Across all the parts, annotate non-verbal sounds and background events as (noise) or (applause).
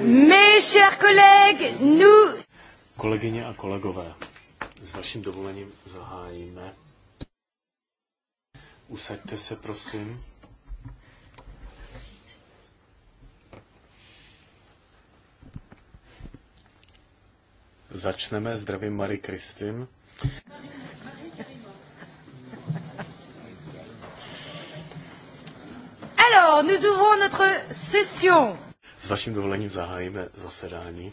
Mes chers collègues, nous... Kolegyně a kolegové, s vaším dovolením zahájíme. Usaďte se, prosím. Začneme. Zdravím Marie Kristin. Alors, nous ouvrons notre session. S vaším dovolením zahájíme zasedání.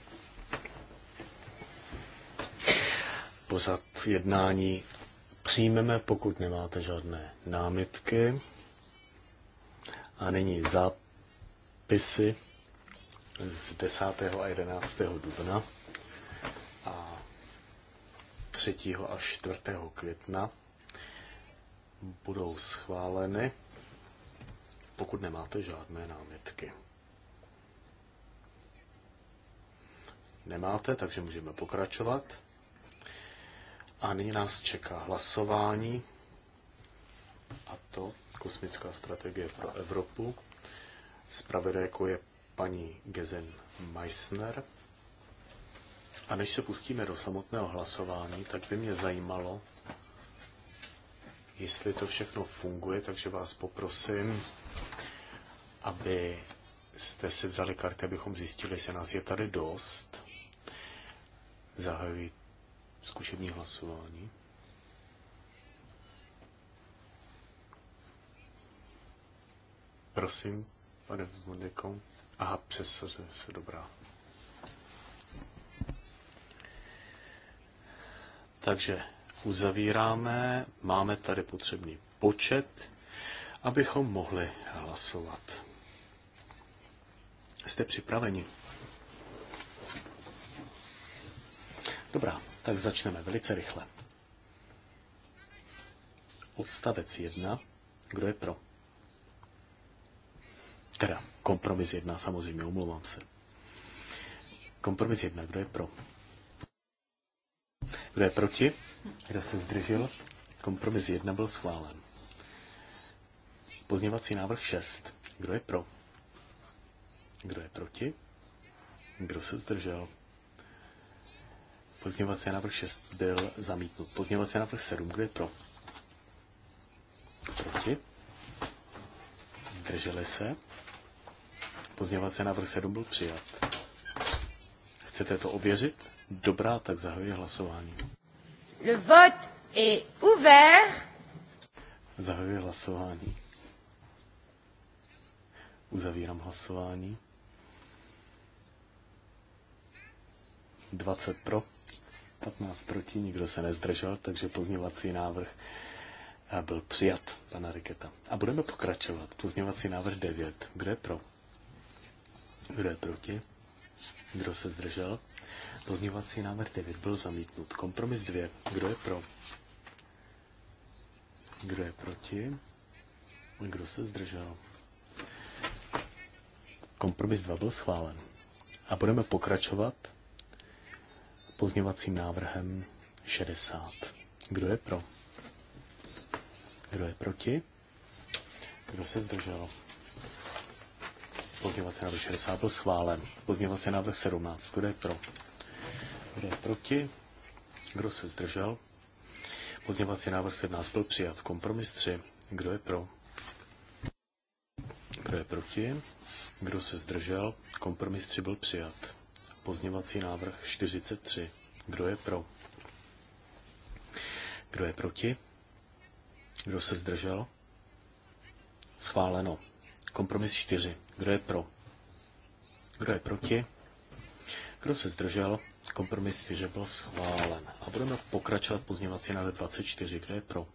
Pořad jednání přijmeme, pokud nemáte žádné námitky. A nyní zápisy z 10. a 11. dubna a 3. a 4. května budou schváleny, pokud nemáte žádné námitky. Nemáte, takže můžeme pokračovat. A nyní nás čeká hlasování, a to kosmická strategie pro Evropu. Zpravodajkou je paní Gezen Meissner. A než se pustíme do samotného hlasování, tak by mě zajímalo, jestli to všechno funguje, takže vás poprosím, aby jste si vzali karty, abychom zjistili, jestli nás je tady dost. Zahajuji zkušební hlasování. Prosím, pane Mondeko. Aha, přesazuje se, dobrá. Takže uzavíráme, máme tady potřebný počet, abychom mohli hlasovat. Jste připraveni? Dobrá, tak začneme velice rychle. Odstavec 1. Kdo je pro? Teda kompromis 1, samozřejmě, omlouvám se. Kompromis 1, kdo je pro? Kdo je proti? Kdo se zdržel? Kompromis 1 byl schválen. Pozněvací návrh 6. Kdo je pro? Kdo je proti? Kdo se zdržel? Pozměňovací návrh 6 byl zamítnut. Pozměňovací návrh 7, kdo je pro? Proti? Zdrželi se? Pozměňovací návrh 7 byl přijat. Chcete to ověřit? Dobrá, tak zahajuji hlasování. Le vote est ouvert. Zahajuji hlasování. Uzavírám hlasování. 20 pro, 15 proti, nikdo se nezdržel, takže pozněvací návrh eh, byl přijat pana Riketa. A budeme pokračovat. Pozněvací návrh 9. Kdo je pro? Kdo je proti? Kdo se zdržel? Pozněvací návrh 9 byl zamítnut. Kompromis 2. Kdo je pro? Kdo je proti? Kdo se zdržel? Kompromis 2 byl schválen. A budeme pokračovat pozněvacím návrhem 60. Kdo je pro? Kdo je proti? Kdo se zdržel? Pozněvací návrh 60 byl schválen. Pozněvací návrh 17. Kdo je pro? Kdo je proti? Kdo se zdržel? Pozněvací návrh 17 byl přijat. Kompromis 3. Kdo je pro? Kdo je proti? Kdo se zdržel? Kompromis 3 byl přijat pozněvací návrh 43. Kdo je pro? Kdo je proti? Kdo se zdržel? Schváleno. Kompromis 4. Kdo je pro? Kdo je proti? Kdo se zdržel? Kompromis 4 byl schválen. A budeme pokračovat pozněvací návrh 24. Kdo je pro?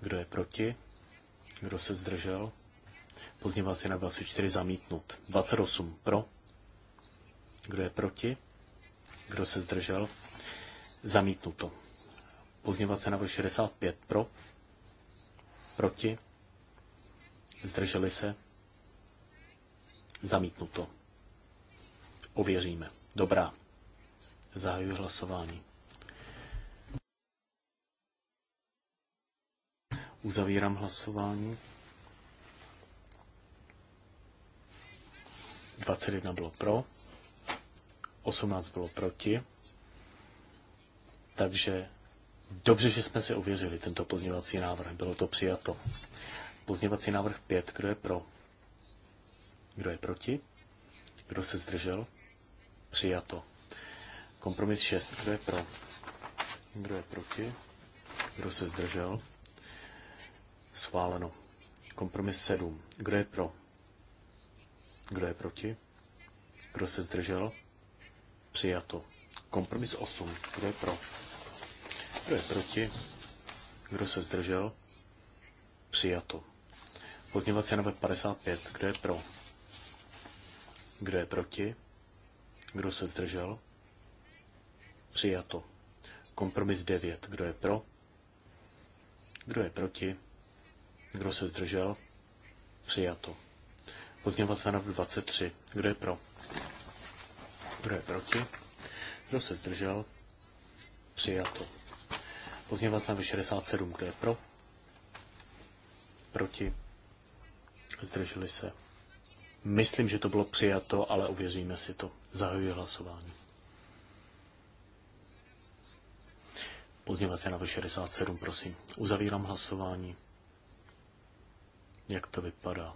Kdo je proti? Kdo se zdržel? Pozněvací návrh 24 zamítnut. 28 pro. Kdo je proti? Kdo se zdržel? Zamítnuto. Pozněvací návrh 65 pro, proti, zdrželi se, zamítnuto. Ověříme. Dobrá. Zahajuji hlasování. Uzavírám hlasování. 21 bylo pro, 18 bylo proti. Takže dobře, že jsme si ověřili tento pozměňovací návrh. Bylo to přijato. Pozměňovací návrh 5. Kdo je pro? Kdo je proti? Kdo se zdržel? Přijato. Kompromis 6. Kdo je pro? Kdo je proti? Kdo se zdržel? Schváleno. Kompromis 7. Kdo je pro? Kdo je proti? Kdo se zdržel? Přijato. Kompromis 8. Kdo je pro? Kdo je proti? Kdo se zdržel? Přijato. Pozměňovací návrh 55. Kdo je pro? Kdo je proti? Kdo se zdržel? Přijato. Kompromis 9. Kdo je pro? Kdo je proti? Kdo se zdržel? Přijato. Pozměňovací návrh 23. Kdo je pro? Kdo je proti? Kdo se zdržel? Přijato. vás návrh 67. Kdo je pro? Proti? Zdrželi se. Myslím, že to bylo přijato, ale uvěříme si to. Zahajuji hlasování. Pozměňovací návrh 67, prosím. Uzavírám hlasování. Jak to vypadá?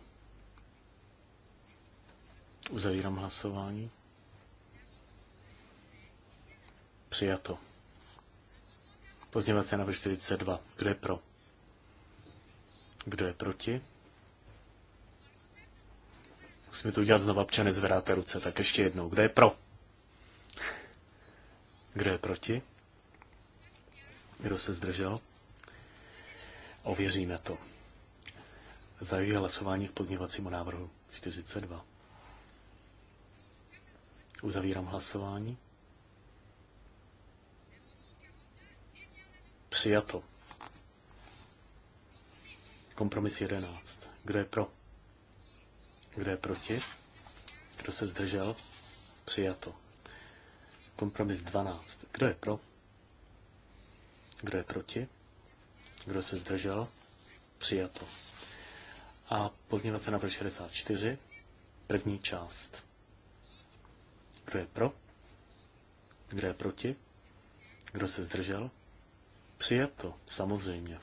Uzavírám hlasování. Přijato. Pozněvací návrh 42. Kdo je pro? Kdo je proti? Musíme to udělat znovu, občany zvedáte ruce. Tak ještě jednou. Kdo je pro? Kdo je proti? Kdo se zdržel? Ověříme to. Zajímavé hlasování k pozněvacímu návrhu 42. Uzavírám hlasování. Přijato. Kompromis 11. Kdo je pro? Kdo je proti? Kdo se zdržel? Přijato. Kompromis 12. Kdo je pro? Kdo je proti? Kdo se zdržel? Přijato. A pozněvat se na 64. První část. Kdo je pro? Kdo je proti? Kdo se zdržel? Přijato, samozřejmě.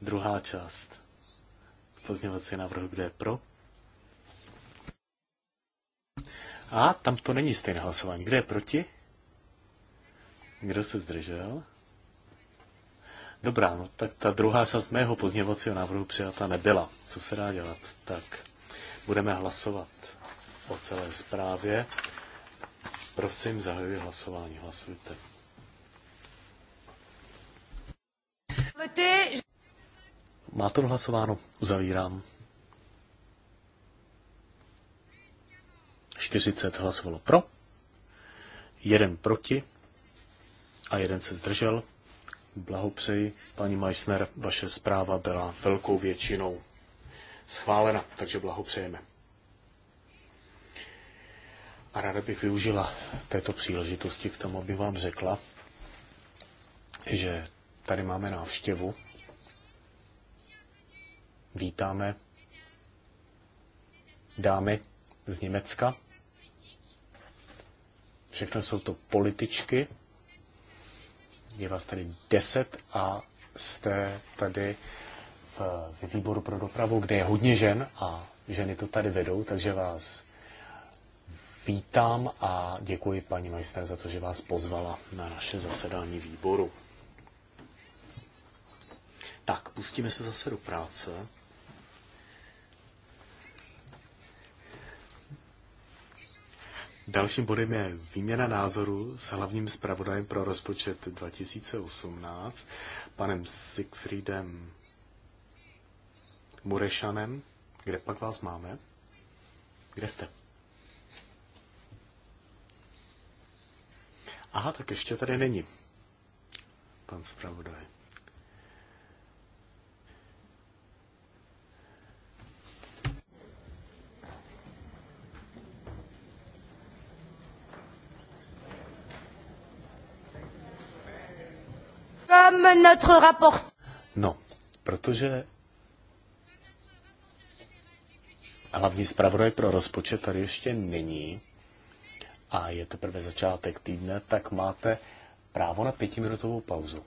Druhá část. Pozněvací návrh, kde je pro? A tam to není stejné hlasování. Kde je proti? Kdo se zdržel? Dobrá, no tak ta druhá část mého pozněvacího návrhu přijata nebyla. Co se dá dělat? Tak budeme hlasovat o celé zprávě. Prosím, zahajuji hlasování. Hlasujte. Má to hlasováno? Uzavírám. 40 hlasovalo pro, jeden proti a jeden se zdržel. Blahopřeji, paní Meissner, vaše zpráva byla velkou většinou schválena, takže blahopřejeme. A ráda bych využila této příležitosti k tomu, aby vám řekla, že Tady máme návštěvu. Vítáme dámy z Německa. Všechno jsou to političky. Je vás tady deset a jste tady v výboru pro dopravu, kde je hodně žen a ženy to tady vedou, takže vás vítám a děkuji paní majster za to, že vás pozvala na naše zasedání výboru. Tak, pustíme se zase do práce. Dalším bodem je výměna názoru s hlavním zpravodajem pro rozpočet 2018, panem Siegfriedem Murešanem. Kde pak vás máme? Kde jste? Aha, tak ještě tady není pan zpravodaj. comme notre rapport... No, protože hlavní zpravodaj pro rozpočet tady ještě není a je teprve začátek týdne, tak máte právo na pětiminutovou pauzu.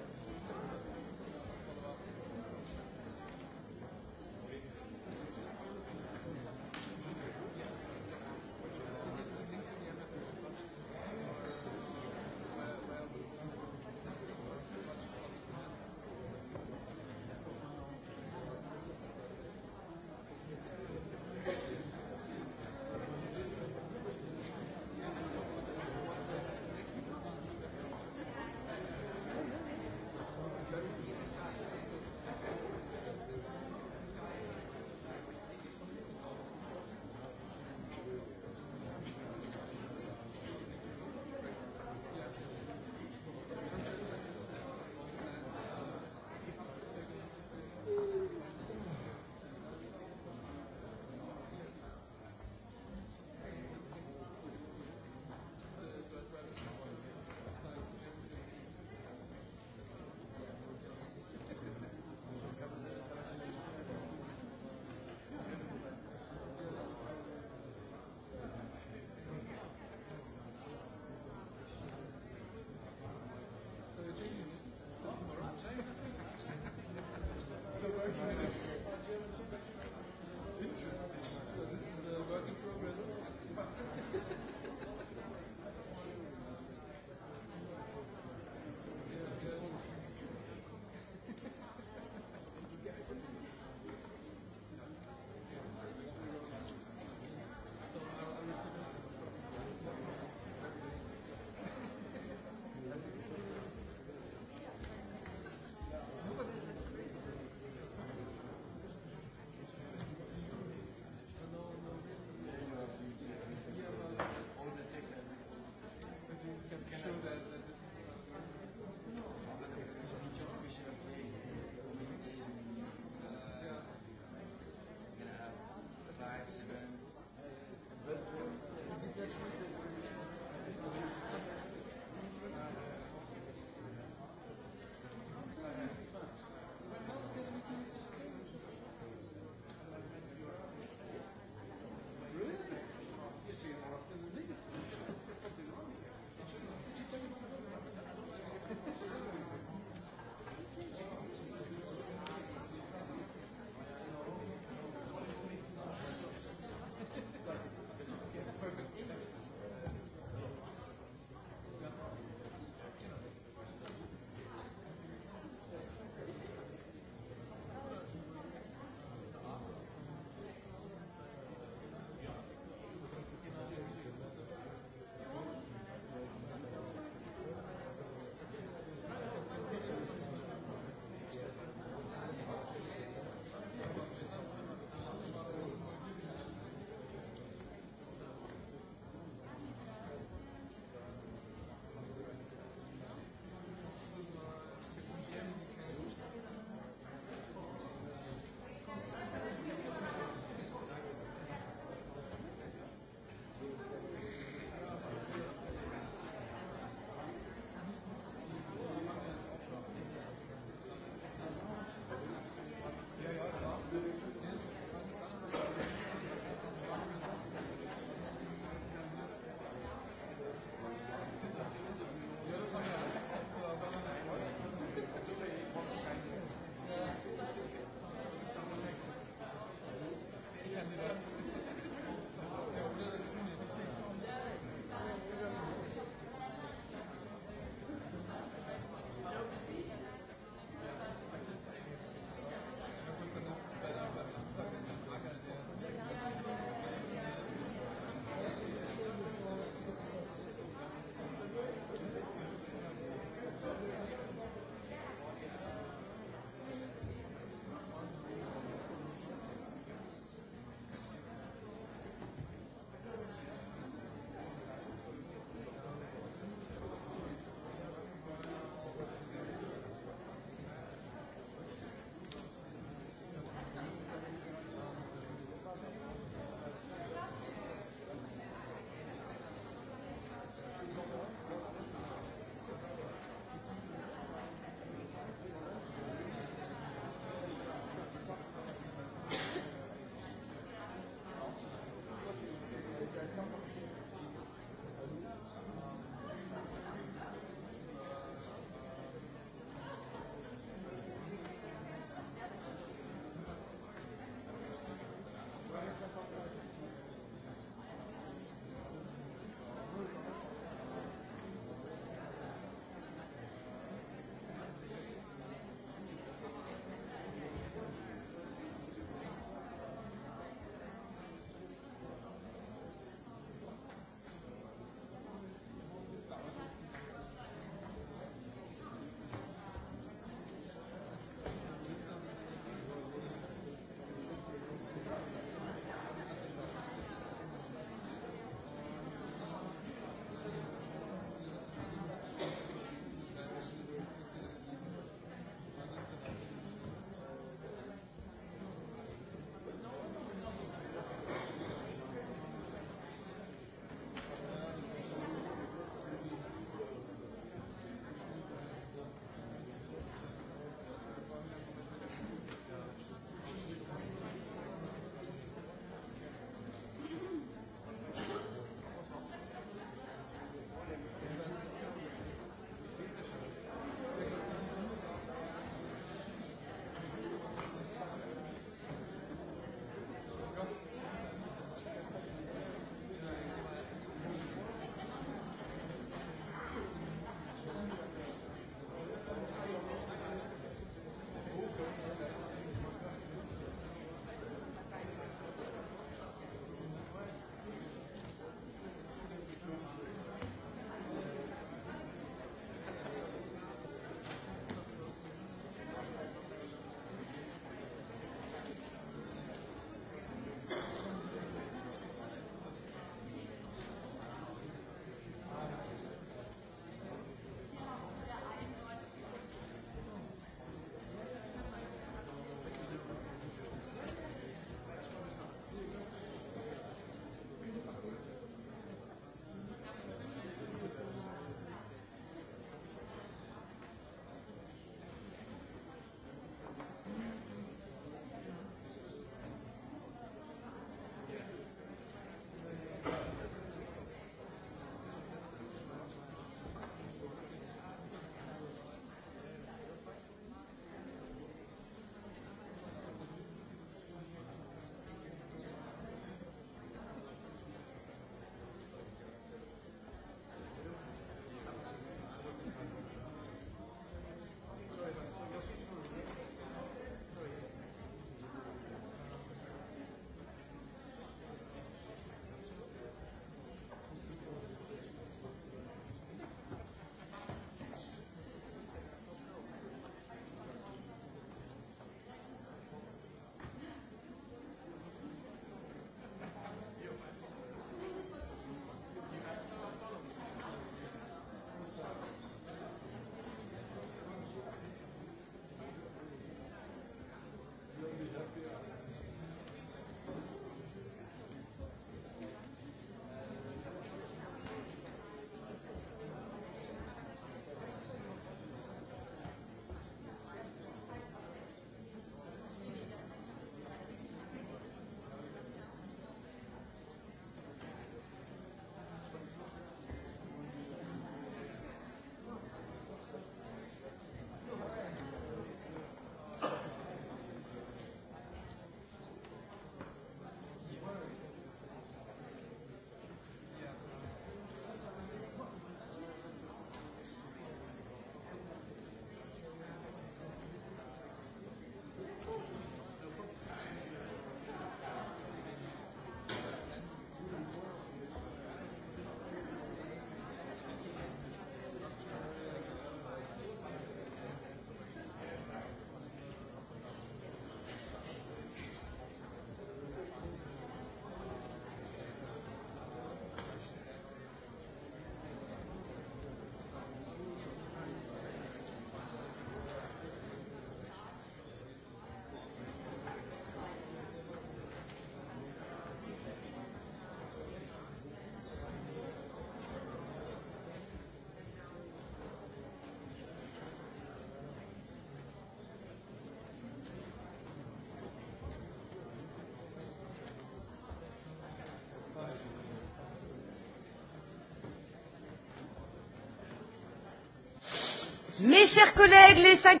Mes chers collègues, les cinq...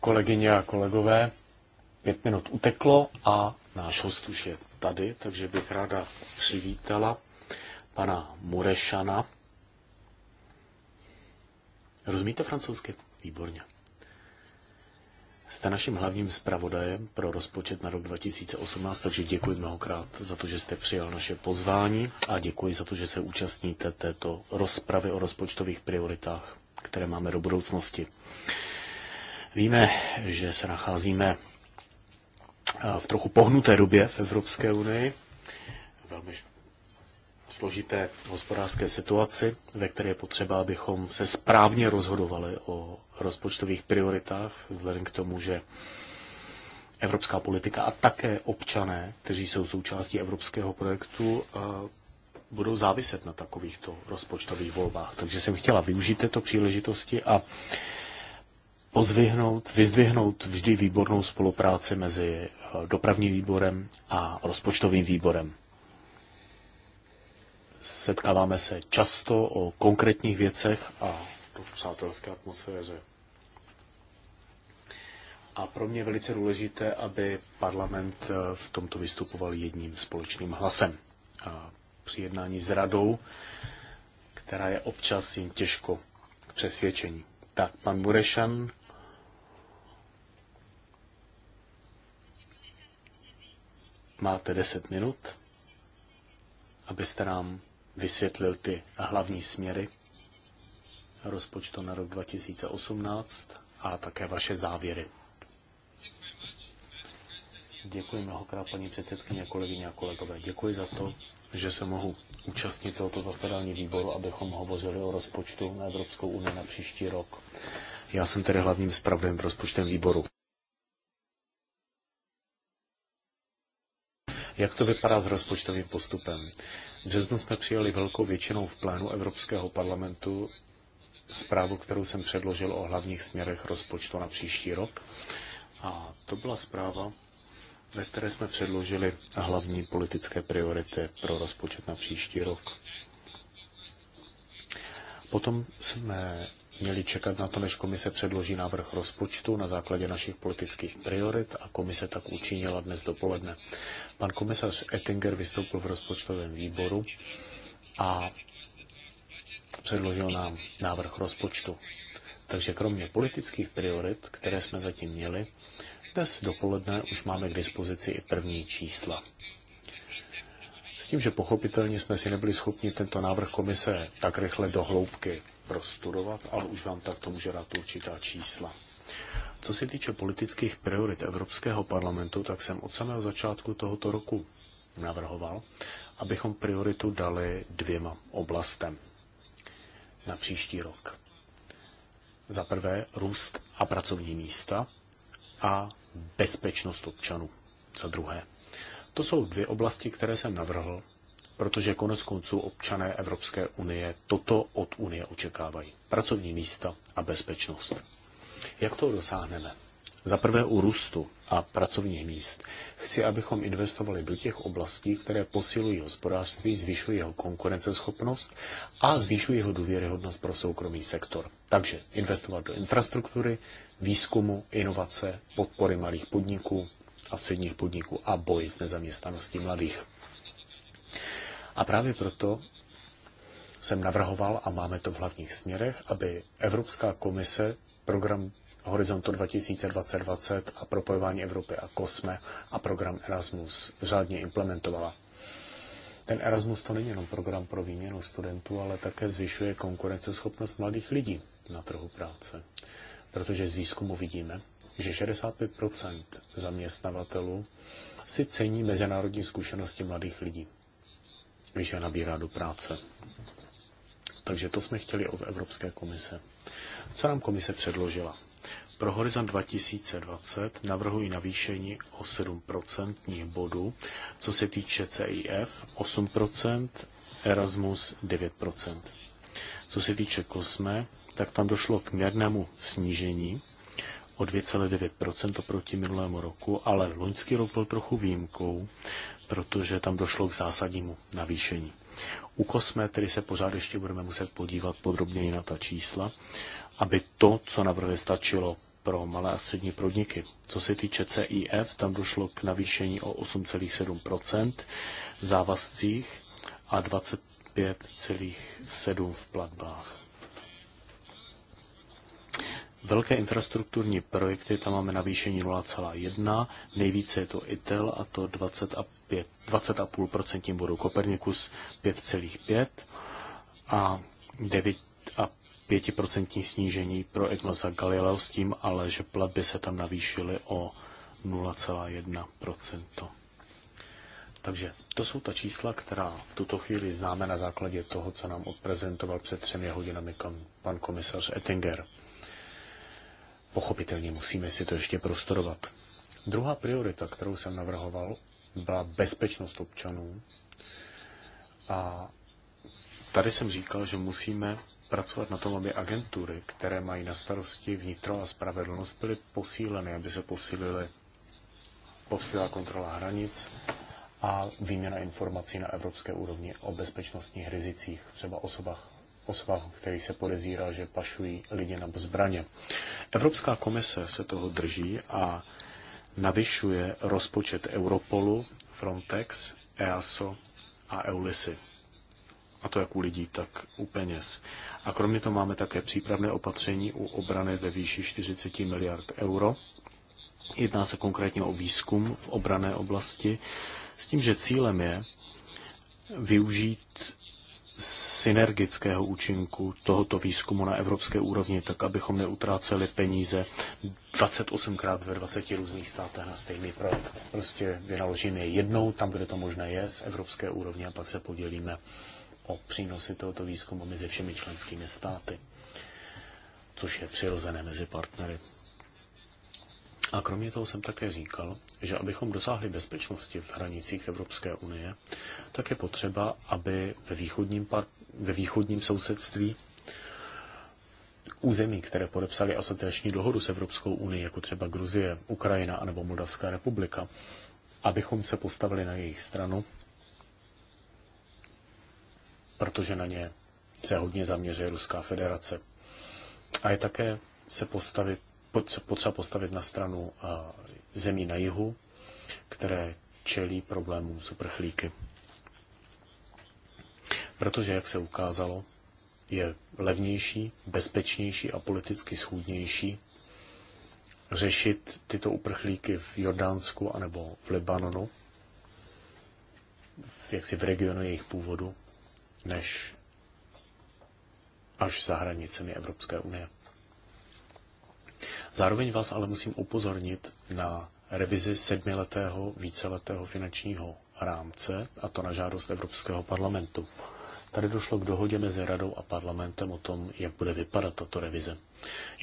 Kolegyně a kolegové, pět minut uteklo a náš host už je tady, takže bych ráda přivítala pana Murešana. Rozumíte francouzsky? Výborně. Jste naším hlavním zpravodajem pro rozpočet na rok 2018, takže děkuji mnohokrát za to, že jste přijal naše pozvání a děkuji za to, že se účastníte této rozpravy o rozpočtových prioritách které máme do budoucnosti. Víme, že se nacházíme eh, v trochu pohnuté době v Evropské unii, velmi složité hospodářské situaci, ve které je potřeba, abychom se správně rozhodovali o rozpočtových prioritách, vzhledem k tomu, že evropská politika a také občané, kteří jsou součástí evropského projektu, eh, budou záviset na takovýchto rozpočtových volbách. Takže jsem chtěla využít této příležitosti a pozvihnout, vyzdvihnout vždy výbornou spolupráci mezi eh, dopravním výborem a rozpočtovým výborem. Setkáváme se často o konkrétních věcech a v přátelské atmosféře. A pro mě je velice důležité, aby parlament eh, v tomto vystupoval jedním společným hlasem při jednání s radou, která je občas jim těžko k přesvědčení. Tak, pan Burešan. Máte 10 minut, abyste nám vysvětlil ty hlavní směry rozpočtu na rok 2018 a také vaše závěry. Děkuji mnohokrát, paní předsedkyně, kolegyně a kolegové. Děkuji za to, že se mohu účastnit tohoto zasedání výboru, abychom hovořili o rozpočtu na Evropskou unii na příští rok. Já jsem tedy hlavním zpravodajem v rozpočtem výboru. Jak to vypadá s rozpočtovým postupem? V březnu jsme přijali velkou většinou v plénu Evropského parlamentu zprávu, kterou jsem předložil o hlavních směrech rozpočtu na příští rok. A to byla zpráva, ve které jsme předložili hlavní politické priority pro rozpočet na příští rok. Potom jsme měli čekat na to, než komise předloží návrh rozpočtu na základě našich politických priorit a komise tak učinila dnes dopoledne. Pan komisař Ettinger vystoupil v rozpočtovém výboru a předložil nám návrh rozpočtu. Takže kromě politických priorit, které jsme zatím měli, dnes dopoledne už máme k dispozici i první čísla. S tím, že pochopitelně jsme si nebyli schopni tento návrh komise tak rychle do hloubky prostudovat, ale už vám takto může dát určitá čísla. Co se týče politických priorit Evropského parlamentu, tak jsem od samého začátku tohoto roku navrhoval, abychom prioritu dali dvěma oblastem na příští rok za prvé růst a pracovní místa a bezpečnost občanů za druhé. To jsou dvě oblasti, které jsem navrhl, protože konec konců občané Evropské unie toto od unie očekávají. Pracovní místa a bezpečnost. Jak to dosáhneme? Za prvé u růstu a pracovních míst. Chci, abychom investovali do těch oblastí, které posilují hospodářství, zvyšují jeho konkurenceschopnost a zvyšují jeho důvěryhodnost pro soukromý sektor. Takže investovat do infrastruktury, výzkumu, inovace, podpory malých podniků a středních podniků a boj s nezaměstnaností mladých. A právě proto jsem navrhoval, a máme to v hlavních směrech, aby Evropská komise program Horizontu 2020 a propojování Evropy a Kosme a program Erasmus řádně implementovala. Ten Erasmus to není jenom program pro výměnu studentů, ale také zvyšuje konkurenceschopnost mladých lidí na trhu práce. Protože z výzkumu vidíme, že 65 zaměstnavatelů si cení mezinárodní zkušenosti mladých lidí, když je nabírá do práce. Takže to jsme chtěli od Evropské komise. Co nám komise předložila? Pro Horizon 2020 navrhuji navýšení o 7% bodu, co se týče CIF 8%, Erasmus 9%. Co se týče Kosme, tak tam došlo k měrnému snížení o 2,9% oproti minulému roku, ale loňský rok byl trochu výjimkou, protože tam došlo k zásadnímu navýšení. U Kosme tedy se pořád ještě budeme muset podívat podrobněji na ta čísla, aby to, co navrhuje, stačilo pro malé a střední podniky. Co se týče CIF, tam došlo k navýšení o 8,7 v závazcích a 25,7 v platbách. Velké infrastrukturní projekty, tam máme navýšení 0,1, nejvíce je to ITEL a to 20,5% 20 bodu Kopernikus 5,5 a 9 pětiprocentní snížení pro EGNOS Galileo s tím, ale že platby se tam navýšily o 0,1%. Takže to jsou ta čísla, která v tuto chvíli známe na základě toho, co nám odprezentoval před třemi hodinami pan komisař Ettinger. Pochopitelně musíme si to ještě prostorovat. Druhá priorita, kterou jsem navrhoval, byla bezpečnost občanů. A tady jsem říkal, že musíme pracovat na tom, aby agentury, které mají na starosti vnitro a spravedlnost, byly posíleny, aby se posílily posílila kontrola hranic a výměna informací na evropské úrovni o bezpečnostních rizicích, třeba osobách, osobách který se podezírá, že pašují lidi na zbraně. Evropská komise se toho drží a navyšuje rozpočet Europolu, Frontex, EASO a EULISy a to jak u lidí, tak u peněz. A kromě toho máme také přípravné opatření u obrany ve výši 40 miliard euro. Jedná se konkrétně o výzkum v obrané oblasti, s tím, že cílem je využít synergického účinku tohoto výzkumu na evropské úrovni, tak abychom neutráceli peníze 28krát ve 20 různých státech na stejný projekt. Prostě vynaložíme je jednou tam, kde to možné je, z evropské úrovně a pak se podělíme o přínosy tohoto výzkumu mezi všemi členskými státy, což je přirozené mezi partnery. A kromě toho jsem také říkal, že abychom dosáhli bezpečnosti v hranicích Evropské unie, tak je potřeba, aby ve východním, part- ve východním sousedství území, které podepsali asociační dohodu s Evropskou unii, jako třeba Gruzie, Ukrajina nebo Moldavská republika, abychom se postavili na jejich stranu protože na ně se hodně zaměřuje Ruská federace. A je také se postavit, potřeba postavit na stranu zemí na jihu, které čelí problémům s uprchlíky. Protože, jak se ukázalo, je levnější, bezpečnější a politicky schůdnější řešit tyto uprchlíky v Jordánsku anebo v Libanonu, v, jaksi v regionu jejich původu, než až za hranicemi Evropské unie. Zároveň vás ale musím upozornit na revizi sedmiletého víceletého finančního rámce, a to na žádost Evropského parlamentu. Tady došlo k dohodě mezi radou a parlamentem o tom, jak bude vypadat tato revize.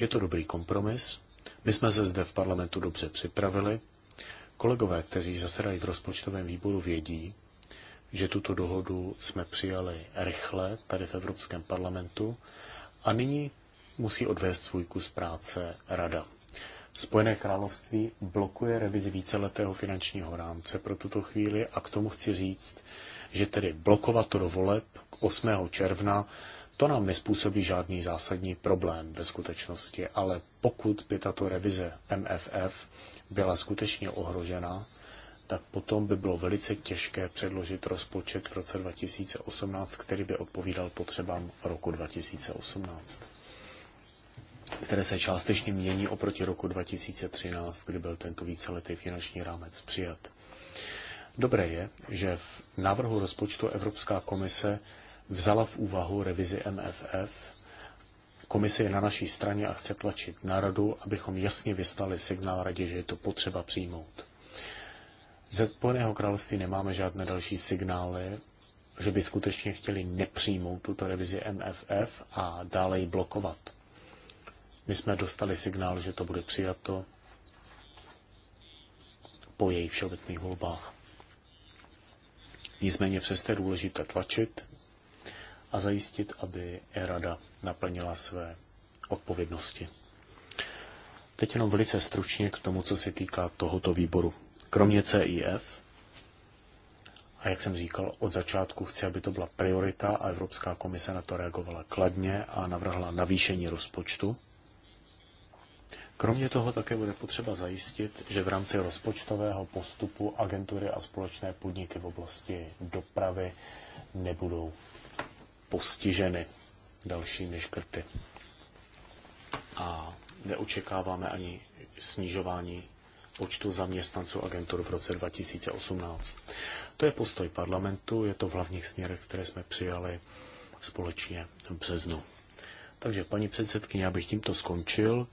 Je to dobrý kompromis. My jsme se zde v parlamentu dobře připravili. Kolegové, kteří zasedají v rozpočtovém výboru, vědí, že tuto dohodu jsme přijali rychle tady v Evropském parlamentu a nyní musí odvést svůj kus práce Rada. Spojené království blokuje revizi víceletého finančního rámce pro tuto chvíli a k tomu chci říct, že tedy blokovat to do voleb 8. června, to nám nespůsobí žádný zásadní problém ve skutečnosti, ale pokud by tato revize MFF byla skutečně ohrožena, tak potom by bylo velice těžké předložit rozpočet v roce 2018, který by odpovídal potřebám roku 2018 které se částečně mění oproti roku 2013, kdy byl tento víceletý finanční rámec přijat. Dobré je, že v návrhu rozpočtu Evropská komise vzala v úvahu revizi MFF. Komise je na naší straně a chce tlačit na radu, abychom jasně vystali signál radě, že je to potřeba přijmout. Ze Spojeného království nemáme žádné další signály, že by skutečně chtěli nepřijmout tuto revizi MFF a dále ji blokovat. My jsme dostali signál, že to bude přijato po jejich všeobecných volbách. Nicméně přesto je důležité tlačit a zajistit, aby rada naplnila své odpovědnosti. Teď jenom velice stručně k tomu, co se týká tohoto výboru kromě CIF. A jak jsem říkal, od začátku chci, aby to byla priorita a Evropská komise na to reagovala kladně a navrhla navýšení rozpočtu. Kromě toho také bude potřeba zajistit, že v rámci rozpočtového postupu agentury a společné podniky v oblasti dopravy nebudou postiženy dalšími škrty. A neočekáváme ani snižování počtu zaměstnanců agentur v roce 2018. To je postoj parlamentu, je to v hlavních směrech, které jsme přijali společně v březnu. Takže paní předsedkyně, abych tímto skončil.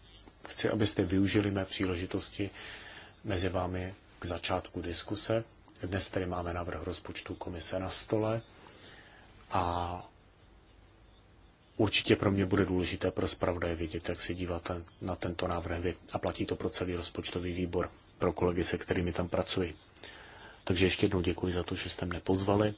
Chci, abyste využili mé příležitosti mezi vámi k začátku diskuse. Dnes tady máme návrh rozpočtu komise na stole a Určitě pro mě bude důležité pro zpravodaje vědět, jak se díváte na tento návrh vy. A platí to pro celý rozpočtový výbor, pro kolegy, se kterými tam pracuji. Takže ještě jednou děkuji za to, že jste mě pozvali.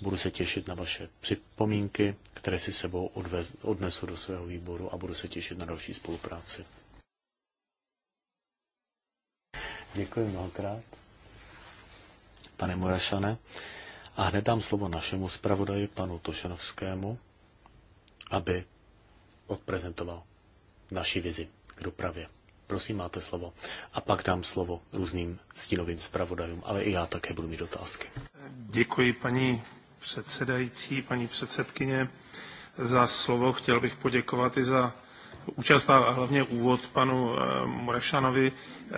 Budu se těšit na vaše připomínky, které si sebou odvez, odnesu do svého výboru a budu se těšit na další spolupráci. Děkuji mnohokrát, pane Morašane. A hned dám slovo našemu zpravodaji, panu Tošenovskému aby odprezentoval naši vizi k dopravě. Prosím, máte slovo. A pak dám slovo různým stínovým zpravodajům, ale i já také budu mít otázky. Děkuji, paní předsedající, paní předsedkyně, za slovo. Chtěl bych poděkovat i za účast a hlavně úvod panu eh, Morešanovi, eh,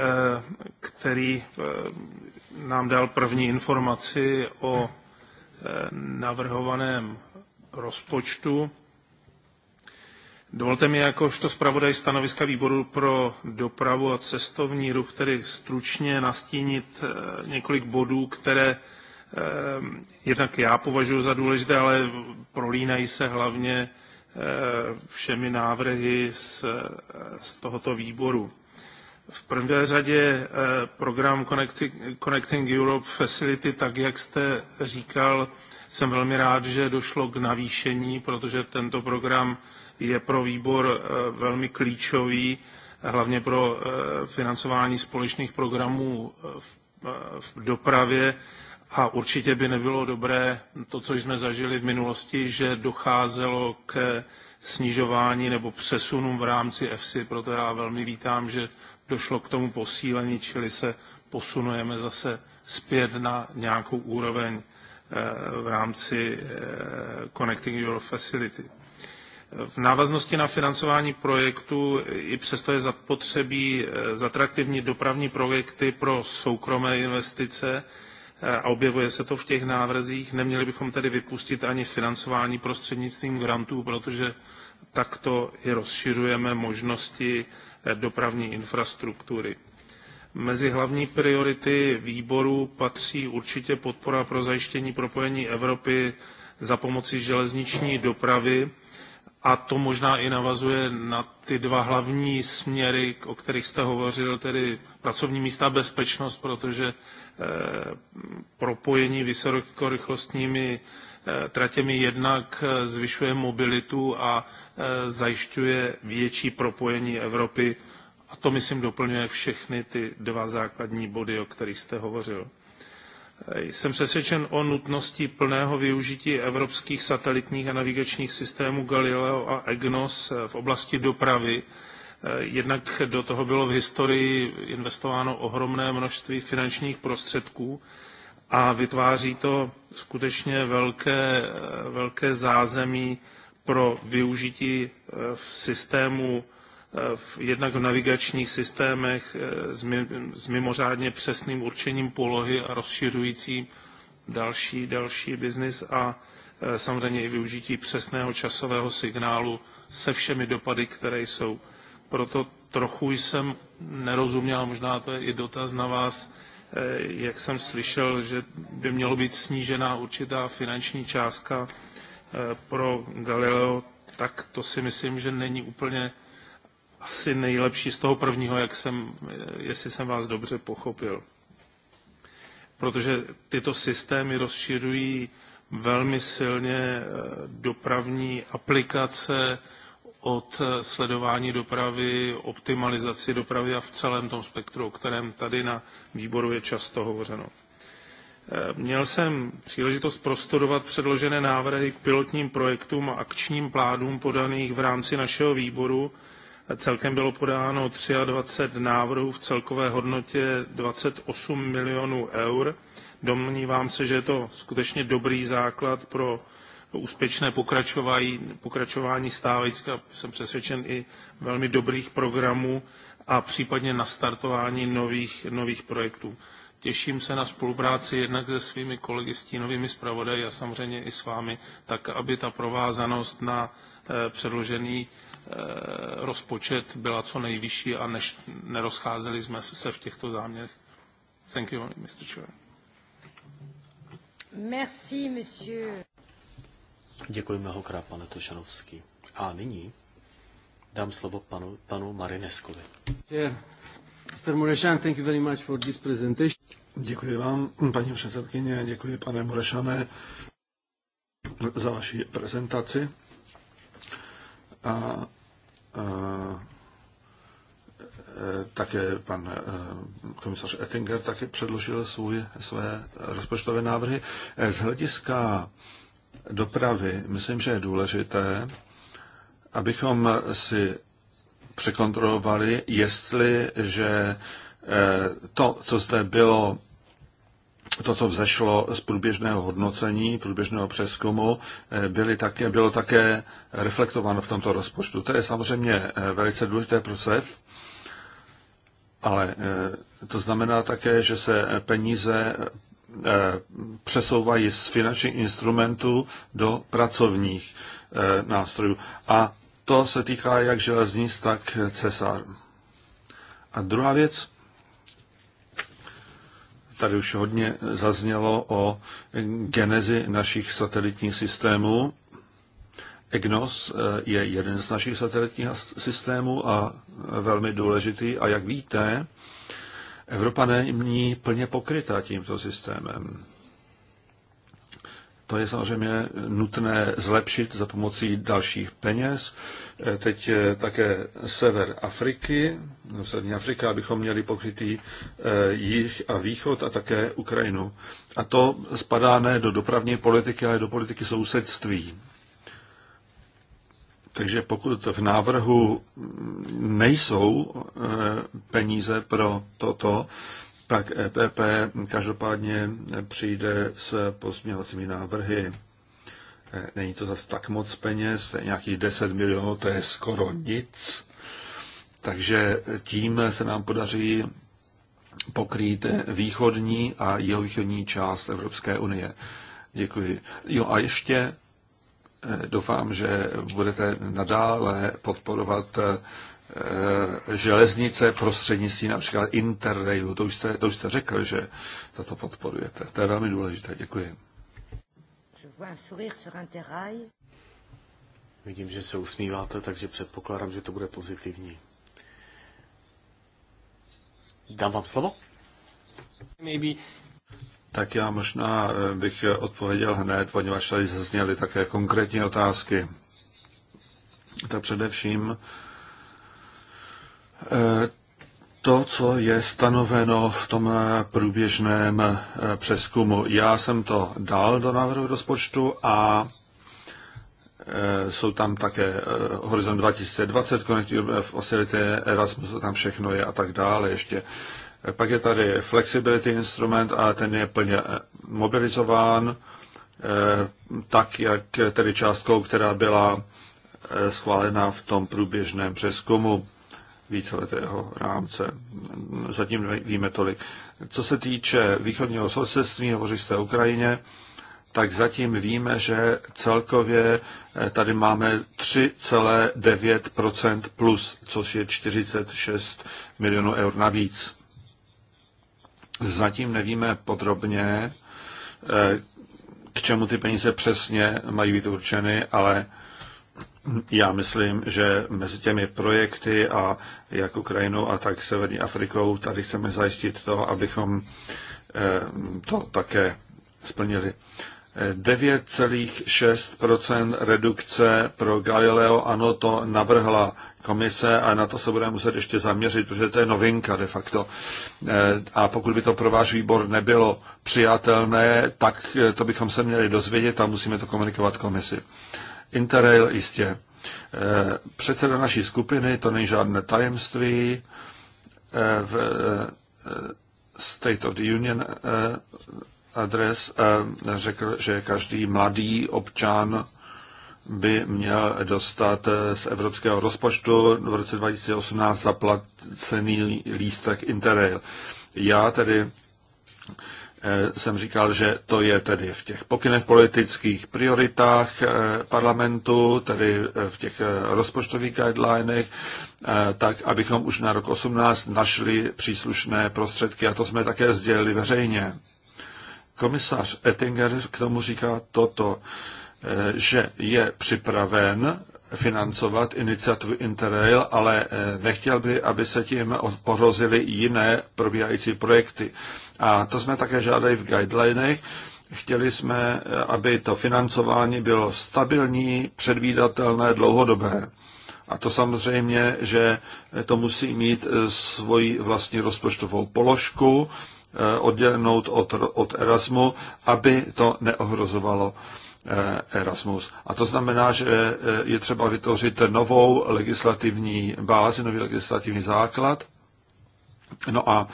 který eh, nám dal první informaci o navrhovaném rozpočtu Dovolte mi jakožto zpravodaj stanoviska výboru pro dopravu a cestovní ruch tedy stručně nastínit eh, několik bodů, které eh, jednak já považuji za důležité, ale prolínají se hlavně eh, všemi návrhy z, z tohoto výboru. V prvé řadě program Connecting, Connecting Europe Facility, tak jak jste říkal, jsem velmi rád, že došlo k navýšení, protože tento program je pro výbor eh, velmi klíčový, hlavně pro eh, financování společných programů eh, v dopravě. A určitě by nebylo dobré to, co jsme zažili v minulosti, že docházelo k snižování nebo přesunům v rámci EFSI, proto já velmi vítám, že došlo k tomu posílení, čili se posunujeme zase zpět na nějakou úroveň v rámci Connecting Europe Facility. V návaznosti na financování projektu i přesto je zapotřebí eh, zatraktivnit dopravní projekty pro soukromé investice eh, a objevuje se to v těch návrzích. Neměli bychom tedy vypustit ani financování prostřednictvím grantů, protože takto i rozšiřujeme možnosti eh, dopravní infrastruktury. Mezi hlavní priority výboru patří určitě podpora pro zajištění propojení Evropy za pomoci železniční dopravy a to možná i navazuje na ty dva hlavní směry, o kterých jste hovořil, tedy pracovní místa a bezpečnost, protože eh, propojení vysokorychlostními eh, tratěmi jednak eh, zvyšuje mobilitu a zajišťuje větší propojení Evropy. A to, myslím, doplňuje všechny ty dva základní body, o kterých jste hovořil. Jsem přesvědčen o nutnosti plného využití evropských satelitních a navigačních systémů Galileo a EGNOS v oblasti dopravy. Jednak do toho bylo v historii investováno ohromné množství finančních prostředků a vytváří to skutečně velké, velké zázemí pro využití eh, v systému v, jednak v navigačních systémech eh, s, mi, s mimořádně přesným určením polohy a rozšiřující další, další biznis a eh, samozřejmě i využití přesného časového signálu se všemi dopady, které jsou. Proto trochu jsem nerozuměl, možná to je i dotaz na vás, eh, jak jsem slyšel, že by mělo být snížená určitá finanční částka pro Galileo, tak to si myslím, že není úplně asi nejlepší z toho prvního, jak jsem, jestli jsem vás dobře pochopil. Protože tyto systémy rozšiřují velmi silně eh, dopravní aplikace od eh, sledování dopravy, optimalizaci dopravy a v celém tom spektru, o kterém tady na výboru je často hovořeno. Eh, měl jsem příležitost prostudovat předložené návrhy k pilotním projektům a akčním plánům podaných v rámci našeho výboru Celkem bylo podáno 23 návrhů v celkové hodnotě 28 milionů eur. Domnívám se, že je to skutečně dobrý základ pro úspěšné pokračování, pokračování stávajících a jsem přesvědčen i velmi dobrých programů a případně nastartování nových, nových projektů. Těším se na spolupráci jednak se svými kolegy stínovými zpravodaji a samozřejmě i s vámi, tak aby ta provázanost na eh, předložený Eh, rozpočet byla co nejvyšší a než nerozcházeli jsme se v těchto záměrech. Thank you, Mr. Chair. Merci, monsieur. Děkuji mnohokrát, pane Tošanovský. A nyní dám slovo panu, panu Marineskovi. Yeah. Mr. Murešan, thank you very much for this presentation. Děkuji vám, paní předsedkyně, děkuji pane Murešane za vaši prezentaci a, a e, také pan e, komisař Ettinger také předložil svůj, své rozpočtové návrhy. E, z hlediska dopravy myslím, že je důležité, abychom si překontrolovali, jestli, že to, co zde bylo to, co vzešlo z průběžného hodnocení, průběžného přeskumu, eh, byly také, bylo také reflektováno v tomto rozpočtu. To je samozřejmě eh, velice důležité pro SEF, ale eh, to znamená také, že se peníze přesouvají z finančních instrumentů do pracovních nástrojů. A to se týká jak železnic, tak cesár. A druhá věc, tady už hodně zaznělo o genezi našich satelitních systémů. EGNOS eh, je jeden z našich satelitních systémů a velmi důležitý. A jak víte, Evropa není plně pokrytá tímto systémem. To je samozřejmě nutné zlepšit za pomocí dalších peněz. Eh, teď eh, také sever Afriky, no, severní Afrika, abychom měli pokrytý eh, jih a východ a také Ukrajinu. A to spadá ne do dopravní politiky, ale do politiky sousedství. Takže pokud v návrhu nejsou peníze pro toto, tak EPP každopádně přijde s pozměňovacími návrhy. Není to zase tak moc peněz, to je nějakých 10 milionů, to je skoro nic. Takže tím se nám podaří pokrýt východní a jihovýchodní část Evropské unie. Děkuji. Jo a ještě eh, doufám, že budete nadále podporovat eh, železnice prostřednictvím například Interrailu. To už jste, to už jste řekl, že za to podporujete. To je velmi důležité. Děkuji. Vidím, že se usmíváte, takže předpokládám, že to bude pozitivní. Dám vám slovo? Maybe. Tak já možná eh, bych odpověděl hned, poněvadž tady zazněly také konkrétní otázky. Tak především eh, to, co je stanoveno v tom eh, průběžném eh, přeskumu. Já jsem to dal do návrhu rozpočtu a eh, jsou tam také Horizon 2020, Europe, Facility, Erasmus, tam všechno je a tak dále ještě. Pak je tady Flexibility instrument a ten je plně mobilizován tak, jak tedy částkou, která byla schválena v tom průběžném přeskumu víceletého rámce. Zatím víme tolik. Co se týče východního sousedství, hovoří se o Ukrajině, tak zatím víme, že celkově eh, tady máme 3,9 plus, což je 46 milionů eur navíc. Zatím nevíme podrobně, eh, k čemu ty peníze přesně mají být určeny, ale já myslím, že mezi těmi projekty a jak Ukrajinou a tak Severní Afrikou tady chceme zajistit to, abychom eh, to také splnili. 9,6 redukce pro Galileo, ano, to navrhla komise a na to se budeme muset ještě zaměřit, protože to je novinka de facto. Eh, a pokud by to pro váš výbor nebylo přijatelné, tak eh, to bychom se měli dozvědět a musíme to komunikovat komisi. Interrail jistě. Eh, předseda naší skupiny, to není žádné tajemství, eh, v eh, State of the Union adres řekl, že každý mladý občan by měl dostat z evropského rozpočtu v roce 2018 zaplacený lístek Interrail. Já tedy Eh, jsem říkal, že to je tedy v těch pokynech politických prioritách eh, parlamentu, tedy eh, v těch rozpočtových guidelinech, tak abychom už na rok 18 našli příslušné prostředky a to jsme také sdělili veřejně. Komisař Ettinger k tomu říká toto, že je připraven financovat iniciativu Interrail, ale eh, nechtěl by, aby se tím porozily jiné probíhající projekty. A to jsme také žádali v guidelinech. Chtěli jsme, eh, aby to financování bylo stabilní, předvídatelné, dlouhodobé. A to samozřejmě, že eh, to musí mít svoji vlastní rozpočtovou položku, oddělenou od, od Erasmu, aby to neohrozovalo Eh, Erasmus. A to znamená, že eh, je třeba vytvořit novou legislativní bázi, nový legislativní základ. No a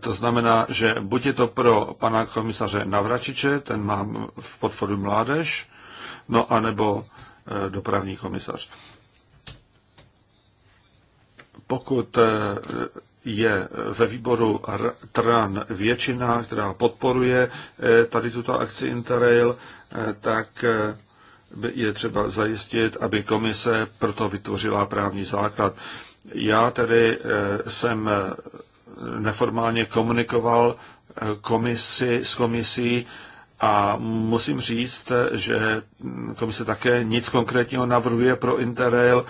to znamená, že buď je to pro pana komisaře Navračiče, ten má v podforu mládež, no a nebo eh, dopravní komisař. Pokud je ve výboru TRAN většina, která podporuje eh, tady tuto akci Interrail, eh, tak eh, je třeba zajistit, aby komise proto vytvořila právní základ. Já tedy jsem neformálně komunikoval komisi, s komisí a musím říct, že hm, komise také nic konkrétního navrhuje pro Interrail,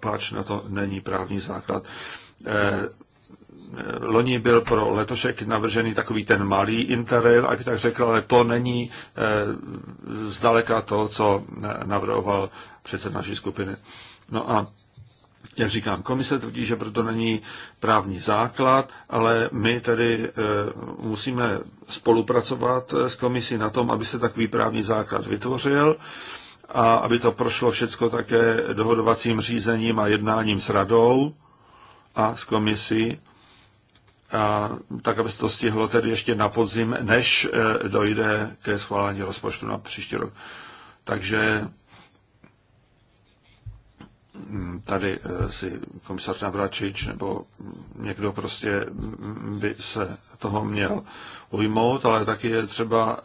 páč na to není právní základ loni byl pro letošek navržený takový ten malý interrail, aby tak řekl, ale to není eh, zdaleka to, co navrhoval předseda naší skupiny. No a jak říkám, komise tvrdí, že proto není právní základ, ale my tedy eh, musíme spolupracovat eh, s komisí na tom, aby se takový právní základ vytvořil a aby to prošlo všechno také dohodovacím řízením a jednáním s radou a s komisí a tak, aby se to stihlo tedy ještě na podzim, než eh, dojde ke schválení rozpočtu na příští rok. Takže mm, tady eh, si komisař Navračič nebo někdo prostě by se toho měl ujmout, ale taky je třeba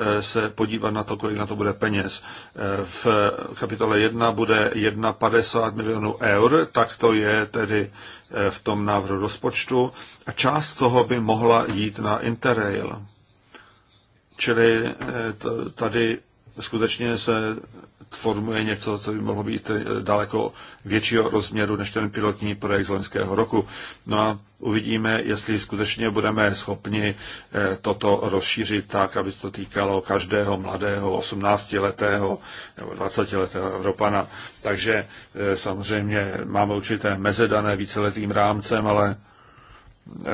Eh, se podívat na to, kolik na to bude peněz. Eh, v kapitole 1 bude 1,50 milionů eur, tak to je tedy eh, v tom návrhu rozpočtu. A část toho by mohla jít na Interrail. Čili tady skutečně se formuje něco, co by mohlo být eh, daleko většího rozměru než ten pilotní projekt z loňského roku. No a uvidíme, jestli skutečně budeme schopni eh, toto rozšířit tak, aby se to týkalo každého mladého 18-letého nebo 20-letého Evropana. Takže eh, samozřejmě máme určité meze dané víceletým rámcem, ale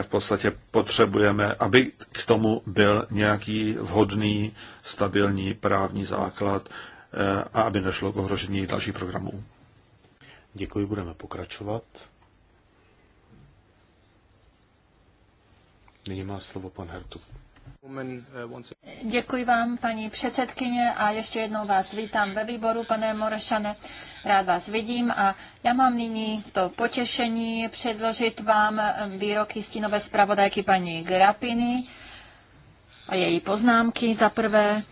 v podstatě potřebujeme, aby k tomu byl nějaký vhodný, stabilní právní základ eh, a aby nešlo k ohrožení dalších programů. Děkuji, budeme pokračovat. Nyní má slovo pan Hertu. Uh, Děkuji vám, paní předsedkyně, a ještě jednou vás vítám ve výboru, pane Morešane. Rád vás vidím a já mám nyní to potěšení předložit vám um, výroky stínové zpravodajky paní Grapiny a její poznámky. Za prvé,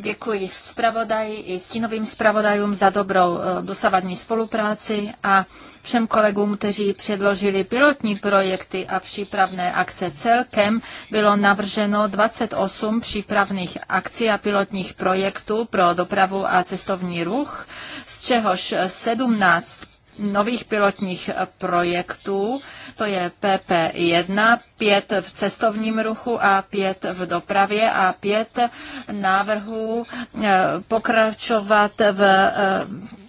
Děkuji zpravodaji i stínovým zpravodajům za dobrou eh, dosavadní spolupráci a všem kolegům, kteří předložili pilotní projekty a přípravné akce. Celkem bylo navrženo 28 přípravných akcí a pilotních projektů pro dopravu a cestovní ruch, z čehož 17 nových pilotních eh, projektů, to je PP1, pět v cestovním ruchu a pět v dopravě a pět návrhů eh, pokračovat v eh,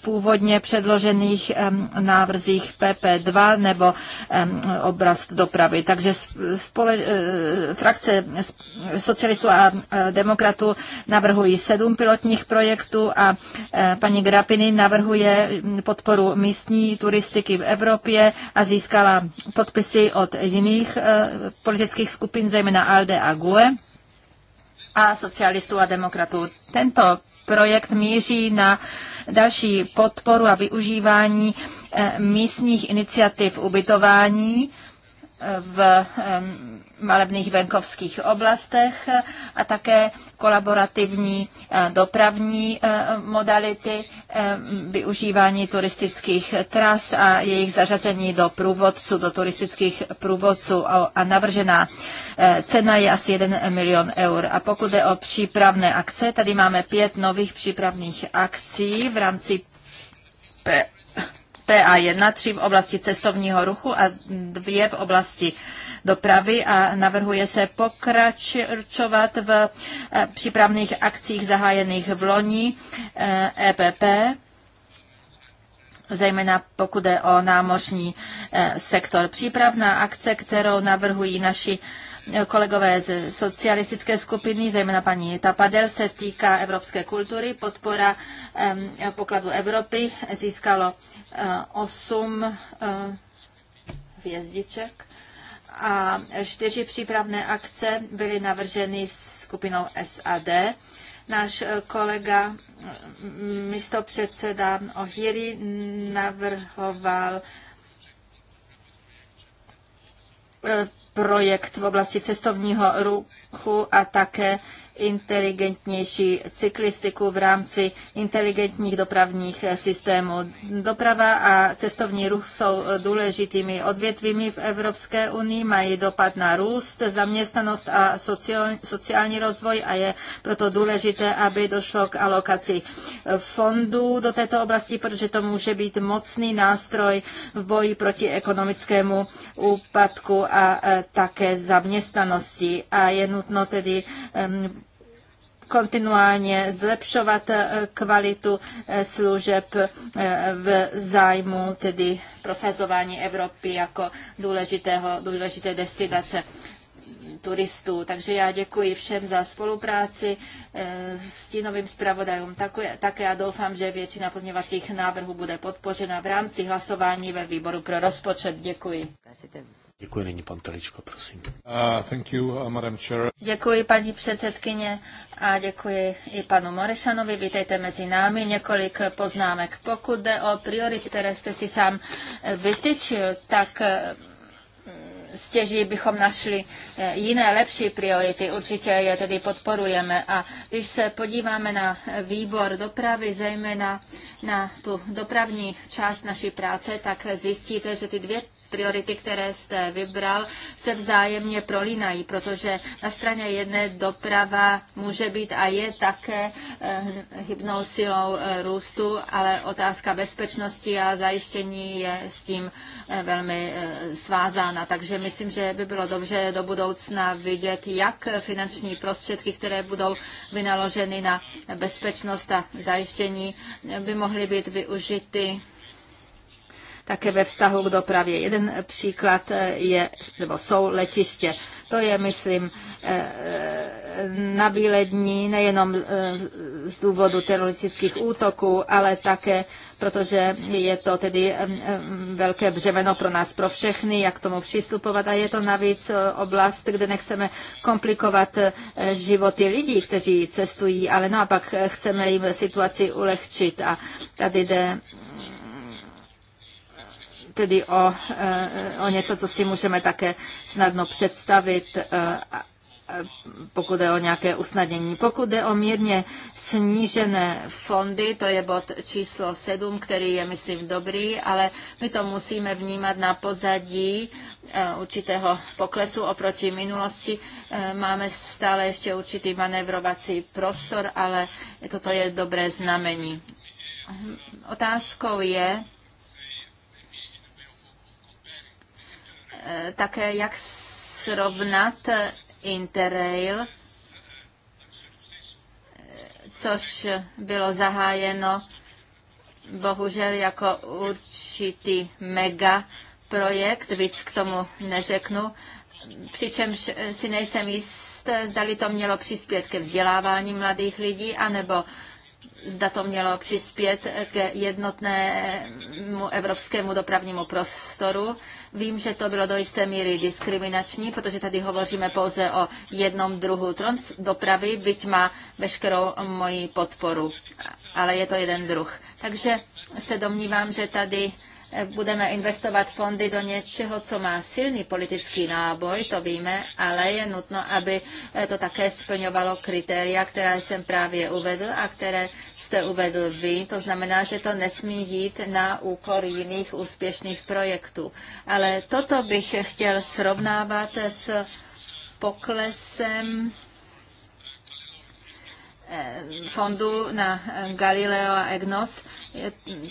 původně předložených návrzích PP2 nebo oblast dopravy. Takže spole, eh, frakce socialistů a demokratů navrhují sedm pilotních projektů a paní Grapiny navrhuje podporu místní turistiky v Evropě a získala podpisy od jiných politických skupin, zejména ALDE a GUE a socialistů a demokratů. Tento projekt míří na další podporu a využívání eh, místních iniciativ ubytování eh, v malebných venkovských oblastech a také kolaborativní eh, dopravní eh, modality, eh, využívání turistických tras a jejich zařazení do průvodců, do turistických průvodců a navržená cena je asi 1 milion eur. A pokud je o přípravné akce, tady máme pět nových přípravných akcí v rámci PA1, tři v oblasti cestovního ruchu a dvě v oblasti dopravy a navrhuje se pokračovat v eh, přípravných akcích zahájených v loni EPP eh, e zejména pokud je o námořní eh, sektor. Přípravná akce, kterou navrhují naši kolegové z socialistické skupiny, zejména paní Tapadel, se týká evropské kultury. Podpora pokladu Evropy získalo e, osm e, hvězdiček a čtyři přípravné akce byly navrženy skupinou SAD. Náš e, kolega místopředseda Ohiri navrhoval projekt v oblasti cestovního ruchu a také inteligentnější cyklistiku v rámci inteligentních dopravních systémů. Doprava a cestovní ruch jsou důležitými odvětvími v Evropské unii, mají dopad na růst, zaměstnanost a sociální rozvoj a je proto důležité, aby došlo k alokaci fondů do této oblasti, protože to může být mocný nástroj v boji proti ekonomickému úpadku a také zaměstnanosti a je nutno tedy kontinuálně zlepšovat eh, kvalitu eh, služeb eh, v zájmu tedy prosazování Evropy jako důležitého, důležité destinace turistů. Takže já děkuji všem za spolupráci s tím zpravodajům. Také já doufám, že většina pozměvacích návrhů bude podpořena v rámci hlasování ve výboru pro rozpočet. Děkuji. Děkuji, není pan Teličko, prosím. Uh, thank you, uh, Madam Chair. Děkuji, paní předsedkyně, a děkuji i panu Morešanovi. Vítejte mezi námi. Několik poznámek. Pokud jde o priority, které jste si sám eh, vytyčil, tak eh, stěží bychom našli eh, jiné lepší priority. Určitě je tedy podporujeme. A když se podíváme na výbor dopravy, zejména na tu dopravní část naší práce, tak zjistíte, že ty dvě priority, které jste vybral, se vzájemně prolínají, protože na straně jedné doprava může být a je také eh, hm, hybnou silou eh, růstu, ale otázka bezpečnosti a zajištění je s tím eh, velmi svázána. Takže myslím, že by bylo dobře do budoucna vidět, jak finanční prostředky, které budou vynaloženy na bezpečnost a zajištění, by mohly být využity také ve vztahu k dopravě. Jeden příklad je, nebo jsou letiště. To je, myslím, eh, eh, dní nejenom eh, z důvodu teroristických útoků, ale také protože je to tedy velké břemeno pro nás, pro všechny, jak k tomu přistupovat a je to navíc oblast, kde nechceme komplikovat životy lidí, kteří cestují, ale a pak chceme jim situaci ulehčit a tady jde tedy o, e, o něco, co si můžeme také snadno představit e, e, pokud je o nějaké usnadnění. Pokud je o mírně snížené fondy, to je bod číslo 7, který je, myslím, dobrý, ale my to musíme vnímat na pozadí určitého poklesu oproti minulosti. Máme stále ještě určitý manevrovací prostor, ale toto je dobré znamení. Otázkou je, Eh, také, jak srovnat eh, Interrail, eh, což bylo zahájeno bohužel jako určitý mega projekt, víc k tomu neřeknu, přičemž si nejsem jist, zdali to mělo přispět ke vzdělávání mladých lidí, anebo zda to mělo přispět k jednotnému evropskému dopravnímu prostoru. Vím, že to bylo do jisté míry diskriminační, protože tady hovoříme pouze o jednom druhu trans dopravy, byť má veškerou moji podporu, ale je to jeden druh. Takže se domnívám, že tady budeme investovat fondy do něčeho, co má silný politický náboj, to víme, ale je nutno, aby to také splňovalo kritéria, která jsem právě uvedl a které jste uvedl vy. To znamená, že to nesmí jít na úkor jiných úspěšných projektů. Ale toto bych chtěl srovnávat s poklesem Eh, fondu na eh, Galileo a EGNOS,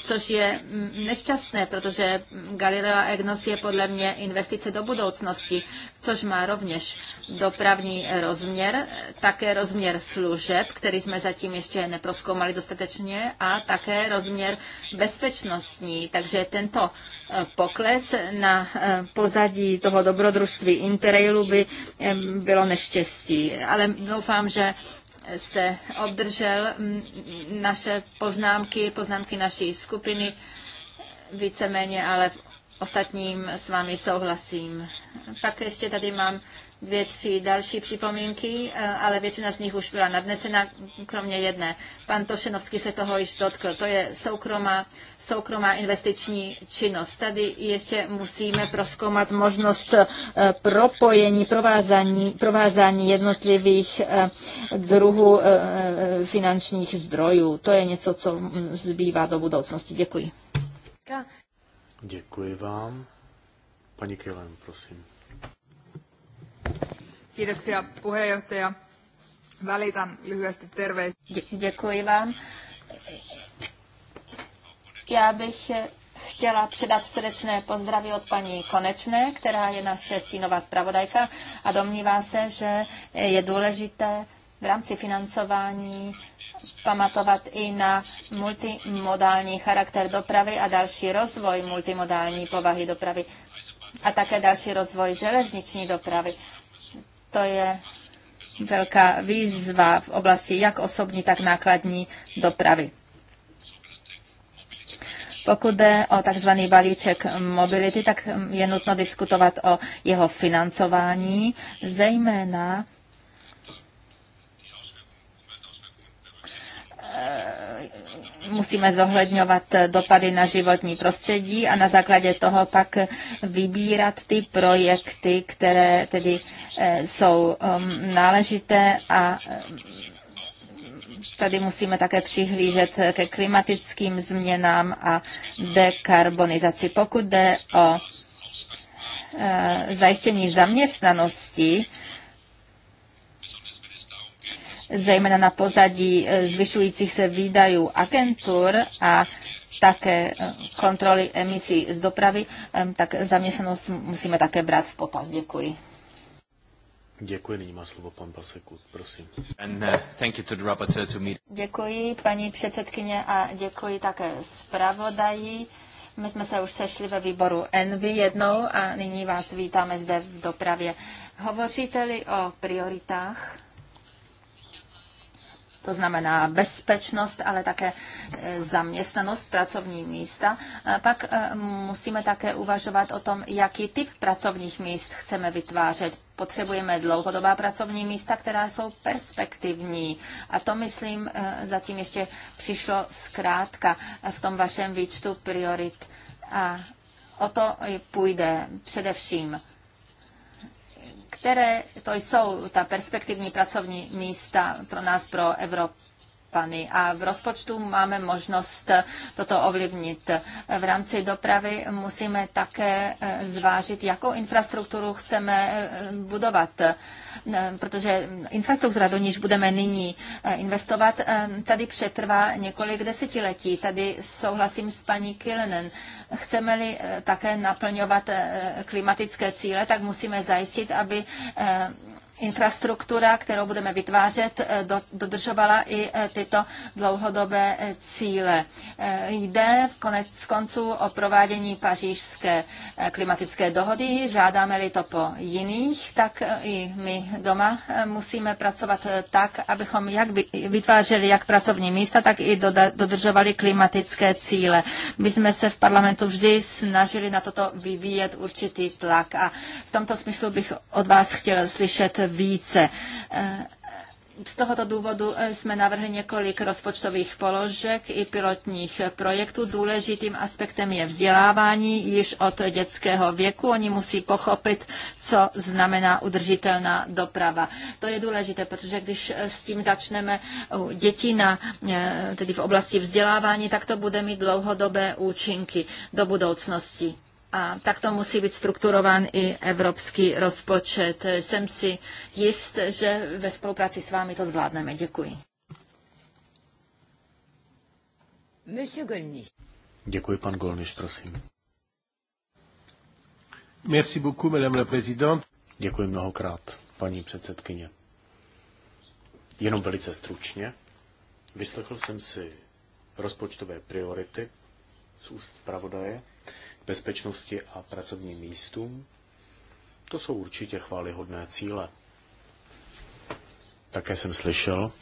což je mm, nešťastné, protože Galileo a EGNOS je podle mě investice do budoucnosti, což má rovněž dopravní rozměr, také rozměr služeb, který jsme zatím ještě neproskoumali dostatečně, a také rozměr bezpečnostní. Takže tento eh, pokles na pozadí toho dobrodružství Interrailu by bylo neštěstí. Ale doufám, že jste obdržel mm, naše poznámky, poznámky naší skupiny. Víceméně ale v ostatním s vámi souhlasím. Pak ještě tady mám dvě, tři další připomínky, eh, ale většina z nich už byla nadnesena, kromě jedné. Pan Tošenovský se toho již dotkl. To je soukromá, soukromá investiční činnost. Tady ještě musíme proskoumat možnost eh, propojení, provázání, provázání jednotlivých eh, druhů finančních zdrojů. To je něco, co mm, zbývá do budoucnosti. Děkuji. Děkuji vám. Paní Kejlen, prosím. Kiitoksia puheenjohtaja. Välitän lyhyesti terveisiä. Děkuji vám. Já bych chtěla předat srdečné pozdravy od paní Konečné, která je naše stínová zpravodajka a domnívá se, že je důležité v rámci financování pamatovat i na multimodální charakter dopravy a další rozvoj multimodální povahy dopravy a také další rozvoj železniční dopravy. To je velká výzva v oblasti jak osobní, tak nákladní dopravy. Pokud jde o tzv. balíček mobility, tak je nutno diskutovat o jeho financování, zejména musíme zohledňovat dopady na životní prostředí a na základě toho pak vybírat ty projekty, které tedy eh, jsou um, náležité a eh, tady musíme také přihlížet ke klimatickým změnám a dekarbonizaci. Pokud jde o eh, zajištění zaměstnanosti, zejména na pozadí eh, zvyšujících se výdajů agentur a také eh, kontroly emisí z dopravy, tak zaměstnanost musíme také brát v potaz. Děkuji. Děkuji, nyní má slovo pan Paseku, prosím. And, uh, thank you to the to meet. Děkuji, paní předsedkyně, a děkuji také zpravodaji. My jsme se už sešli ve výboru NV jednou a nyní vás vítáme zde v dopravě. Hovoříte-li o prioritách to znamená bezpečnost, ale také e, zaměstnanost, pracovní místa. E, pak e, musíme také uvažovat o tom, jaký typ pracovních míst chceme vytvářet. Potřebujeme dlouhodobá pracovní místa, která jsou perspektivní. A to, myslím, zatím ještě přišlo zkrátka v tom vašem výčtu priorit. A o to půjde především které to jsou ta perspektivní pracovní místa pro nás, pro Evropu Evropany a v rozpočtu máme možnost toto ovlivnit. V rámci dopravy musíme také eh, zvážit, jakou infrastrukturu chceme eh, budovat, eh, protože infrastruktura, do níž budeme nyní investovat, tady přetrvá několik desetiletí. Tady souhlasím s paní Kilnen. Chceme-li také naplňovat klimatické cíle, tak musíme zajistit, aby infrastruktura, kterou budeme vytvářet, eh, dodržovala i eh, tyto dlouhodobé eh, cíle. Jde v konec konců o provádění pařížské klimatické dohody. Žádáme-li to po jiných, tak i my doma musíme pracovat tak, abychom jak vytvářeli jak pracovní místa, tak i dodržovali klimatické cíle. My jsme se v parlamentu vždy snažili na toto vyvíjet určitý tlak a v tomto smyslu bych od vás chtěl slyšet více. Z tohoto důvodu eh, jsme navrhli několik rozpočtových položek i pilotních projektů. Důležitým aspektem je vzdělávání již od dětského věku. Oni musí pochopit, co znamená udržitelná doprava. To je důležité, protože když eh, s tím začneme u dětí na, eh, tedy v oblasti vzdělávání, tak to bude mít dlouhodobé účinky do budoucnosti. A tak to musí být strukturován i evropský rozpočet. Jsem si jist, že ve spolupráci s vámi to zvládneme. Děkuji. Děkuji, pan Golniš, prosím. Merci beaucoup, madame la présidente. Děkuji mnohokrát, paní předsedkyně. Jenom velice stručně. Vyslechl jsem si rozpočtové priority z úst zpravodaje bezpečnosti a pracovním místům. To jsou určitě chválihodné cíle. Také jsem slyšel,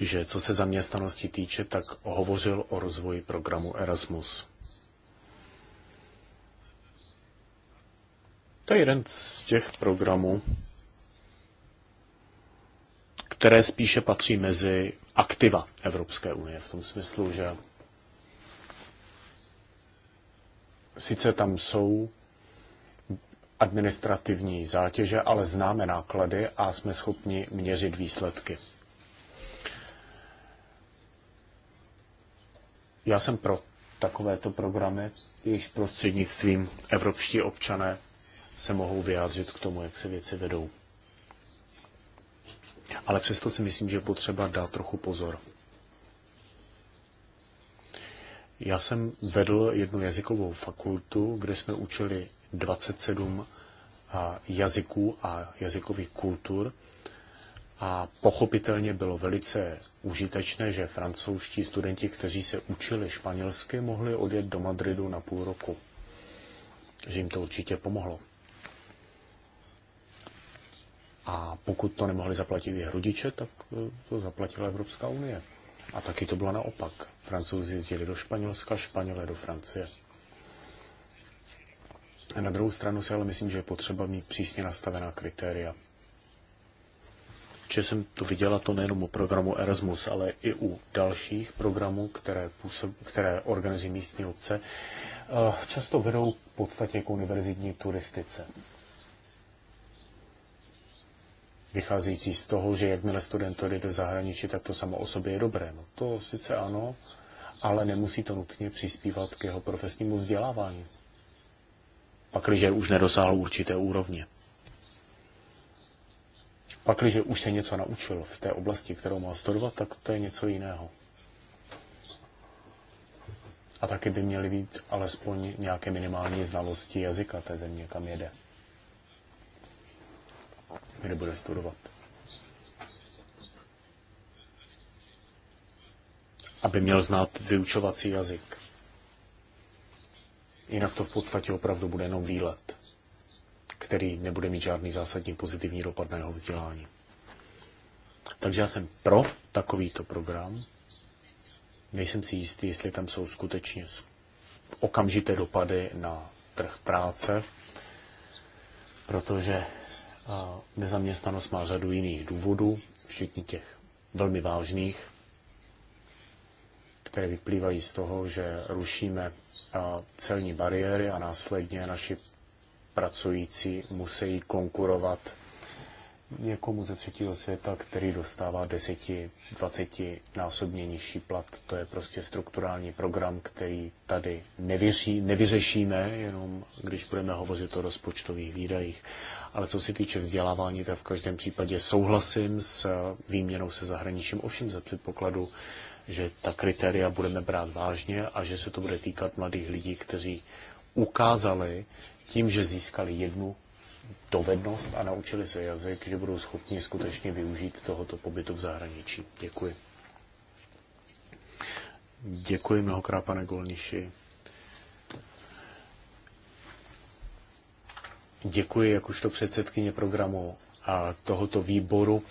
že co se zaměstnanosti týče, tak hovořil o rozvoji programu Erasmus. To je jeden z těch programů, které spíše patří mezi aktiva Evropské unie, v tom smyslu, že sice tam jsou administrativní zátěže, ale známe náklady a jsme schopni měřit výsledky. Já jsem pro takovéto programy, jejichž prostřednictvím evropští občané se mohou vyjádřit k tomu, jak se věci vedou. Ale přesto si myslím, že je potřeba dát trochu pozor. Já jsem vedl jednu jazykovou fakultu, kde jsme učili 27 jazyků a jazykových kultur. A pochopitelně bylo velice užitečné, že francouzští studenti, kteří se učili španělsky, mohli odjet do Madridu na půl roku. Že jim to určitě pomohlo. A pokud to nemohli zaplatit i rodiče, tak eh, to zaplatila Evropská unie. A taky to bylo naopak. Francouzi jezdili do Španělska, Španělé do Francie. A na druhou stranu si ale myslím, že je potřeba mít přísně nastavená kritéria. Že jsem to viděla to nejenom u programu Erasmus, ale i u dalších programů, které, působ, které organizují místní obce, eh, často vedou v podstatě k univerzitní turistice vycházející z toho, že jakmile student jde do zahraničí, tak to samo o sobě je dobré. No to sice ano, ale nemusí to nutně přispívat k jeho profesnímu vzdělávání. Pakliže už nedosáhl určité úrovně. Pakliže už se něco naučil v té oblasti, kterou má studovat, tak to je něco jiného. A taky by měly být alespoň nějaké minimální znalosti jazyka té země, kam jede mi nebude studovat. Aby měl znát vyučovací jazyk. Jinak to v podstatě opravdu bude jenom výlet, který nebude mít žádný zásadní pozitivní dopad na jeho vzdělání. Takže já jsem pro takovýto program. Nejsem si jistý, jestli tam jsou skutečně okamžité dopady na trh práce, protože Nezaměstnanost má řadu jiných důvodů, všichni těch velmi vážných, které vyplývají z toho, že rušíme celní bariéry a následně naši pracující musí konkurovat někomu ze třetího světa, který dostává 10-20 násobně nižší plat. To je prostě strukturální program, který tady nevyří, nevyřešíme, jenom když budeme hovořit o rozpočtových výdajích. Ale co se týče vzdělávání, tak v každém případě souhlasím s výměnou se zahraničím, ovšem za předpokladu, že ta kritéria budeme brát vážně a že se to bude týkat mladých lidí, kteří ukázali tím, že získali jednu dovednost a naučili se jazyk, že budou schopni skutečně využít tohoto pobytu v zahraničí. Děkuji. Děkuji mnohokrát, pane Golniši. Děkuji jakožto předsedkyně programu a tohoto výboru,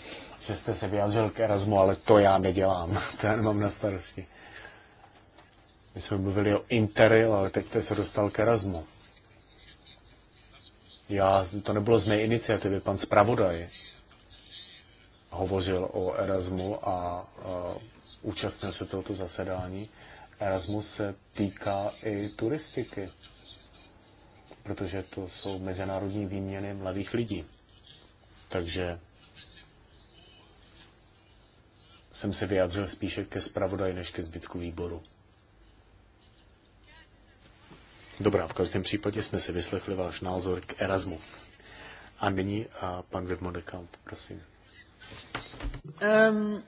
že jste se vyjádřil k Erasmu, ale to já nedělám, (laughs) to já nemám na starosti. My jsme mluvili o Interil, ale teď jste se dostal k Erasmu. Já, to nebylo z mé iniciativy, pan zpravodaj hovořil o Erasmu a, a účastnil se tohoto zasedání. Erasmus se týká i turistiky, protože to jsou mezinárodní výměny mladých lidí. Takže jsem se vyjádřil spíše ke zpravodaji než ke zbytku výboru. Dobrá, v každém případě jsme si vyslechli váš názor k Erasmu. A nyní a pan Wimmondekamp, prosím. Um,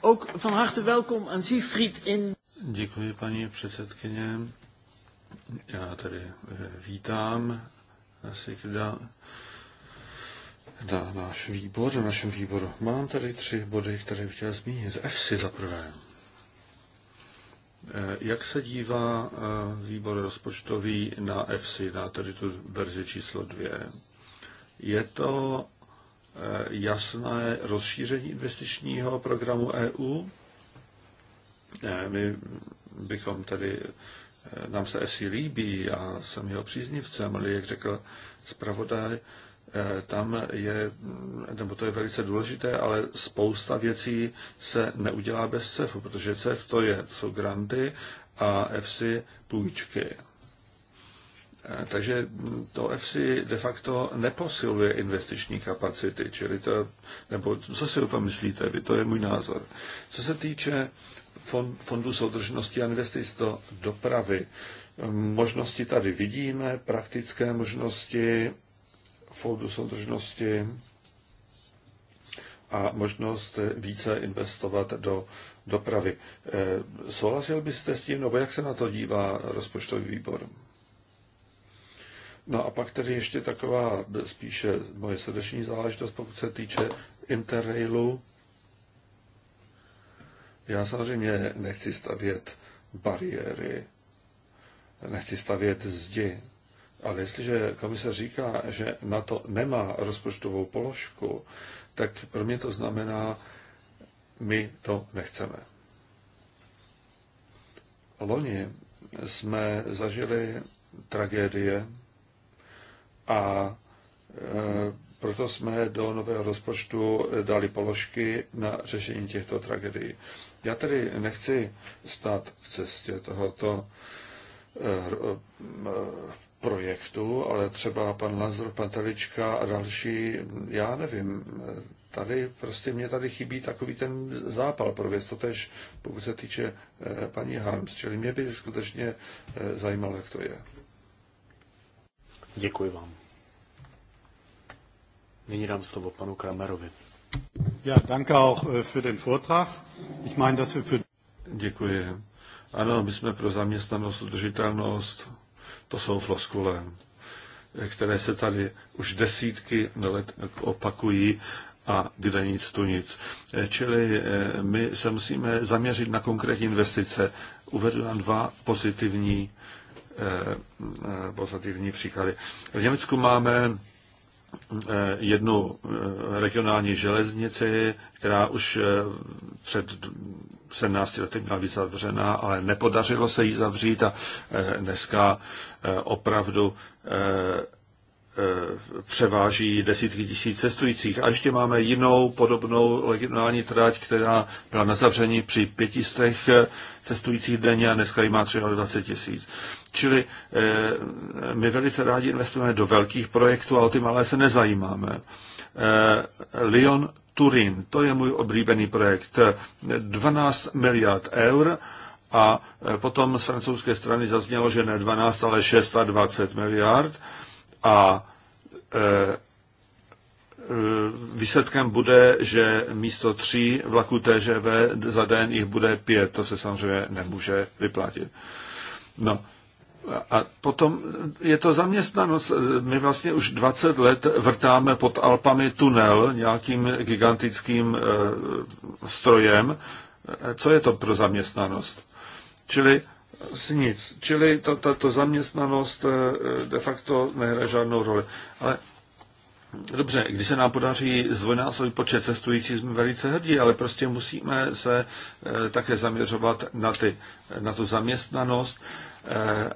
ook van harte welkom aan Siegfried in... Děkuji, paní předsedkyně. Já tady eh, vítám Asi eh, Sigrida na náš výbor, na našem výboru. Mám tady tři body, které bych chtěl zmínit. EFSI za prvé. Eh, jak se dívá eh, výbor rozpočtový na EFSI, na tedy tu verzi číslo dvě? Je to eh, jasné rozšíření investičního programu EU? My bychom tedy, nám se EFSI líbí, já jsem jeho příznivcem, ale jak řekl zpravodaj, Eh, tam je, nebo to je velice důležité, ale spousta věcí se neudělá bez CEFu, protože CEF to je, jsou granty a EFSI půjčky. Eh, takže to EFSI de facto neposiluje investiční kapacity, čili to, nebo co si o tom myslíte vy, to je můj názor. Co se týče fond, fondu soudržnosti a investic do dopravy, eh, možnosti tady vidíme, praktické možnosti, fondu soudržnosti a možnost více investovat do dopravy. Eh, souhlasil byste s tím, nebo jak se na to dívá rozpočtový výbor? No a pak tedy ještě taková spíše moje srdeční záležitost, pokud se týče Interrailu. Já samozřejmě nechci stavět bariéry, nechci stavět zdi, ale jestliže komise říká, že na to nemá rozpočtovou položku, tak pro mě to znamená, my to nechceme. Loni jsme zažili tragédie a e, proto jsme do nového rozpočtu dali položky na řešení těchto tragédií. Já tedy nechci stát v cestě tohoto e, e, projektu, ale třeba pan Lanzor, pan a další, já nevím, tady prostě mě tady chybí takový ten zápal pro věc, to tež pokud se týče eh, paní Harms, čili mě by skutečně eh, zajímalo, jak to je. Děkuji vám. Nyní dám slovo panu Kramerovi. Ja, danke auch eh, für den Vortrag. Ich meine, dass wir für... Děkuji. Ano, my jsme pro zaměstnanost, udržitelnost, to jsou floskule, které se tady už desítky let opakují a kde nic tu nic. Čili eh, my se musíme zaměřit na konkrétní investice. Uvedu vám dva pozitivní, eh, eh, pozitivní příklady. V Německu máme jednu regionální železnici, která už před 17 lety měla být zavřená, ale nepodařilo se jí zavřít a dneska Eh, opravdu eh, eh, převáží desítky tisíc cestujících. A ještě máme jinou podobnou legionální trať, která byla na zavření při pětistech cestujících denně a dneska ji má 23 tisíc. Čili my velice rádi investujeme do velkých projektů a o ty malé se nezajímáme. Lyon Turin, to je můj oblíbený projekt. 12 miliard eur a e, potom z francouzské strany zaznělo, že ne 12, ale 26 miliard a e, e, výsledkem bude, že místo tří vlaků TŽV za den jich bude pět. To se samozřejmě nemůže vyplatit. No. A potom je to zaměstnanost. My vlastně už 20 let vrtáme pod Alpami tunel nějakým gigantickým strojem. Co je to pro zaměstnanost? Čili z nic. Čili to ta, zaměstnanost eh, eh, de facto nehraje žádnou roli. Ale dobře, když se nám podaří zdvojnásobit počet cestujících, jsme velice hrdí, ale prostě musíme se eh, také zaměřovat na, ty, na tu zaměstnanost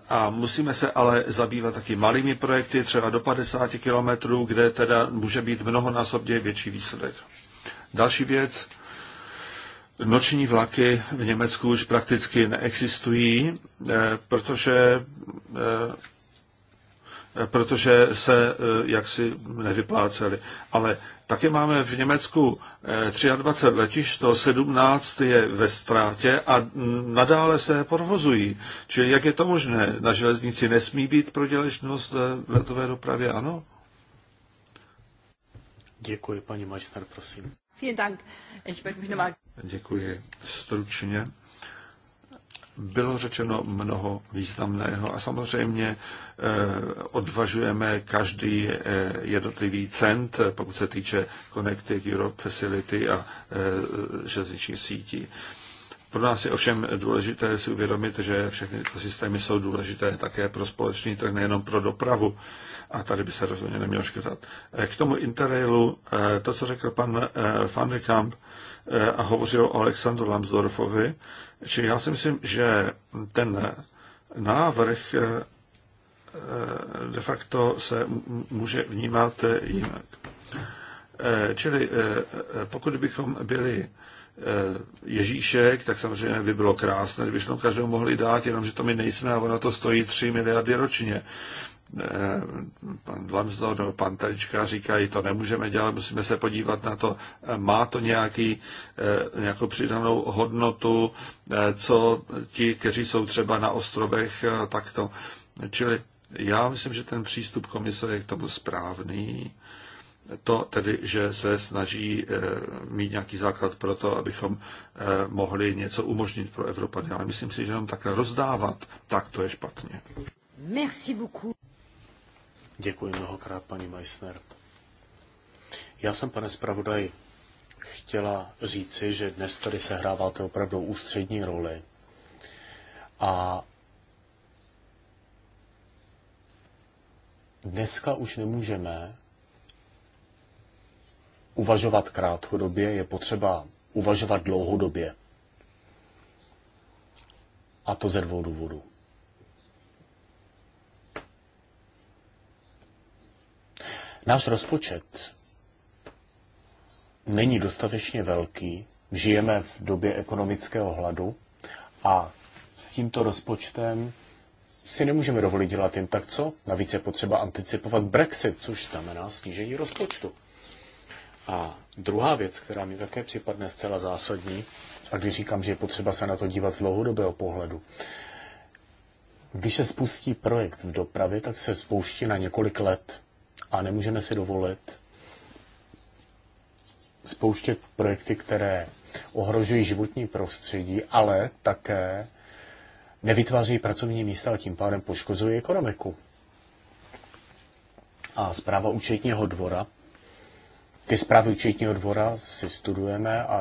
a musíme se ale zabývat taky malými projekty, třeba do 50 kilometrů, kde teda může být mnohonásobně větší výsledek. Další věc, Noční vlaky v Německu už prakticky neexistují, eh, protože, eh, protože se eh, jaksi nevyplácely. Ale také máme v Německu 23 letišť, to 17 je ve ztrátě a nadále se provozují. Čili jak je to možné? Na železnici nesmí být prodělečnost v letové dopravy, ano? Děkuji, paní Majster, prosím. Vielen Dank. Ich würde mich nochmal... Děkuji. Stručně. Bylo řečeno mnoho významného a samozřejmě eh, odvažujeme každý eh, jednotlivý cent, pokud se týče Connected Europe Facility a eh, železničních sítí. Pro nás je ovšem důležité si uvědomit, že všechny tyto systémy jsou důležité také pro společný trh, nejenom pro dopravu a tady by se rozhodně nemělo škrtat. Eh, k tomu Interrailu, eh, to, co řekl pan eh, Van de Kamp a hovořil o Alexandru Lambsdorfovi, či já si myslím, že ten návrh de facto se může vnímat jinak. Čili pokud bychom byli Ježíšek, tak samozřejmě by bylo krásné, kdybychom každému mohli dát, jenomže to my nejsme a ono to stojí 3 miliardy ročně. Eh, pan Lamsdor nebo pan Telička říkají, to nemůžeme dělat, musíme se podívat na to, eh, má to nějaký, eh, nějakou přidanou hodnotu, co ti, kteří jsou třeba na ostrovech, takto. Čili já myslím, že ten přístup komise je k tomu správný. To tedy, že se snaží mít nějaký základ pro to, abychom mohli něco umožnit pro Evropany. Ale myslím si, že jenom tak rozdávat, tak to je špatně. Merci beaucoup. Děkuji mnohokrát, paní Meissner. Já jsem, pane zpravodaj, chtěla říci, že dnes tady sehráváte opravdu ústřední roli. A dneska už nemůžeme uvažovat krátkodobě, je potřeba uvažovat dlouhodobě. A to ze dvou důvodů. Náš rozpočet není dostatečně velký, žijeme v době ekonomického hladu a s tímto rozpočtem si nemůžeme dovolit dělat jen tak co. Navíc je potřeba anticipovat Brexit, což znamená snížení rozpočtu. A druhá věc, která mi také připadne zcela zásadní, a když říkám, že je potřeba se na to dívat z dlouhodobého pohledu, když se spustí projekt v dopravě, tak se spouští na několik let a nemůžeme si dovolit spouštět projekty, které ohrožují životní prostředí, ale také nevytváří pracovní místa a tím pádem poškozují ekonomiku. A zpráva účetního dvora, ty zprávy účetního dvora si studujeme a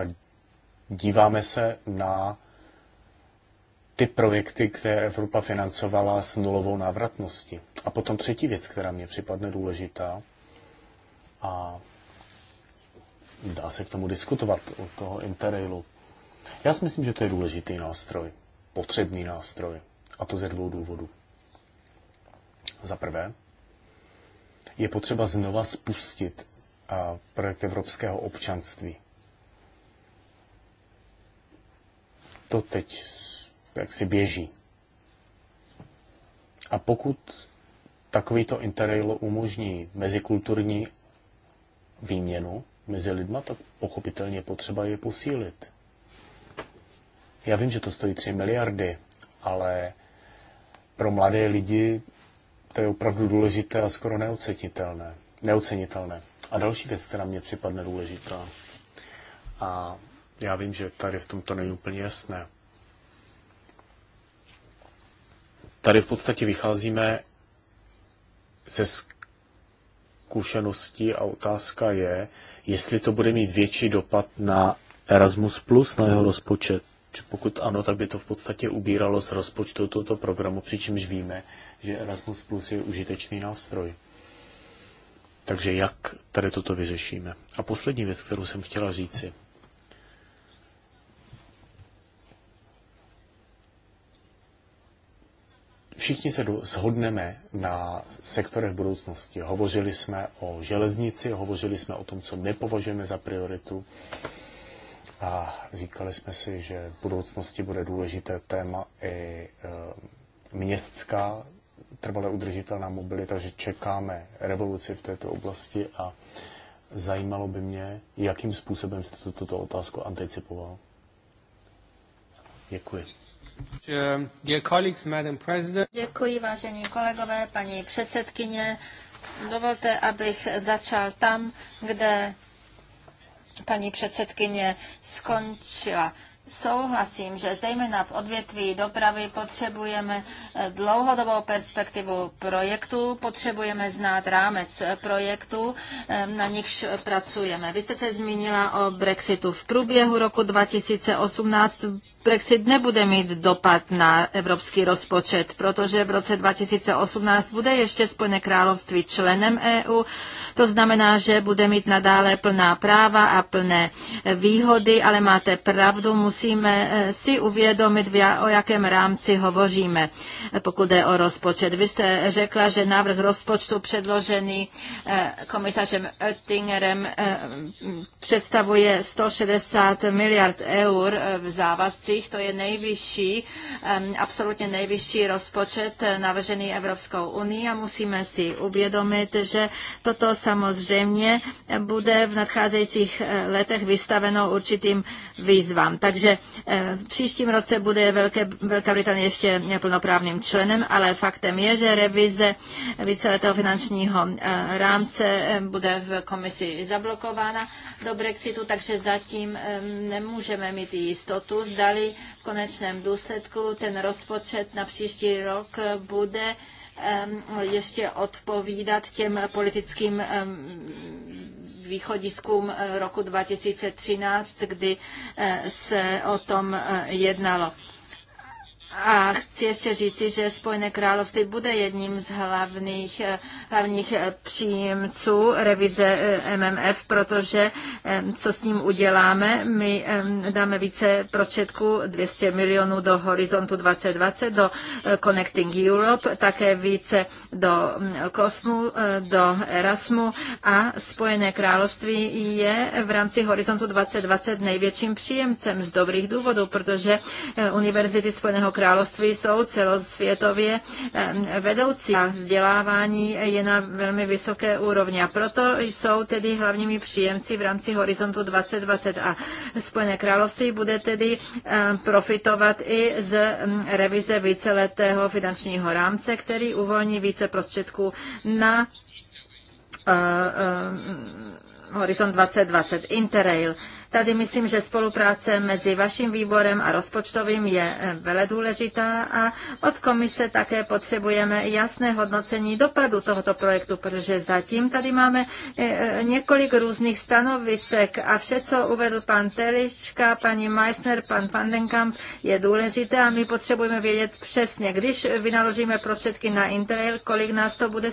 díváme se na ty projekty, které Evropa financovala s nulovou návratností. A potom třetí věc, která mě připadne důležitá, a dá se k tomu diskutovat o toho Interrailu. Já si myslím, že to je důležitý nástroj, potřebný nástroj, a to ze dvou důvodů. Za prvé, je potřeba znova spustit projekt evropského občanství. To teď jak si běží. A pokud takovýto interrail umožní mezikulturní výměnu mezi lidma, tak pochopitelně potřeba je posílit. Já vím, že to stojí 3 miliardy, ale pro mladé lidi to je opravdu důležité a skoro neocenitelné. neocenitelné. A další věc, která mě připadne důležitá, a já vím, že tady v tomto není úplně jasné, Tady v podstatě vycházíme ze zkušenosti a otázka je, jestli to bude mít větší dopad na Erasmus+, Plus, na jeho rozpočet. Pokud ano, tak by to v podstatě ubíralo z rozpočtu tohoto programu, přičemž víme, že Erasmus Plus je užitečný nástroj. Takže jak tady toto vyřešíme? A poslední věc, kterou jsem chtěla říci. Všichni se shodneme na sektorech budoucnosti. Hovořili jsme o železnici, hovořili jsme o tom, co nepovažujeme za prioritu a říkali jsme si, že v budoucnosti bude důležité téma i eh, městská trvale udržitelná mobilita, že čekáme revoluci v této oblasti a zajímalo by mě, jakým způsobem jste tuto otázku anticipoval. Děkuji. Děkuji, vážení kolegové, paní předsedkyně. Dovolte, abych začal tam, kde paní předsedkyně skončila. Souhlasím, že zejména v odvětví dopravy potřebujeme eh, dlouhodobou perspektivu projektu, potřebujeme znát rámec projektu, eh, na nichž pracujeme. Vy jste se zmínila o Brexitu. V průběhu roku 2018 Brexit nebude mít dopad na evropský rozpočet, protože v roce 2018 bude ještě Spojené království členem EU. To znamená, že bude mít nadále plná práva a plné výhody, ale máte pravdu, musíme eh, si uvědomit, o jakém rámci hovoříme, eh, pokud jde o rozpočet. Vy jste řekla, že návrh rozpočtu předložený eh, komisařem Oettingerem představuje 160 miliard eur v závazci investicích. To je nejvyšší, absolutně nejvyšší rozpočet navržený Evropskou unii a musíme si uvědomit, že toto samozřejmě bude v nadcházejících eh, letech vystaveno určitým výzvám. Takže eh, v příštím roce bude Velké, Velká Británie ještě plnoprávným členem, ale faktem je, že revize víceletého finančního eh, rámce bude v komisi zablokována do Brexitu, takže zatím nemůžeme mít jistotu, zdali dostali. V konečném důsledku ten rozpočet na příští rok bude ještě odpovídat těm politickým východiskům eh, roku 2013, kdy eh, se o tom eh, jednalo. A chci ještě říci, že Spojené království bude jedním z eh, hlavních, hlavních eh, příjemců revize eh, MMF, protože co s ním uděláme, my dáme více prostředků 200 milionů do Horizontu 2020, do Connecting Europe, také více do mm, Kosmu, do Erasmu a Spojené království je v rámci Horizontu 2020 největším příjemcem z dobrých důvodů, protože univerzity Spojeného království jsou celosvětově vedoucí a vzdělávání je na velmi vysoké úrovni. A proto jsou tedy hlavními příjemci v rámci Horizontu 2020 a Spojené království bude tedy profitovat i z revize víceletého finančního rámce, který uvolní více prostředků na uh, uh, Horizont 2020, Interrail. Uh, Tady myslím, že spolupráce mezi vaším výborem a rozpočtovým je eh, vele důležitá a od komise také potřebujeme jasné hodnocení dopadu tohoto projektu, protože zatím tady máme eh, eh, několik různých stanovisek a vše, co uvedl pan Telička, paní Meissner, pan Vandenkamp, je důležité a my potřebujeme vědět přesně, když vynaložíme prostředky na Interrail, kolik nás to bude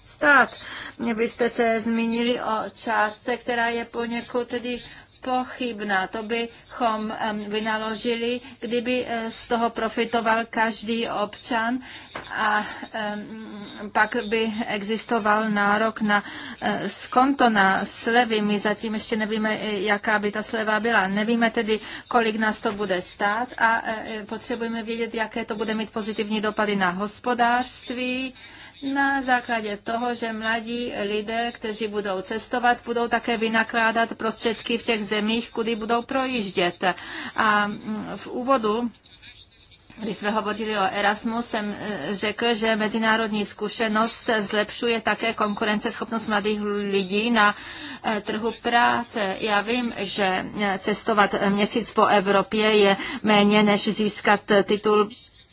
stát. Vy jste se zmínili o částce, která je poněkud tedy pochybná. To bychom vynaložili, kdyby eh, z toho profitoval každý občan a pak by existoval nárok na eh, skonto na slevy. My zatím ještě nevíme, eh, jaká by ta sleva byla. Nevíme tedy, kolik nás to bude stát a potřebujeme vědět, jaké to bude mít pozitivní dopady na hospodářství, na základě toho, že mladí lidé, kteří budou cestovat, budou také vynakládat prostředky v těch zemích, kudy budou projíždět. A mm, v úvodu když jsme hovořili o Erasmu, jsem e, řekl, že mezinárodní zkušenost zlepšuje také konkurenceschopnost mladých lidí na e, trhu práce. Já vím, že e, cestovat měsíc po Evropě je méně, než získat titul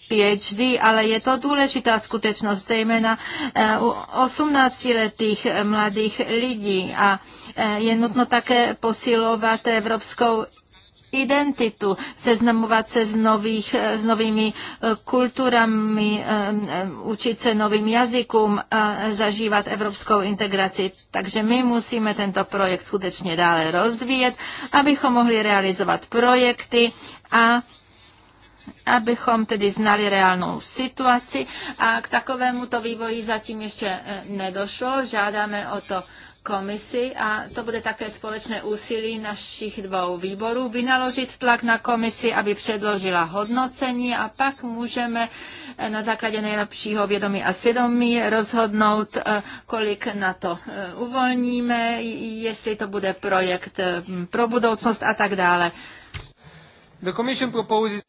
PhD, ale je to důležitá skutečnost, zejména eh, u 18-letých eh, mladých lidí a eh, je nutno také posilovat evropskou identitu, seznamovat se s, nových, s novými kulturami, učit se novým jazykům a zažívat evropskou integraci. Takže my musíme tento projekt skutečně dále rozvíjet, abychom mohli realizovat projekty a abychom tedy znali reálnou situaci a k takovému to vývoji zatím ještě e, nedošlo. Žádáme o to komisi a to bude také společné úsilí našich dvou výborů vynaložit tlak na komisi, aby předložila hodnocení a pak můžeme e, na základě nejlepšího vědomí a svědomí rozhodnout, e, kolik na to uvolníme, jestli to bude projekt pro budoucnost a tak dále. The commission proposes...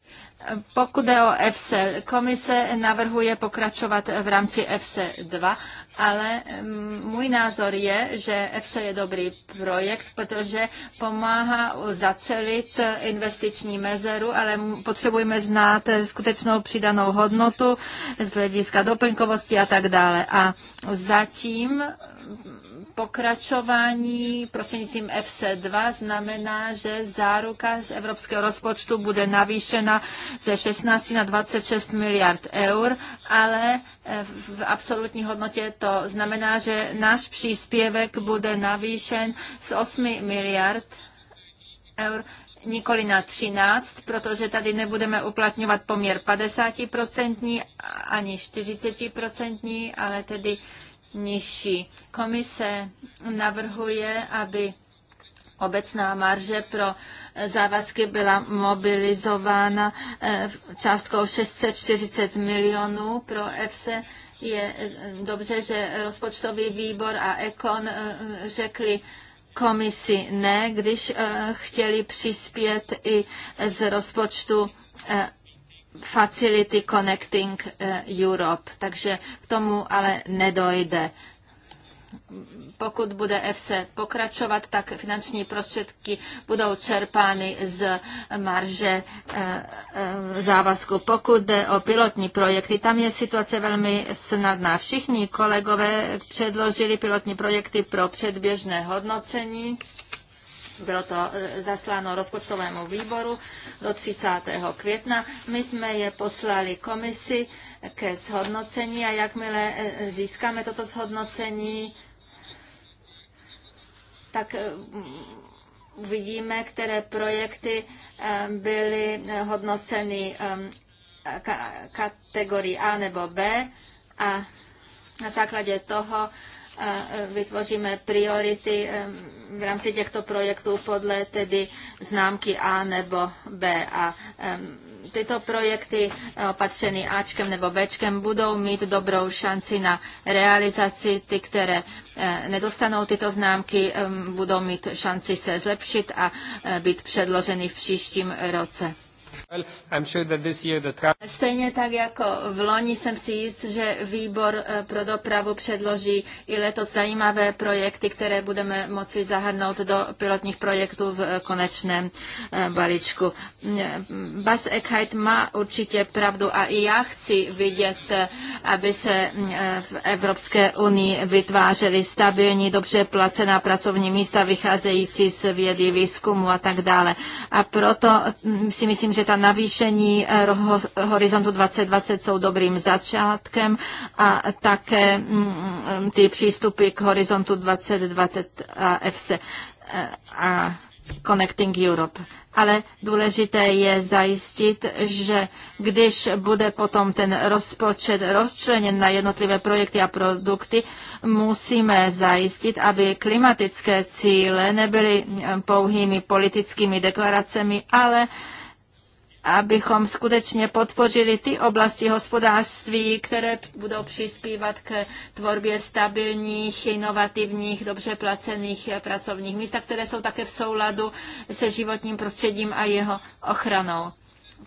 Pokud je o EFSE, komise navrhuje pokračovat v rámci EFSE 2, ale mm, můj názor je, že EFSE je dobrý projekt, protože pomáhá zacelit investiční mezeru, ale potřebujeme znát skutečnou přidanou hodnotu z hlediska doplňkovosti a tak dále. A zatím pokračování prostřednictvím FC2 znamená, že záruka z evropského rozpočtu bude navýšena ze 16 na 26 miliard eur, ale eh, v absolutní hodnotě to znamená, že náš příspěvek bude navýšen z 8 miliard eur nikoli na 13, protože tady nebudeme uplatňovat poměr 50% ani 40%, ale tedy nižší. Komise navrhuje, aby obecná marže pro závazky byla mobilizována eh, částkou 640 milionů pro EFSE. Je eh, dobře, že rozpočtový výbor a Ekon eh, řekli, komisi ne, když chtěli přispět i z rozpočtu Facility Connecting eh, Europe, takže k tomu ale nedojde. Pokud bude EFSE pokračovat, tak finanční prostředky budou čerpány z marže eh, eh, závazku. Pokud jde o pilotní projekty, tam je situace velmi snadná. Všichni kolegové předložili pilotní projekty pro předběžné hodnocení. Bylo to e, zasláno rozpočtovému výboru do 30. května. My jsme je poslali komisi ke shodnocení a jakmile e, získáme toto shodnocení, tak e, uvidíme, které projekty byly hodnoceny kategorii A nebo B a na základě toho vytvoříme priority v rámci těchto projektů podle tedy známky A nebo B. A tyto projekty e, opatřeny Ačkem nebo Bčkem budou mít dobrou šanci na realizaci. Ty, které e, nedostanou tyto známky, budou mít šanci se zlepšit a e, být předloženy v příštím roce. Stejně tak jako v loni jsem si jist, že výbor eh, pro dopravu předloží i letos zajímavé projekty, které budeme moci zahrnout do pilotních projektů v eh, konečném eh, balíčku. Mm, Bas Eckheit má určitě pravdu a i já chci vidět, aby se mm, v Evropské unii vytvářely stabilní, dobře placená pracovní místa vycházející z vědy, výzkumu a tak dále. A proto mm, si myslím, že ta navýšení eh, horizontu 2020 jsou dobrým začátkem a také mm, mm, ty přístupy k horizontu 2020 a EFSE eh, a Connecting Europe. Ale důležité je zajistit, že když bude potom ten rozpočet rozčleněn na jednotlivé projekty a produkty, musíme zajistit, aby klimatické cíle nebyly eh, pouhými politickými deklaracemi, ale uh, abychom skutečně podpořili ty oblasti hospodářství, které budou přispívat k tvorbě stabilních, inovativních, dobře placených eh, pracovních míst, které jsou také v souladu se životním prostředím a jeho ochranou.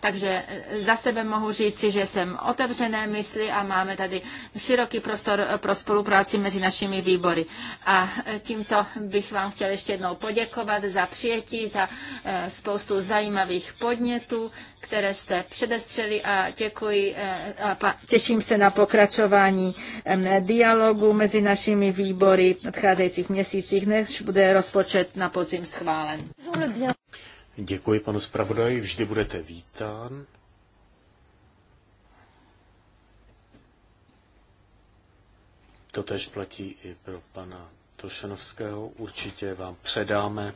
Takže eh, za sebe mohu říci, že jsem otevřené mysli a máme tady široký prostor eh, pro spolupráci mezi našimi výbory. A eh, tímto bych vám chtěl ještě jednou poděkovat za přijetí, za spoustu zajímavých podnětů, které jste předestřeli a děkuji a těším se na pokračování dialogu mezi našimi výbory v nadcházejících měsících, než bude rozpočet na podzim schválen. Děkuji panu zpravodaji, vždy budete vítán. To tež platí i pro pana Tošenovského. Určitě vám předáme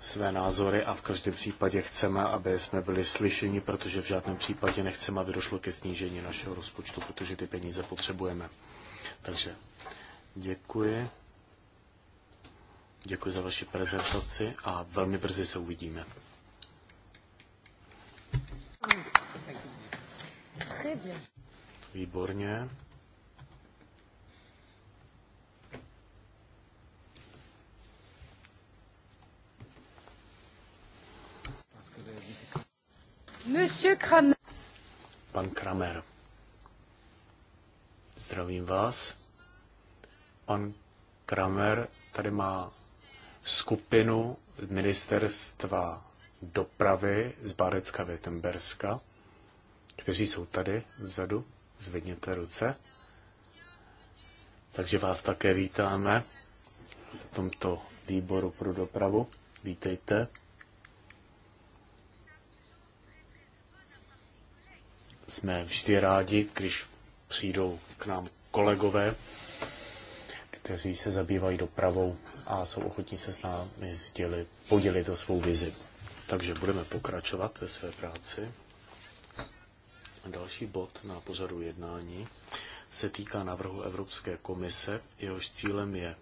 své názory a v každém případě chceme, aby jsme byli slyšeni, protože v žádném případě nechceme, aby došlo ke snížení našeho rozpočtu, protože ty peníze potřebujeme. Takže děkuji. Děkuji za vaši prezentaci a velmi brzy se uvidíme. Výborně. Monsieur Kramer. Pan Kramer. Zdravím vás. Pan Kramer tady má skupinu ministerstva dopravy z Bárecka Větemberska, kteří jsou tady vzadu, zvedněte ruce. Takže vás také vítáme v tomto výboru pro dopravu. Vítejte. Jsme vždy rádi, když přijdou k nám kolegové, kteří se zabývají dopravou a jsou ochotní se s námi sdělit, podělit o svou vizi. Takže budeme pokračovat ve své práci. Další bod na pozoru jednání se týká návrhu Evropské komise. Jehož cílem je,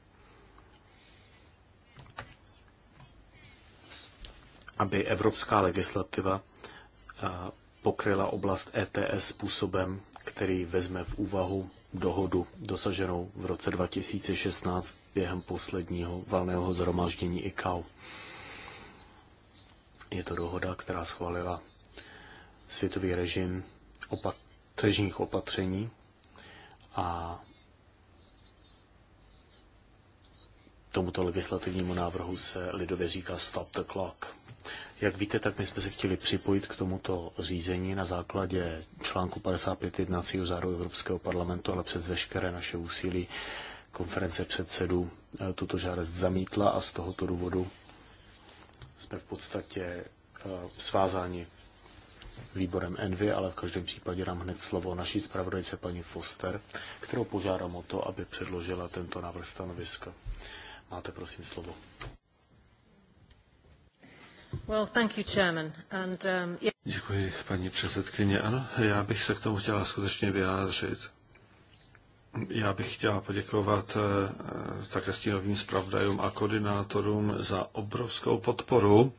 aby evropská legislativa eh, pokryla oblast ETS způsobem, který vezme v úvahu dohodu dosaženou v roce 2016 během posledního valného zhromáždění ICAO. Je to dohoda, která schválila světový režim opatřežních opatření a tomuto legislativnímu návrhu se lidově říká stop the clock, jak víte, tak my jsme se chtěli připojit k tomuto řízení na základě článku 55 jednacího záru Evropského parlamentu, ale přes veškeré naše úsilí konference předsedů eh, tuto žádost zamítla a z tohoto důvodu jsme v podstatě eh, svázáni výborem Envy, ale v každém případě dám hned slovo naší zpravodajce paní Foster, kterou požádám o to, aby předložila tento návrh stanoviska. Máte prosím slovo. Um, Děkuji, paní předsedkyně. Ano, já bych se k tomu chtěla skutečně vyjádřit. Já bych chtěla poděkovat eh, také stínovým zpravdajům a koordinátorům za obrovskou podporu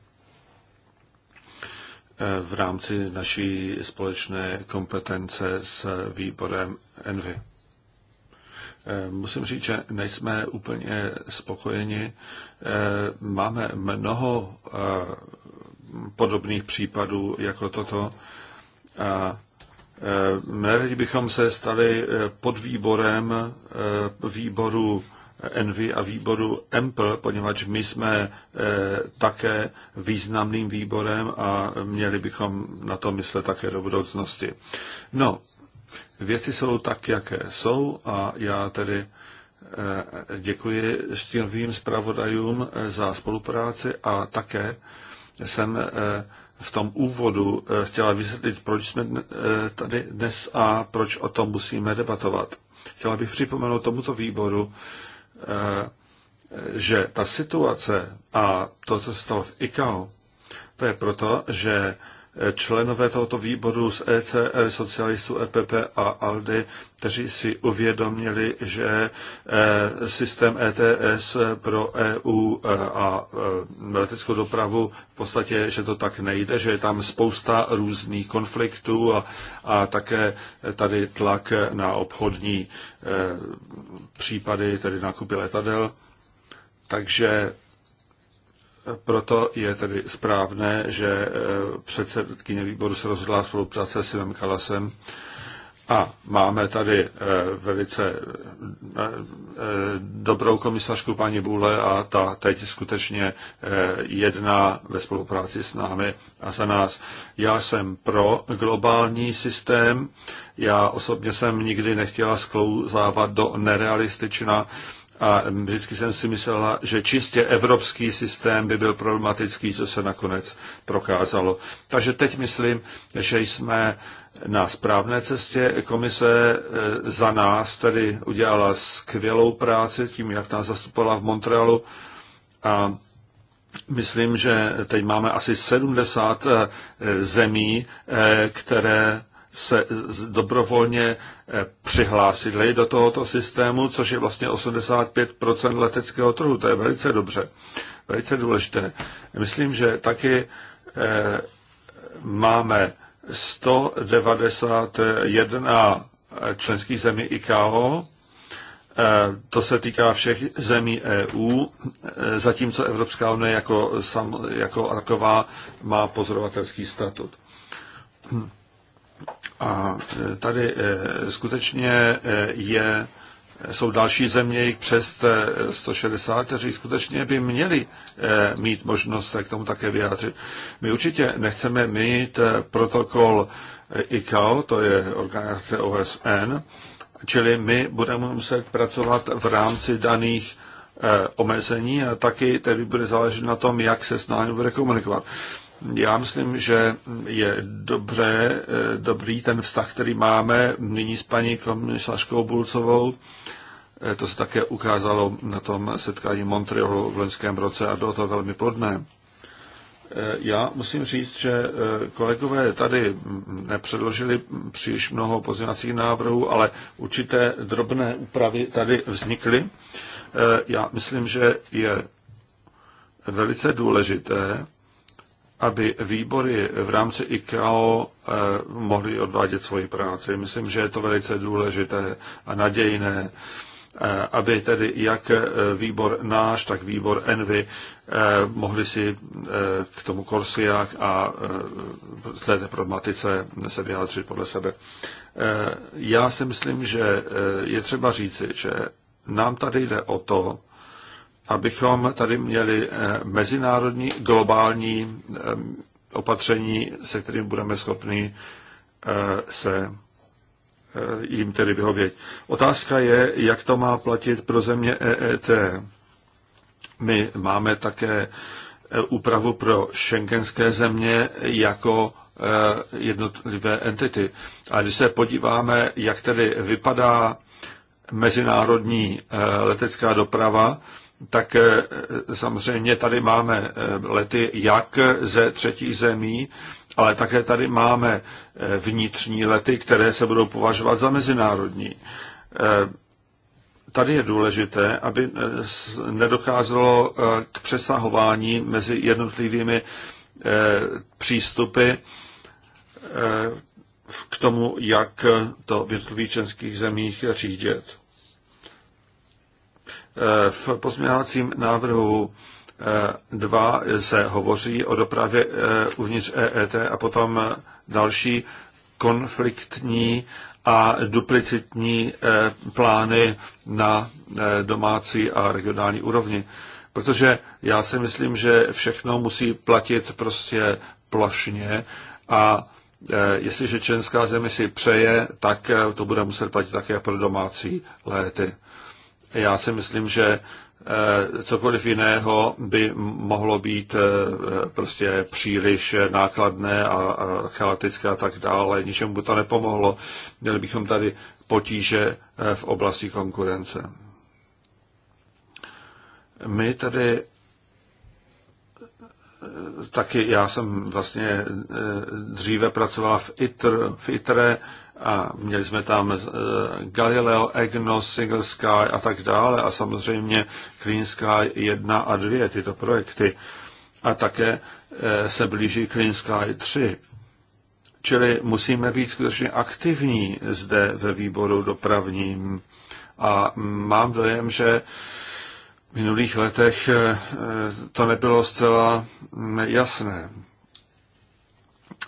eh, v rámci naší společné kompetence s výborem Envy. Eh, musím říct, že nejsme úplně spokojeni. Eh, máme mnoho eh, podobných případů jako toto. A bychom se stali pod výborem výboru Envy a výboru Empl, poněvadž my jsme také významným výborem a měli bychom na to myslet také do budoucnosti. No, věci jsou tak, jaké jsou a já tedy eh, děkuji stínovým zpravodajům eh, za spolupráci a také jsem eh, v tom úvodu chtěla vysvětlit, proč jsme tady dnes a proč o tom musíme debatovat. Chtěla bych připomenout tomuto výboru, že ta situace a to, co se stalo v ICAO, to je proto, že členové tohoto výboru z ECR, socialistů EPP a ALDE, kteří si uvědomili, že eh, systém ETS pro EU eh, a eh, leteckou dopravu v podstatě, že to tak nejde, že je tam spousta různých konfliktů a, a také tady tlak na obchodní případy, tedy nákupy letadel. Takže proto je tedy správné, že eh, předsedkyně výboru se rozhodla spolupráce s Simem Kalasem a máme tady eh, velice eh, dobrou komisařku paní Bůle a ta teď skutečně jedná ve spolupráci s námi a za nás. Já jsem pro globální systém. Já osobně jsem nikdy nechtěla sklouzávat do nerealistična a vždycky jsem si myslela, že čistě evropský systém by byl problematický, co se nakonec prokázalo. Takže teď myslím, že jsme na správné cestě. Komise eh, za nás tedy udělala skvělou práci tím, jak nás zastupovala v Montrealu a myslím, že teď máme asi 70 eh, zemí, eh, které se dobrovolně eh, přihlásili do tohoto systému, což je vlastně 85 leteckého trhu. To je velice dobře, velice důležité. Myslím, že taky eh, máme 191 členských zemí ICAO, eh, to se týká všech zemí EU, zatímco Evropská unie jako, sam, jako taková má pozorovatelský statut. Hm. A e, tady e, skutečně e, je, jsou další země, jich přes 160, kteří skutečně by měli mít možnost se k tomu také vyjádřit. My určitě nechceme mít protokol ICAO, to je organizace OSN, čili my budeme muset pracovat v rámci daných omezení a taky tedy bude záležet na tom, jak se s námi bude komunikovat. Já myslím, že je dobře, eh, dobrý ten vztah, který máme nyní s paní komisařkou Bulcovou. Eh, to se také ukázalo na tom setkání Montrealu v loňském roce a bylo to velmi plodné. Eh, já musím říct, že kolegové tady nepředložili příliš mnoho pozměňovacích návrhů, ale určité drobné úpravy tady vznikly. Já myslím, že je velice důležité, aby výbory v rámci ICAO eh, mohly odvádět svoji práci. Myslím, že je to velice důležité a nadějné, eh, aby tedy jak eh, výbor náš, tak výbor Envy mohli si k tomu Korsiak a k této problematice se vyjádřit podle sebe. Já si myslím, že je třeba říci, že nám tady jde o to, abychom tady měli eh, mezinárodní, globální eh, opatření, se kterým budeme schopni eh, se jim tedy vyhovět. Otázka je, jak to má platit pro země EET. My máme také úpravu pro šengenské země jako jednotlivé entity. A když se podíváme, jak tedy vypadá mezinárodní letecká doprava, tak eh, samozřejmě tady máme eh, lety jak ze třetích zemí, ale také tady máme eh, vnitřní lety, které se budou považovat za mezinárodní. Tady je důležité, aby nedocházelo k přesahování mezi jednotlivými přístupy k tomu, jak to v jednotlivých členských zemích řídit. Eh, v pozměňovacím návrhu 2 eh, se hovoří o dopravě eh, uvnitř EET a potom další konfliktní a duplicitní plány na domácí a regionální úrovni. Protože já si myslím, že všechno musí platit prostě plošně a jestliže členská země si přeje, tak to bude muset platit také pro domácí léty. Já si myslím, že eh, cokoliv jiného by mohlo být eh, prostě příliš nákladné a chaotické a tak dále. Ničemu by to nepomohlo. Měli bychom tady potíže eh, v oblasti konkurence. My tady taky, já jsem vlastně dříve pracovala v ITR, v ITRE, a měli jsme tam eh, Galileo, EGNOS, Single Sky a tak dále a samozřejmě Clean Sky 1 a 2, tyto projekty. A také eh, se blíží Clean Sky 3. Čili musíme být skutečně aktivní zde ve výboru dopravním. A mám dojem, že v minulých letech eh, to nebylo zcela mm, jasné.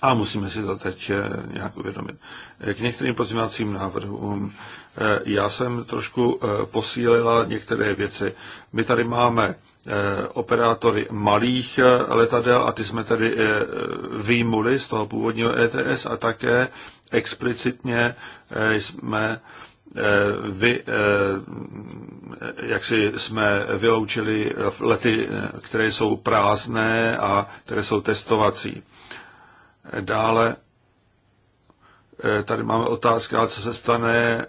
A musíme si to teď eh, nějak uvědomit. Eh, k některým pozměňovacím návrhům eh, já jsem trošku posílila některé věci. My tady máme operátory malých letadel a ty jsme tady výjimuli z toho původního ETS a také explicitně jsme vy, jak si jsme vyloučili lety, které jsou prázdné a které jsou testovací. Dále eh, tady máme otázka, co se stane, eh,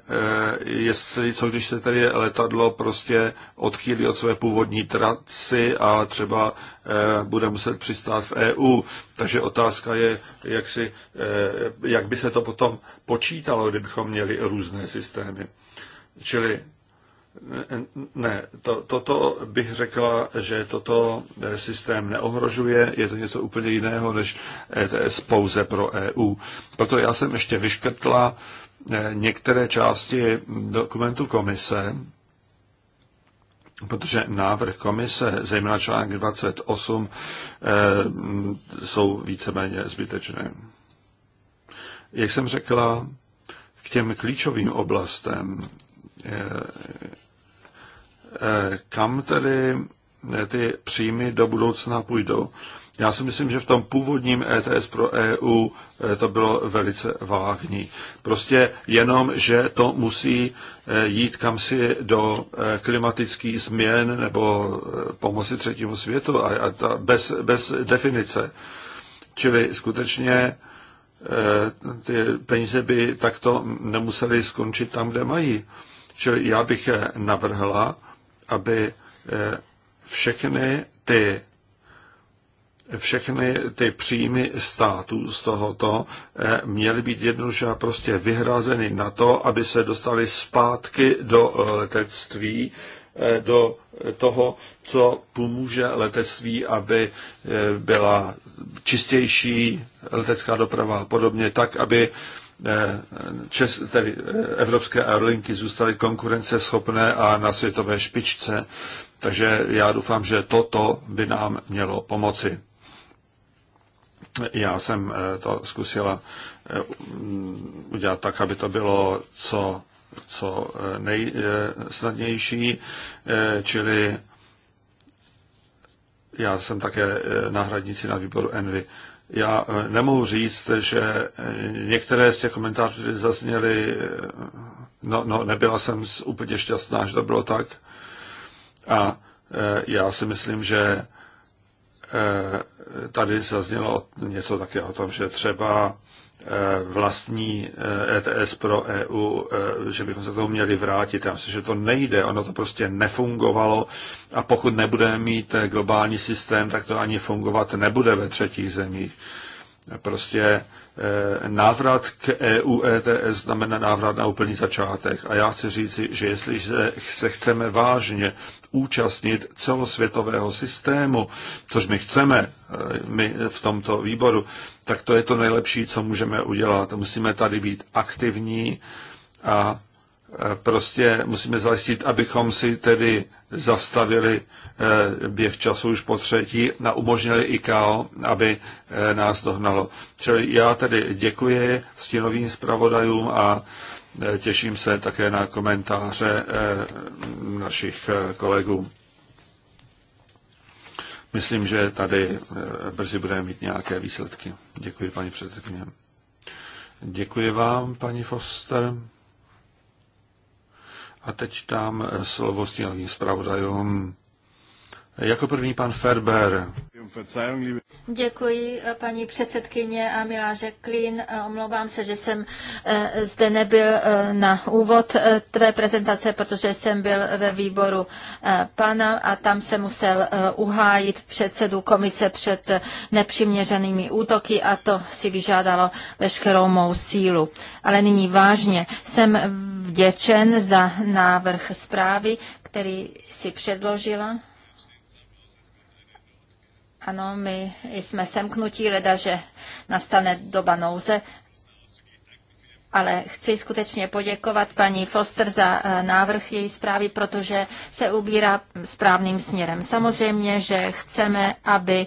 jestli, co když se tady letadlo prostě odchýlí od své původní traci a třeba eh, bude muset přistát v EU. Takže otázka je, jak, si, jak by se to potom počítalo, kdybychom měli různé systémy. Čili ne, to, toto bych řekla, že toto eh, systém neohrožuje, je to něco úplně jiného než ETS eh, pouze pro EU. Proto já jsem ještě vyškrtla eh, některé části dokumentu komise, protože návrh komise, zejména článek 28, jsou víceméně zbytečné. Jak jsem řekla, k těm klíčovým oblastem, Eh, kam tedy eh, ty příjmy do budoucna půjdou. Já si myslím, že v tom původním ETS pro EU eh, to bylo velice vágní. Prostě jenom, že to musí jít kamsi do klimatických změn nebo pomoci třetímu světu a, ta, bez, bez definice. Čili skutečně ty peníze by takto nemusely skončit tam, kde mají. Čili já bych navrhla, aby eh, všechny ty všechny ty příjmy států z tohoto eh, měly být jednoduše prostě vyhrazeny na to, aby se dostali zpátky do eh, letectví, do toho, co pomůže letectví, aby byla čistější letecká doprava a podobně, tak, aby Čes, tedy evropské aerolinky zůstaly konkurenceschopné a na světové špičce, takže já doufám, že toto by nám mělo pomoci. Já jsem eh, to zkusila eh, udělat tak, aby to bylo co, co eh, nejsnadnější, čili já jsem také náhradnici na výboru Envy. Já eh, nemohu říct, že eh, některé z těch komentářů, které zazněly, eh, no, no, nebyla jsem úplně šťastná, že to bylo tak. A já si myslím, že tady zaznělo něco také o tom, že třeba Eh, vlastní ETS eh, e pro EU, eh, že bychom se k tomu měli vrátit. Já myslím, že to nejde, ono to prostě nefungovalo a pokud nebudeme mít globální systém, tak to ani fungovat nebude ve třetích zemích. Prostě návrat k EU ETS znamená návrat na úplný začátek. A já chci říci, že jestliže se chceme vážně účastnit celosvětového systému, což my chceme, my v tomto výboru, tak to je to nejlepší, co můžeme udělat. Musíme tady být aktivní a e, prostě musíme zajistit, abychom si tedy zastavili e, běh času už po třetí a umožnili ko, aby e, nás dohnalo. Čili já tedy děkuji stínovým zpravodajům a těším se také na komentáře našich kolegů. Myslím, že tady eh, brzy budeme mít nějaké výsledky. Děkuji, paní předsedkyně. Děkuji vám, paní Foster. A teď dám eh, slovo tím zpravodajům. Jako první pan Ferber. Děkuji, paní předsedkyně a milá Klín. Omlouvám se, že jsem eh, zde nebyl eh, na úvod eh, tvé prezentace, protože jsem byl ve výboru pana a tam se musel uhájit předsedu komise před nepřiměřenými útoky a to si vyžádalo veškerou mou sílu. Ale nyní vážně jsem vděčen za návrh zprávy, který si předložila ano, my jsme semknutí, leda, že nastane doba nouze, ale chci skutečně poděkovat paní Foster za eh, návrh její zprávy, protože se ubírá správným směrem. Samozřejmě, že chceme, aby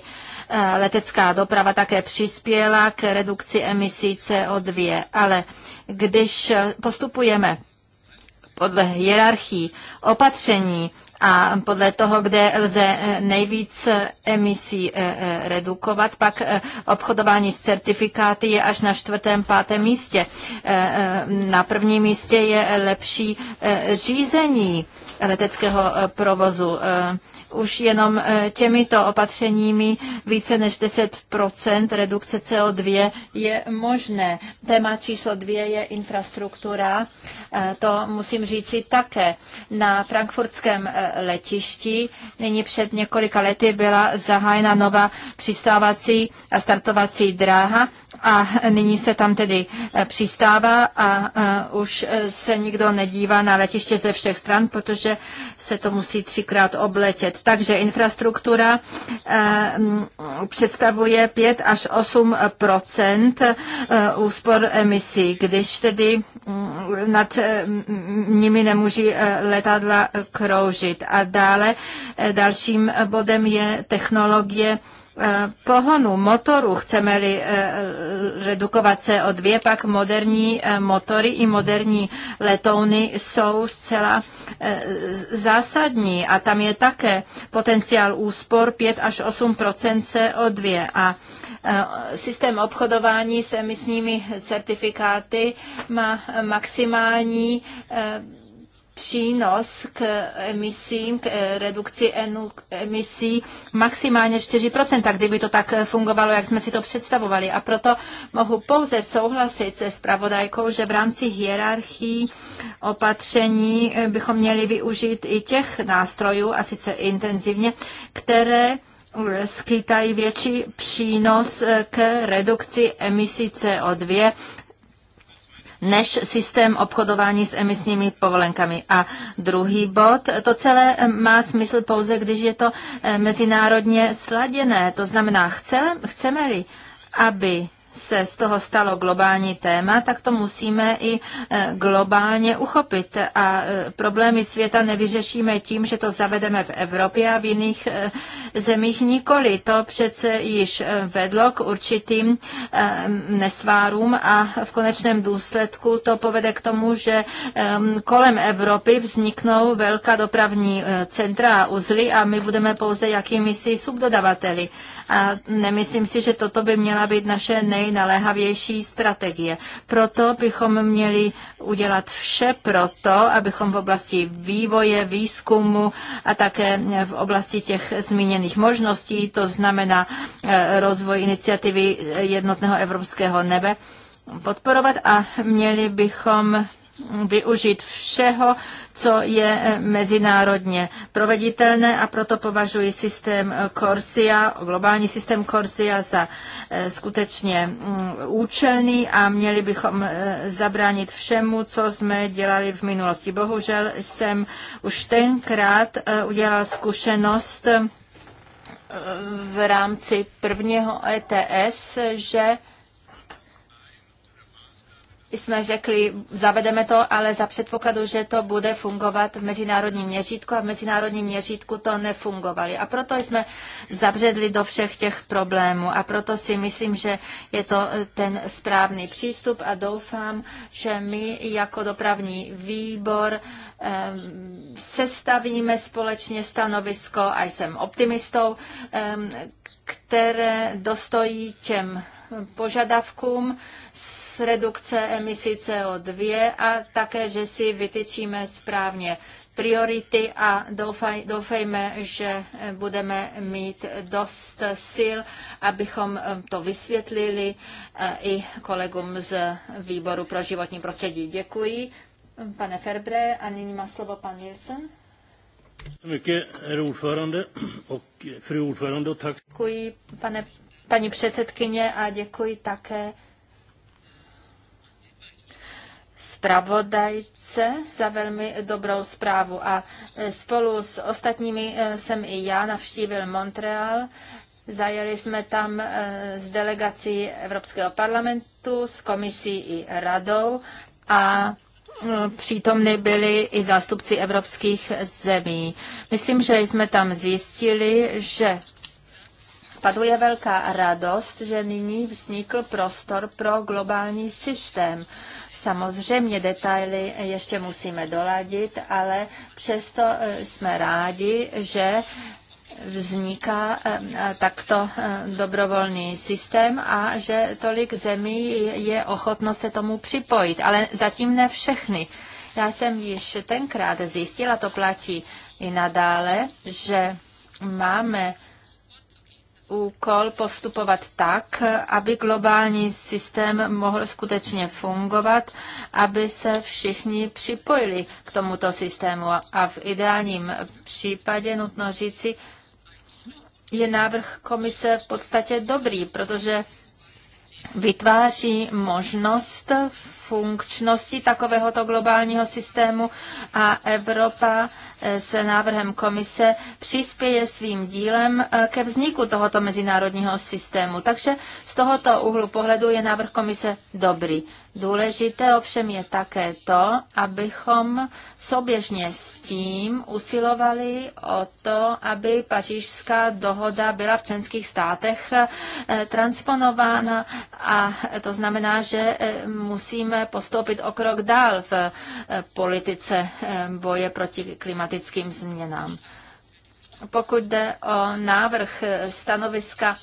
eh, letecká doprava také přispěla k redukci emisí CO2, ale když eh, postupujeme podle hierarchii opatření, a podle toho, kde lze eh, nejvíc eh, emisí eh, redukovat, pak obchodování s certifikáty je až na čtvrtém, pátém místě. Na prvním místě je lepší řízení leteckého eh, provozu. Eh, už jenom eh, těmito opatřeními více než 10 redukce CO2 je možné. Téma číslo dvě je infrastruktura. To musím říci také. Na frankfurtském letišti nyní před několika lety byla zahájena nová přistávací a startovací dráha a nyní se tam tedy eh, přistává a eh, už eh, se nikdo nedívá na letiště ze všech stran, protože se to musí třikrát obletět. Takže infrastruktura představuje 5 až 8 úspor emisí, když tedy mm, nad nimi nemůží letadla kroužit. A dále dalším bodem je technologie Eh, pohonu motoru, chceme-li eh, redukovat o dvě, pak moderní eh, motory i moderní letouny jsou zcela zásadní a tam je také potenciál úspor 5 až 8 CO2 a systém obchodování s emisními certifikáty má maximální přínos k emisím, k eh, redukci emisí maximálně 4%, tak kdyby to tak fungovalo, jak jsme si to představovali. A proto mohu pouze souhlasit se spravodajkou, že v rámci hierarchii opatření eh, bychom měli využít i těch nástrojů, a sice intenzivně, které eh, skýtají větší přínos k redukci emisí CO2 než systém obchodování s emisními povolenkami. A druhý bod, to celé má smysl pouze, když je to eh, mezinárodně sladěné. To znamená, chceme-li, aby se z toho stalo globální téma, tak to musíme i e, globálně uchopit. A e, problémy světa nevyřešíme tím, že to zavedeme v Evropě a v jiných e, zemích nikoli. To přece již vedlo k určitým nesvárům a v konečném důsledku to povede k tomu, že kolem Evropy vzniknou velká dopravní centra a uzly a my budeme pouze jakými si subdodavateli. A nemyslím si, že toto by měla být naše nejnaléhavější strategie. Proto bychom měli udělat vše pro to, abychom v oblasti vývoje, výzkumu a také v oblasti těch zmíněných možností, to znamená e, rozvoj iniciativy jednotného evropského nebe, podporovat a měli bychom využít všeho, co je eh, mezinárodně proveditelné a proto považuji systém eh, Corsia, globální systém Corsia za eh, skutečně mm, účelný a měli bychom zabránit všemu, co jsme dělali v minulosti. Bohužel jsem už tenkrát udělal zkušenost v rámci prvního ETS, že jsme řekli, zavedeme to, ale za předpokladu, že to bude fungovat v mezinárodním měřítku a v mezinárodním měřítku to nefungovali. A proto jsme zabředli do všech těch problémů a proto si myslím, že je to eh, ten správný přístup a doufám, že my jako dopravní výbor ehm, sestavíme společně stanovisko a jsem optimistou, ehm, které dostojí těm požadavkům, s redukce emisí CO2 a také, že si vytyčíme správně priority a doufaj, doufejme, že eh, budeme mít dost sil, abychom eh, to vysvětlili eh, i kolegům z výboru pro životní prostředí. Děkuji, pane Ferbre, a nyní má slovo pan Nielsen. Děkuji, pane, paní předsedkyně, a děkuji také zpravodajce za velmi dobrou zprávu a e, spolu s ostatními e, jsem i já navštívil Montreal. Zajeli jsme tam e, s delegací Evropského parlamentu, s komisí i radou a přítomny byli i zástupci evropských zemí. Myslím, že jsme tam zjistili, že Paduje velká radost, že nyní vznikl prostor pro globální systém. Samozřejmě detaily ještě musíme doladit, ale přesto eh, jsme rádi, že vzniká eh, takto eh, dobrovolný systém a že tolik zemí je ochotno se tomu připojit, ale zatím ne všechny. Já jsem již tenkrát zjistila, to platí i nadále, že máme úkol postupovat tak, aby globální systém mohl skutečně fungovat, aby se všichni připojili k tomuto systému. A v ideálním případě nutno říci, je návrh komise v podstatě dobrý, protože vytváří možnost funkčnosti takovéhoto globálního systému a Evropa eh, s návrhem komise přispěje svým dílem eh, ke vzniku tohoto mezinárodního systému. Takže z tohoto úhlu pohledu je návrh komise dobrý. Důležité ovšem je také to, abychom soběžně s tím usilovali o to, aby pařížská dohoda byla v členských státech eh, transponována a to znamená, že eh, musíme postoupit o krok dál v eh, politice boje proti klimatickým změnám. Pokud jde o návrh stanoviska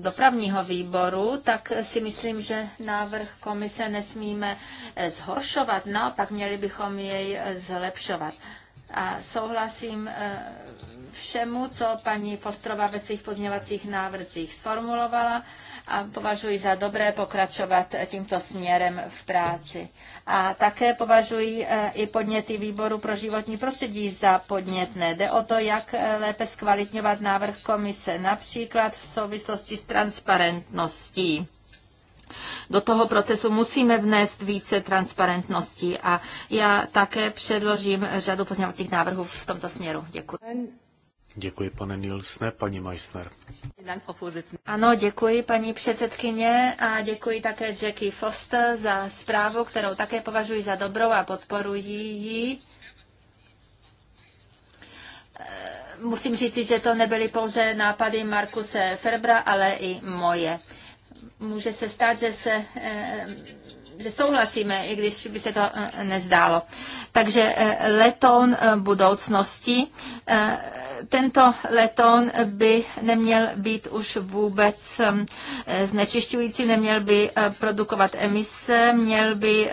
dopravního výboru, tak si myslím, že návrh komise nesmíme eh, zhoršovat, naopak měli bychom jej eh, zlepšovat. A souhlasím eh, všemu, co paní Fostrova ve svých pozměvacích návrzích sformulovala a považuji za dobré pokračovat tímto směrem v práci. A také považuji e, i podněty výboru pro životní prostředí za podnětné. Jde o to, jak e, lépe zkvalitňovat návrh komise, například v souvislosti s transparentností. Do toho procesu musíme vnést více transparentnosti a já také předložím řadu pozměňovacích návrhů v tomto směru. Děkuji. Děkuji, pane Nilsne. Paní Meissner. Ano, děkuji, paní předsedkyně, a děkuji také Jackie Foster za zprávu, kterou také považuji za dobrou a podporuji ji. Eh, musím říci, že to nebyly pouze nápady Markuse Ferbra, ale i moje. Může se stát, že se eh, že souhlasíme, i když by se to eh, nezdálo. Takže eh, letoun eh, budoucnosti. Tento letoun by neměl být už vůbec znečišťující, neměl by produkovat emise, měl by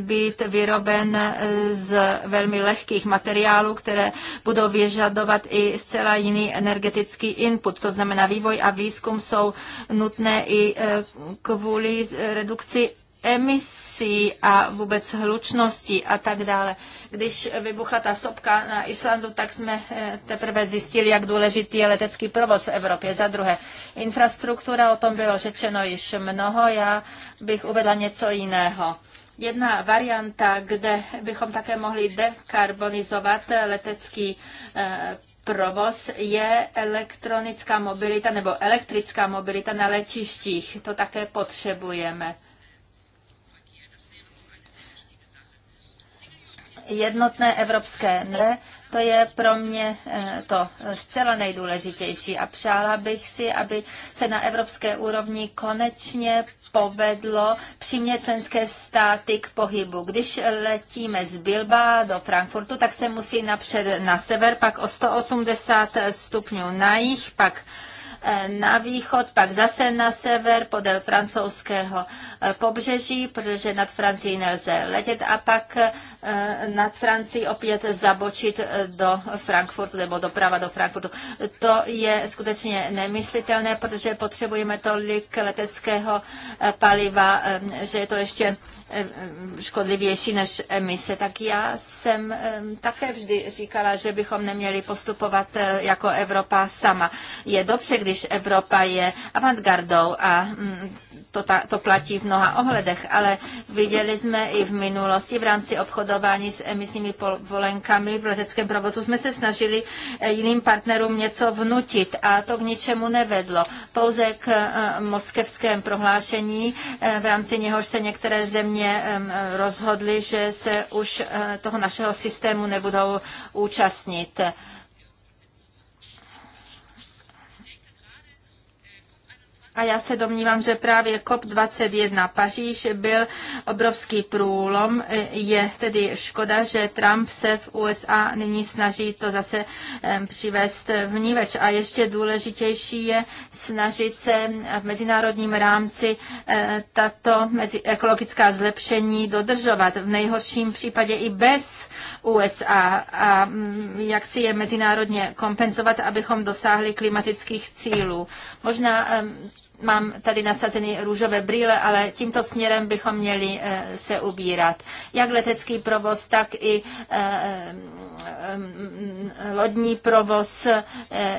být vyroben z velmi lehkých materiálů, které budou vyžadovat i zcela jiný energetický input. To znamená, vývoj a výzkum jsou nutné i kvůli redukci emisí a vůbec hlučnosti a tak dále. Když vybuchla ta sopka na Islandu, tak jsme eh, teprve zjistili, jak důležitý je letecký provoz v Evropě. Za druhé, infrastruktura, o tom bylo řečeno již mnoho, já bych uvedla něco jiného. Jedna varianta, kde bychom také mohli dekarbonizovat letecký eh, provoz je elektronická mobilita nebo elektrická mobilita na letištích. To také potřebujeme. jednotné evropské ne, to je pro mě eh, to zcela nejdůležitější a přála bych si, aby se na evropské úrovni konečně povedlo přimět členské státy k pohybu. Když letíme z Bilba do Frankfurtu, tak se musí napřed na sever, pak o 180 stupňů na jih, pak Eh, na východ, pak zase na sever podél francouzského eh, pobřeží, protože nad Francii nelze letět a pak eh, nad Francii opět zabočit do Frankfurtu nebo doprava do Frankfurtu. To je skutečně nemyslitelné, protože potřebujeme tolik leteckého paliva, že je to ještě škodlivější než emise. Tak já jsem také vždy říkala, že bychom neměli postupovat jako Evropa sama. Je dobře, když když Evropa je avantgardou a mm, to, ta, to platí v mnoha ohledech, ale viděli jsme i v minulosti v rámci obchodování s emisními povolenkami v leteckém provozu jsme se snažili eh, jiným partnerům něco vnutit a to k ničemu nevedlo. Pouze k eh, moskevském prohlášení, eh, v rámci něhož se některé země rozhodly, že se už toho našeho systému nebudou účastnit. A já se domnívám, že právě COP21 Paříž byl obrovský průlom. E, je tedy škoda, že Trump se v USA nyní snaží to zase přivést vníveč. A ještě důležitější je snažit se v mezinárodním rámci e, tato ekologická zlepšení dodržovat. V nejhorším případě i bez USA. A mm, jak si je mezinárodně kompenzovat, abychom dosáhli klimatických cílů. Možná Mám tady nasazeny růžové brýle, ale tímto směrem bychom měli eh, se ubírat. Jak letecký provoz, tak i eh, eh, lodní provoz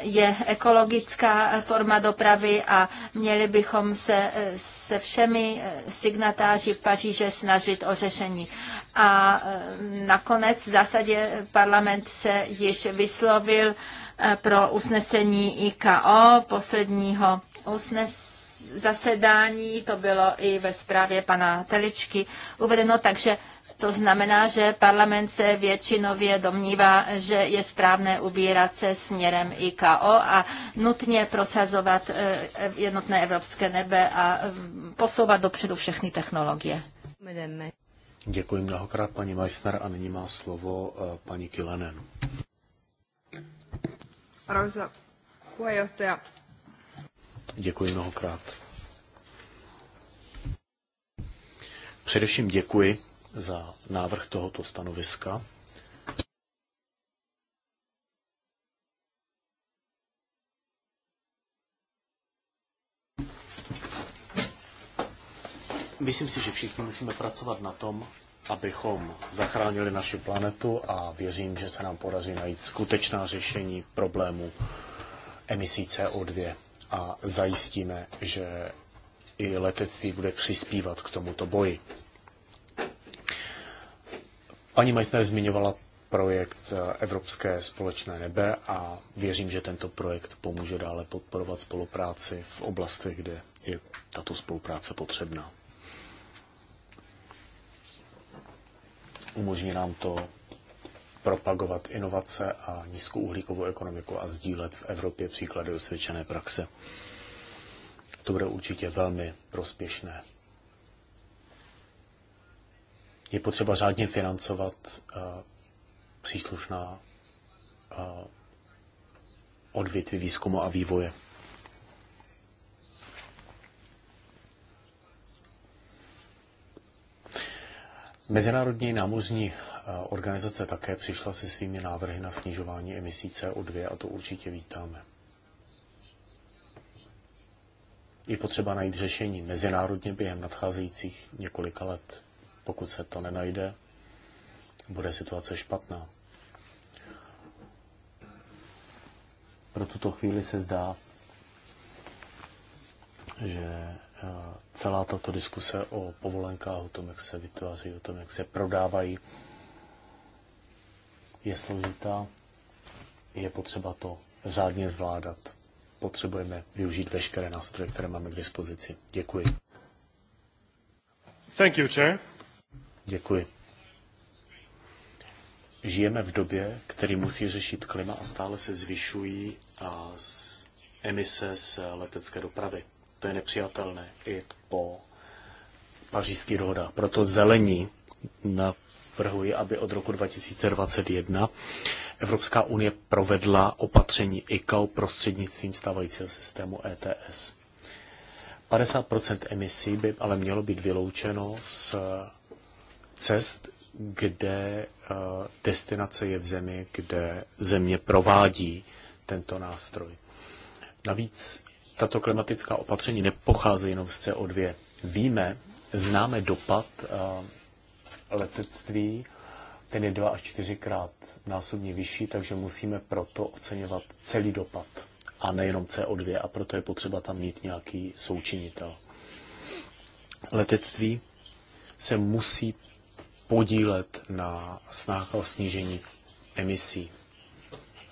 je ekologická forma dopravy a měli bychom se se všemi signatáři Paříže snažit o řešení. A nakonec v zásadě parlament se již vyslovil pro usnesení IKO, posledního usnesení zasedání, to bylo i ve zprávě pana Teličky uvedeno, takže to znamená, že parlament se většinově domnívá, že je správné ubírat se směrem IKO a nutně prosazovat eh, jednotné evropské nebe a posouvat dopředu všechny technologie. Děkuji mnohokrát, paní Meissner, a nyní má slovo eh, paní Kilenen. Arvoisa puheenjohtaja, Děkuji mnohokrát. Především děkuji za návrh tohoto stanoviska. Myslím si, že všichni musíme pracovat na tom, abychom zachránili naši planetu a věřím, že se nám podaří najít skutečná řešení problému emisí CO2 a zajistíme, že i letectví bude přispívat k tomuto boji. Paní Meissner zmiňovala projekt eh, Evropské společné nebe a věřím, že tento projekt pomůže dále podporovat spolupráci v oblastech, kde je tato spolupráce potřebná. Umožní nám to propagovat inovace a nízkouhlíkovou ekonomiku a sdílet v Evropě příklady osvědčené praxe. To bude určitě velmi prospěšné. Je potřeba řádně financovat eh, příslušná eh, odvětví výzkumu a vývoje. Mezinárodní námořní Organizace také přišla se svými návrhy na snižování emisí CO2 a to určitě vítáme. Je potřeba najít řešení mezinárodně během nadcházejících několika let. Pokud se to nenajde, bude situace špatná. Pro tuto chvíli se zdá, že eh, celá tato diskuse o povolenkách, o tom, jak se vytváří, o tom, jak se prodávají, je složitá, je potřeba to řádně zvládat. Potřebujeme využít veškeré nástroje, které máme k dispozici. Děkuji. Thank you, chair. Děkuji. Žijeme v době, který musí řešit klima a stále se zvyšují a z emise z letecké dopravy. To je nepřijatelné i po pařížských dohodách. Proto zelení na navrhuji, aby od roku 2021 Evropská unie provedla opatření ICAO prostřednictvím stávajícího systému ETS. 50 emisí by ale mělo být vyloučeno z cest, kde eh, destinace je v zemi, kde země provádí tento nástroj. Navíc tato klimatická opatření nepocházejí jenom z CO2. Víme, známe dopad eh, letectví, ten je dva až čtyřikrát násobně vyšší, takže musíme proto oceňovat celý dopad a nejenom CO2 a proto je potřeba tam mít nějaký součinitel. Letectví se musí podílet na snahách o snížení emisí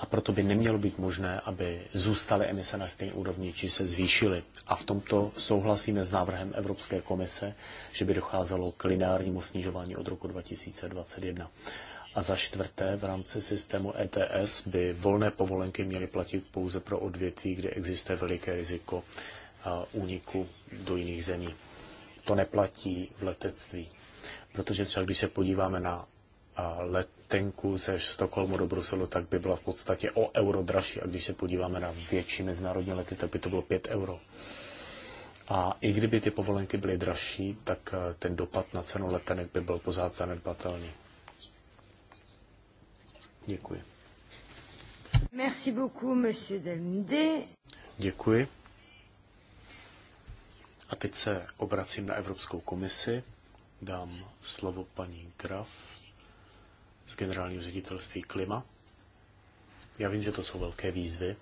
a proto by nemělo být možné, aby zůstaly emise na stejné úrovni, či se zvýšily. A v tomto souhlasíme s návrhem Evropské komise, že by docházelo k lineárnímu snižování od roku 2021. A za čtvrté, v rámci systému ETS by volné povolenky měly platit pouze pro odvětví, kde existuje veliké riziko uh, úniku do jiných zemí. To neplatí v letectví, protože třeba když se podíváme na letenku ze Stockholmu do Bruselu, tak by byla v podstatě o euro dražší. A když se podíváme na větší mezinárodní lety, tak by to bylo 5 euro. A i kdyby ty povolenky byly dražší, tak eh, ten dopad na cenu letenek by byl pořád zanedbatelný. Děkuji. Merci beaucoup, monsieur Delmde. Děkuji. A teď se obracím na Evropskou komisi. Dám slovo paní Graf z generálního ředitelství klima. Já vím, že to jsou velké výzvy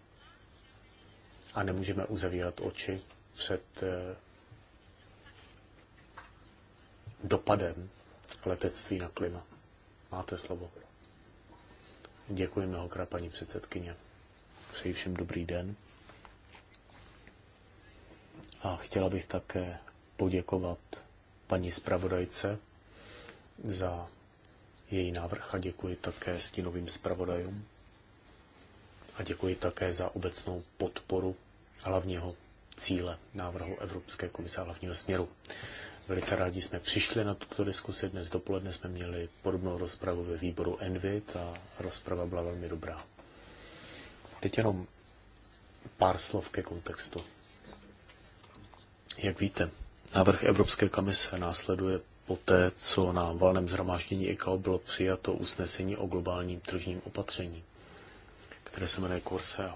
a nemůžeme uzavírat oči před eh, dopadem letectví na klima. Máte slovo. Děkuji mnohokrát, paní předsedkyně. Přeji všem dobrý den. A chtěla bych také poděkovat paní zpravodajce za její návrh a děkuji také stínovým zpravodajům. A děkuji také za obecnou podporu hlavního cíle návrhu Evropské komise a hlavního směru. Velice rádi jsme přišli na tuto diskusi. Dnes dopoledne jsme měli podobnou rozpravu ve výboru Envy. Ta rozprava byla velmi dobrá. Teď jenom pár slov ke kontextu. Jak víte, návrh Evropské komise následuje poté, co na valném zhromáždění ICAO bylo přijato usnesení o globálním tržním opatření, které se jmenuje Corsair.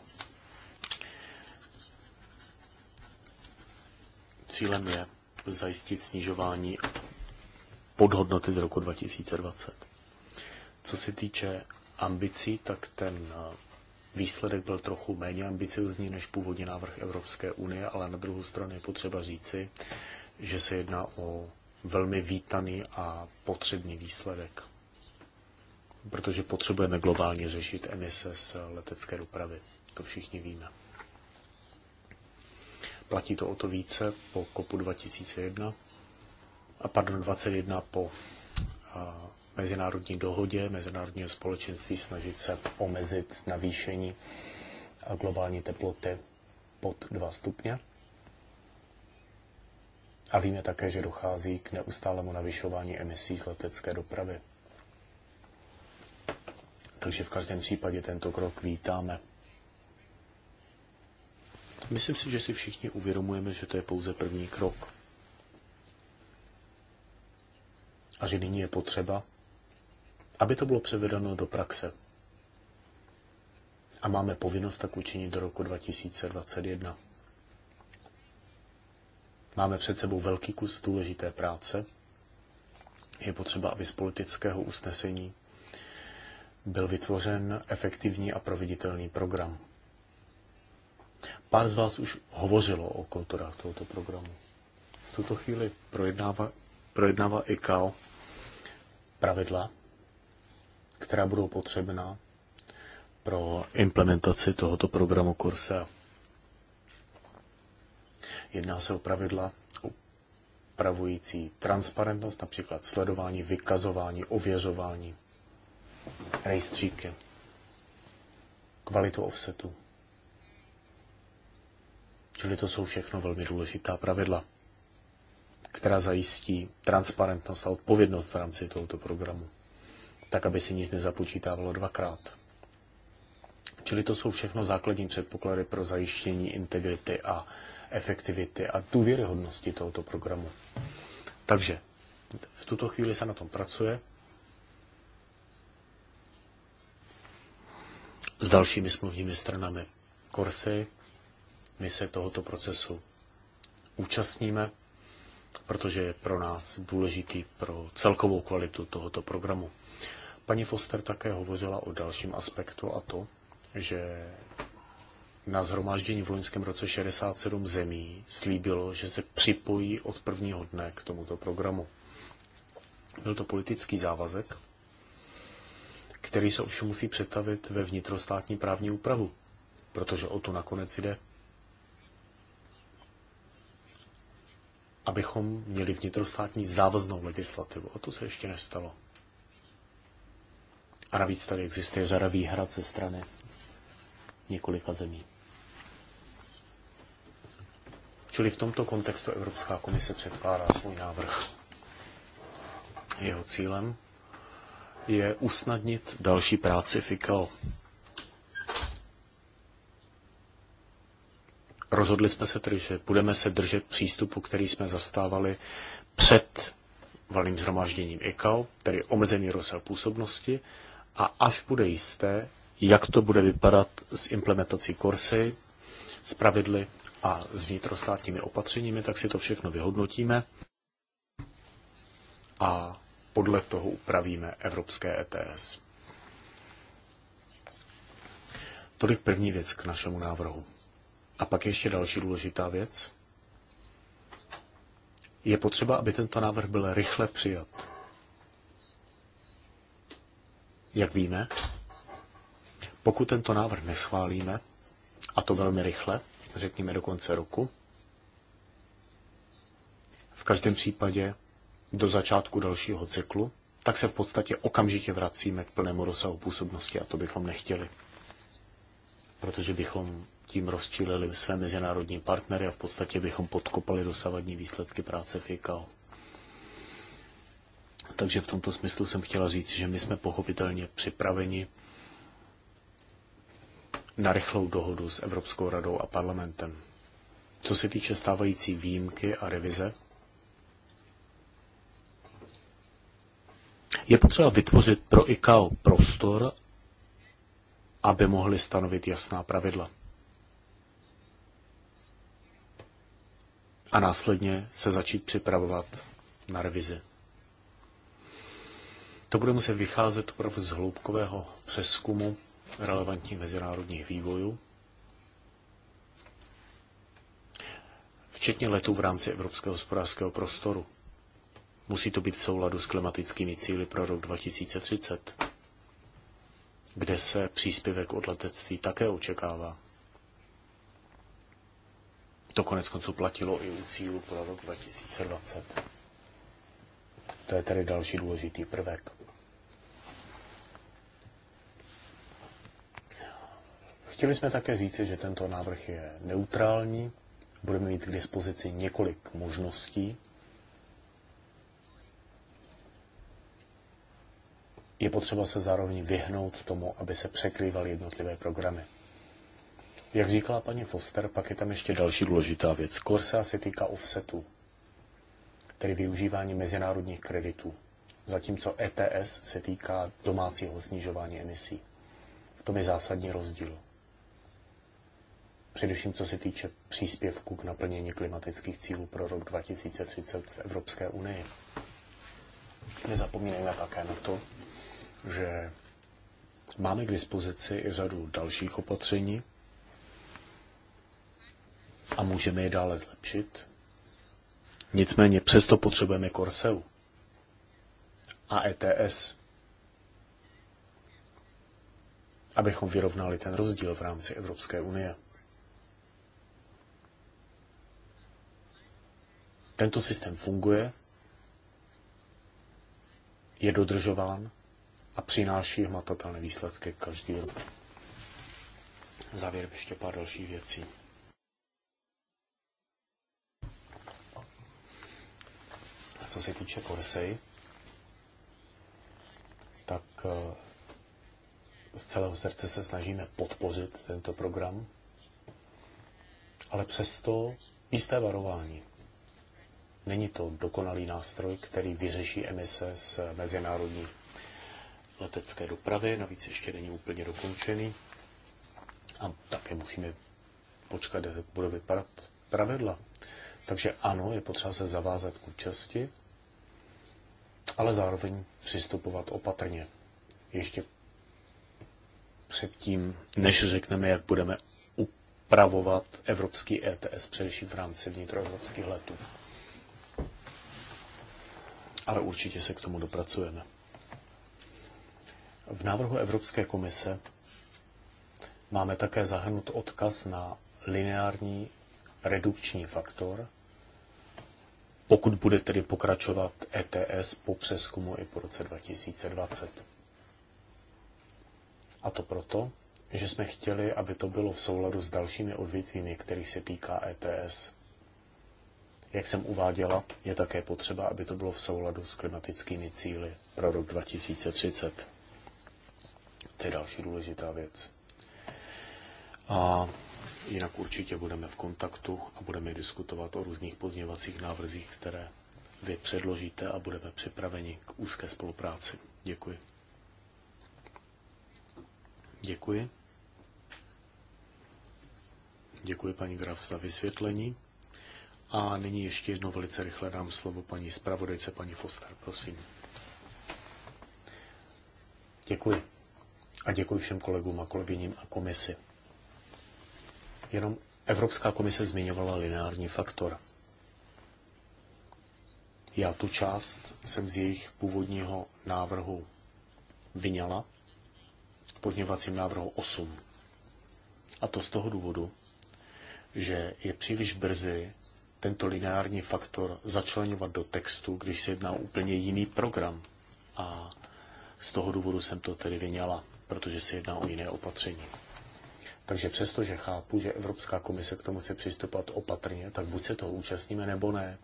Cílem je zajistit snižování podhodnoty z roku 2020. Co se týče ambicí, tak ten eh, výsledek byl trochu méně ambiciozní než původní návrh Evropské unie, ale na druhou stranu je potřeba říci, že se jedná o velmi vítaný a potřebný výsledek, protože potřebujeme globálně řešit emise z letecké dopravy. To všichni víme. Platí to o to více po kopu 2001, a pardon, 21 po a, mezinárodní dohodě mezinárodního společenství snažit se omezit navýšení globální teploty pod 2 stupně. A víme také, že dochází k neustálému navyšování emisí z letecké dopravy. Takže v každém případě tento krok vítáme. Myslím si, že si všichni uvědomujeme, že to je pouze první krok. A že nyní je potřeba, aby to bylo převedeno do praxe. A máme povinnost tak učinit do roku 2021. Máme před sebou velký kus důležité práce. Je potřeba, aby z politického usnesení byl vytvořen efektivní a proveditelný program. Pár z vás už hovořilo o konturách tohoto programu. V tuto chvíli projednává, projednává ICAO pravidla, která budou potřebná pro implementaci tohoto programu Corsa. Jedná se o pravidla upravující transparentnost, například sledování, vykazování, ověřování, rejstříky, kvalitu offsetu. Čili to jsou všechno velmi důležitá pravidla, která zajistí transparentnost a odpovědnost v rámci tohoto programu, tak aby se nic nezapočítávalo dvakrát. Čili to jsou všechno základní předpoklady pro zajištění integrity a efektivity a důvěryhodnosti tohoto programu. Takže v tuto chvíli se na tom pracuje. S dalšími smluvními stranami Korsy my se tohoto procesu účastníme, protože je pro nás důležitý pro celkovou kvalitu tohoto programu. Paní Foster také hovořila o dalším aspektu a to, že na zhromáždění v loňském roce 67 zemí slíbilo, že se připojí od prvního dne k tomuto programu. Byl to politický závazek, který se ovšem musí přetavit ve vnitrostátní právní úpravu, protože o to nakonec jde. Abychom měli vnitrostátní závaznou legislativu. A to se ještě nestalo. A navíc tady existuje řada výhrad ze strany několika zemí. Čili v tomto kontextu Evropská komise předkládá svůj návrh. Jeho cílem je usnadnit další práci FICAL. Rozhodli jsme se tedy, že budeme se držet přístupu, který jsme zastávali před valným zhromážděním ICAO, tedy omezený rozsah působnosti, a až bude jisté, jak to bude vypadat s implementací kursy, s pravidly a s vnitrostátními opatřeními, tak si to všechno vyhodnotíme a podle toho upravíme evropské ETS. Tolik první věc k našemu návrhu. A pak ještě další důležitá věc. Je potřeba, aby tento návrh byl rychle přijat. Jak víme, pokud tento návrh neschválíme, a to velmi rychle, řekněme do konce roku. V každém případě do začátku dalšího cyklu, tak se v podstatě okamžitě vracíme k plnému rozsahu působnosti a to bychom nechtěli. Protože bychom tím rozčílili své mezinárodní partnery a v podstatě bychom podkopali dosavadní výsledky práce FICAO. Takže v tomto smyslu jsem chtěla říct, že my jsme pochopitelně připraveni na rychlou dohodu s Evropskou radou a parlamentem. Co se týče stávající výjimky a revize, je potřeba vytvořit pro ICAO prostor, aby mohli stanovit jasná pravidla. A následně se začít připravovat na revizi. To bude muset vycházet opravdu z hloubkového přeskumu relevantních mezinárodních vývojů, včetně letů v rámci Evropského hospodářského prostoru. Musí to být v souladu s klimatickými cíly pro rok 2030, kde se příspěvek od letectví také očekává. To konec konců platilo i u cílu pro rok 2020. To je tedy další důležitý prvek. Chtěli jsme také říci, že tento návrh je neutrální, budeme mít k dispozici několik možností. Je potřeba se zároveň vyhnout tomu, aby se překrývaly jednotlivé programy. Jak říkala paní Foster, pak je tam ještě další důležitá věc. Korsa se týká offsetu, tedy využívání mezinárodních kreditů, zatímco ETS se týká domácího snižování emisí. V tom je zásadní rozdíl především co se týče příspěvku k naplnění klimatických cílů pro rok 2030 v Evropské unii. Nezapomínejme také na to, že máme k dispozici i řadu dalších opatření a můžeme je dále zlepšit. Nicméně přesto potřebujeme Korseu a ETS, abychom vyrovnali ten rozdíl v rámci Evropské unie. Tento systém funguje, je dodržován a přináší hmatatelné výsledky každý rok. Závěr ještě pár dalších věcí. A co se týče Korsej, tak eh, z celého srdce se snažíme podpořit tento program, ale přesto jisté varování. Není to dokonalý nástroj, který vyřeší emise z mezinárodní letecké dopravy, navíc ještě není úplně dokončený. A také musíme počkat, jak budou vypadat pravidla. Takže ano, je potřeba se zavázat k účasti, ale zároveň přistupovat opatrně. Ještě předtím, než řekneme, jak budeme upravovat evropský ETS, především v rámci vnitroevropských letů ale určitě se k tomu dopracujeme. V návrhu Evropské komise máme také zahrnut odkaz na lineární redukční faktor, pokud bude tedy pokračovat ETS po přeskumu i po roce 2020. A to proto, že jsme chtěli, aby to bylo v souladu s dalšími odvětvími, kterých se týká ETS. Jak jsem uváděla, je také potřeba, aby to bylo v souladu s klimatickými cíly pro rok 2030. To je další důležitá věc. A jinak určitě budeme v kontaktu a budeme diskutovat o různých pozměvacích návrzích, které vy předložíte a budeme připraveni k úzké spolupráci. Děkuji. Děkuji. Děkuji paní Graf za vysvětlení. A nyní ještě jednou velice rychle dám slovo paní zpravodajce, paní Foster, prosím. Děkuji. A děkuji všem kolegům a kolegyním a komisi. Jenom Evropská komise zmiňovala lineární faktor. Já tu část jsem z jejich původního návrhu vyňala v pozměňovacím návrhu 8. A to z toho důvodu, že je příliš brzy tento lineární faktor začlenovat do textu, když se jedná o úplně jiný program. A z toho důvodu jsem to tedy vyněla, protože se jedná o jiné opatření. Takže že chápu, že Evropská komise k tomu chce přistupovat opatrně, tak buď se toho účastníme, nebo ne.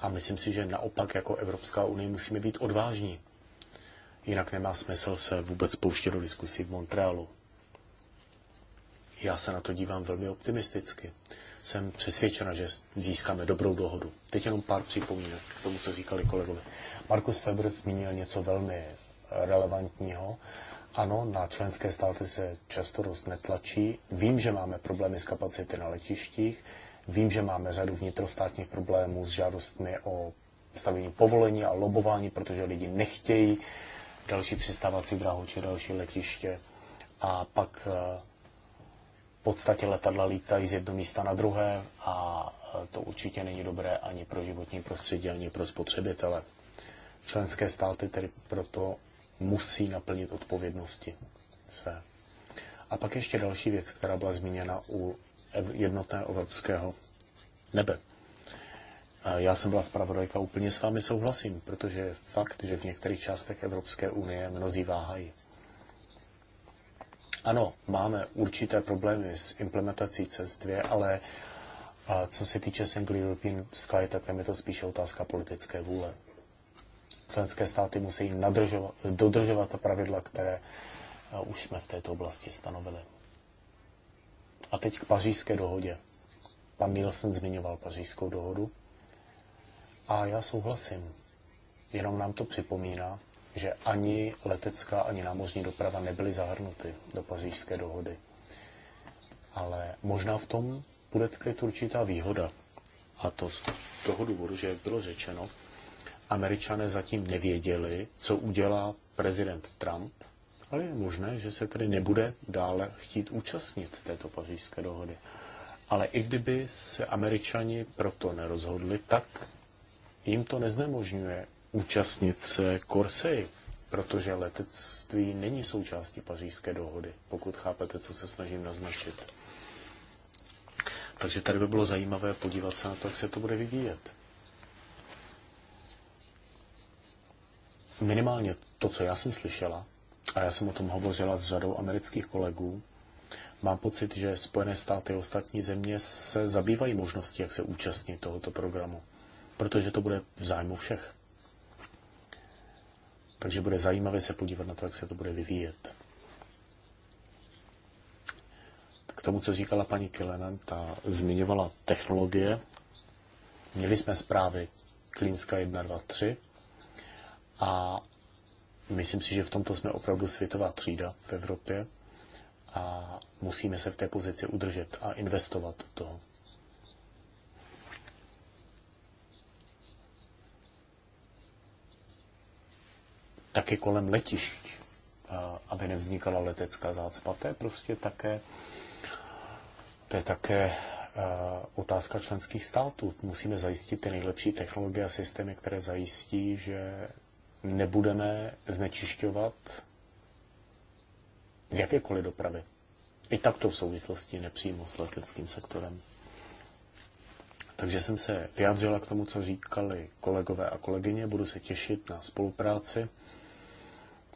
A myslím si, že naopak jako Evropská unie musíme být odvážní. Jinak nemá smysl se vůbec pouštět do diskusí v Montrealu. Já se na to dívám velmi optimisticky jsem přesvědčena, že získáme dobrou dohodu. Teď jenom pár připomínek k tomu, co říkali kolegové. Markus Weber zmínil něco velmi eh, relevantního. Ano, na členské státy se často dost netlačí. Vím, že máme problémy s kapacity na letištích. Vím, že máme řadu vnitrostátních problémů s žádostmi o stavění povolení a lobování, protože lidi nechtějí další přistávací dráhu či další letiště. A pak eh, podstatě letadla lítají z jednoho místa na druhé a e, to určitě není dobré ani pro životní prostředí, ani pro spotřebitele. Členské státy tedy proto musí naplnit odpovědnosti své. A pak ještě další věc, která byla zmíněna u jednotné evropského nebe. Já jsem byla zpravodajka, úplně s vámi souhlasím, protože fakt, že v některých částech Evropské unie mnozí váhají. Ano, máme určité problémy s implementací CES 2, ale a co se týče Single European Sky, tak tam je to spíše otázka politické vůle. Členské státy musí nadržovat, dodržovat ta pravidla, které už jsme v této oblasti stanovili. A teď k pařížské dohodě. Pan Nielsen zmiňoval pařížskou dohodu. A já souhlasím. Jenom nám to připomíná, že ani letecká, ani námořní doprava nebyly zahrnuty do pařížské dohody. Ale možná v tom bude tkvět určitá výhoda. A to z toho důvodu, že bylo řečeno, američané zatím nevěděli, co udělá prezident Trump, ale je možné, že se tedy nebude dále chtít účastnit této pařížské dohody. Ale i kdyby se američani proto nerozhodli, tak jim to neznemožňuje účastnit se Korsy, protože letectví není součástí pařížské dohody, pokud chápete, co se snažím naznačit. Takže tady by bylo zajímavé podívat se na to, jak se to bude vyvíjet. Minimálně to, co já jsem slyšela, a já jsem o tom hovořila s řadou amerických kolegů, mám pocit, že Spojené státy a ostatní země se zabývají možností, jak se účastnit tohoto programu, protože to bude v zájmu všech. Takže bude zajímavé se podívat na to, jak se to bude vyvíjet. K tomu, co říkala paní Kilenan, ta zmiňovala technologie. Měli jsme zprávy Klínska 1, 2, 3 a myslím si, že v tomto jsme opravdu světová třída v Evropě a musíme se v té pozici udržet a investovat do toho. také kolem letišť, aby nevznikala letecká zácpa. To je prostě také, to je také e, otázka členských států. Musíme zajistit ty nejlepší technologie a systémy, které zajistí, že nebudeme znečišťovat z jakékoliv dopravy. I tak to v souvislosti nepřímo s leteckým sektorem. Takže jsem se vyjádřila k tomu, co říkali kolegové a kolegyně. Budu se těšit na spolupráci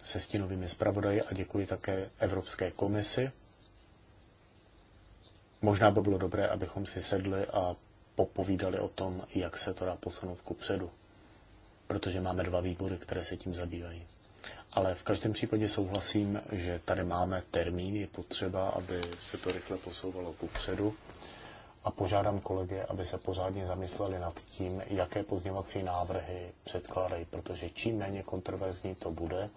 se stínovými zpravodaji a děkuji také Evropské komisi. Možná by bylo dobré, abychom si sedli a popovídali o tom, jak se to dá posunout ku předu, protože máme dva výbory, které se tím zabývají. Ale v každém případě souhlasím, že tady máme termín, je potřeba, aby se to rychle posouvalo ku předu a požádám kolegy, aby se pořádně zamysleli nad tím, jaké pozněvací návrhy předkládají, protože čím méně kontroverzní to bude,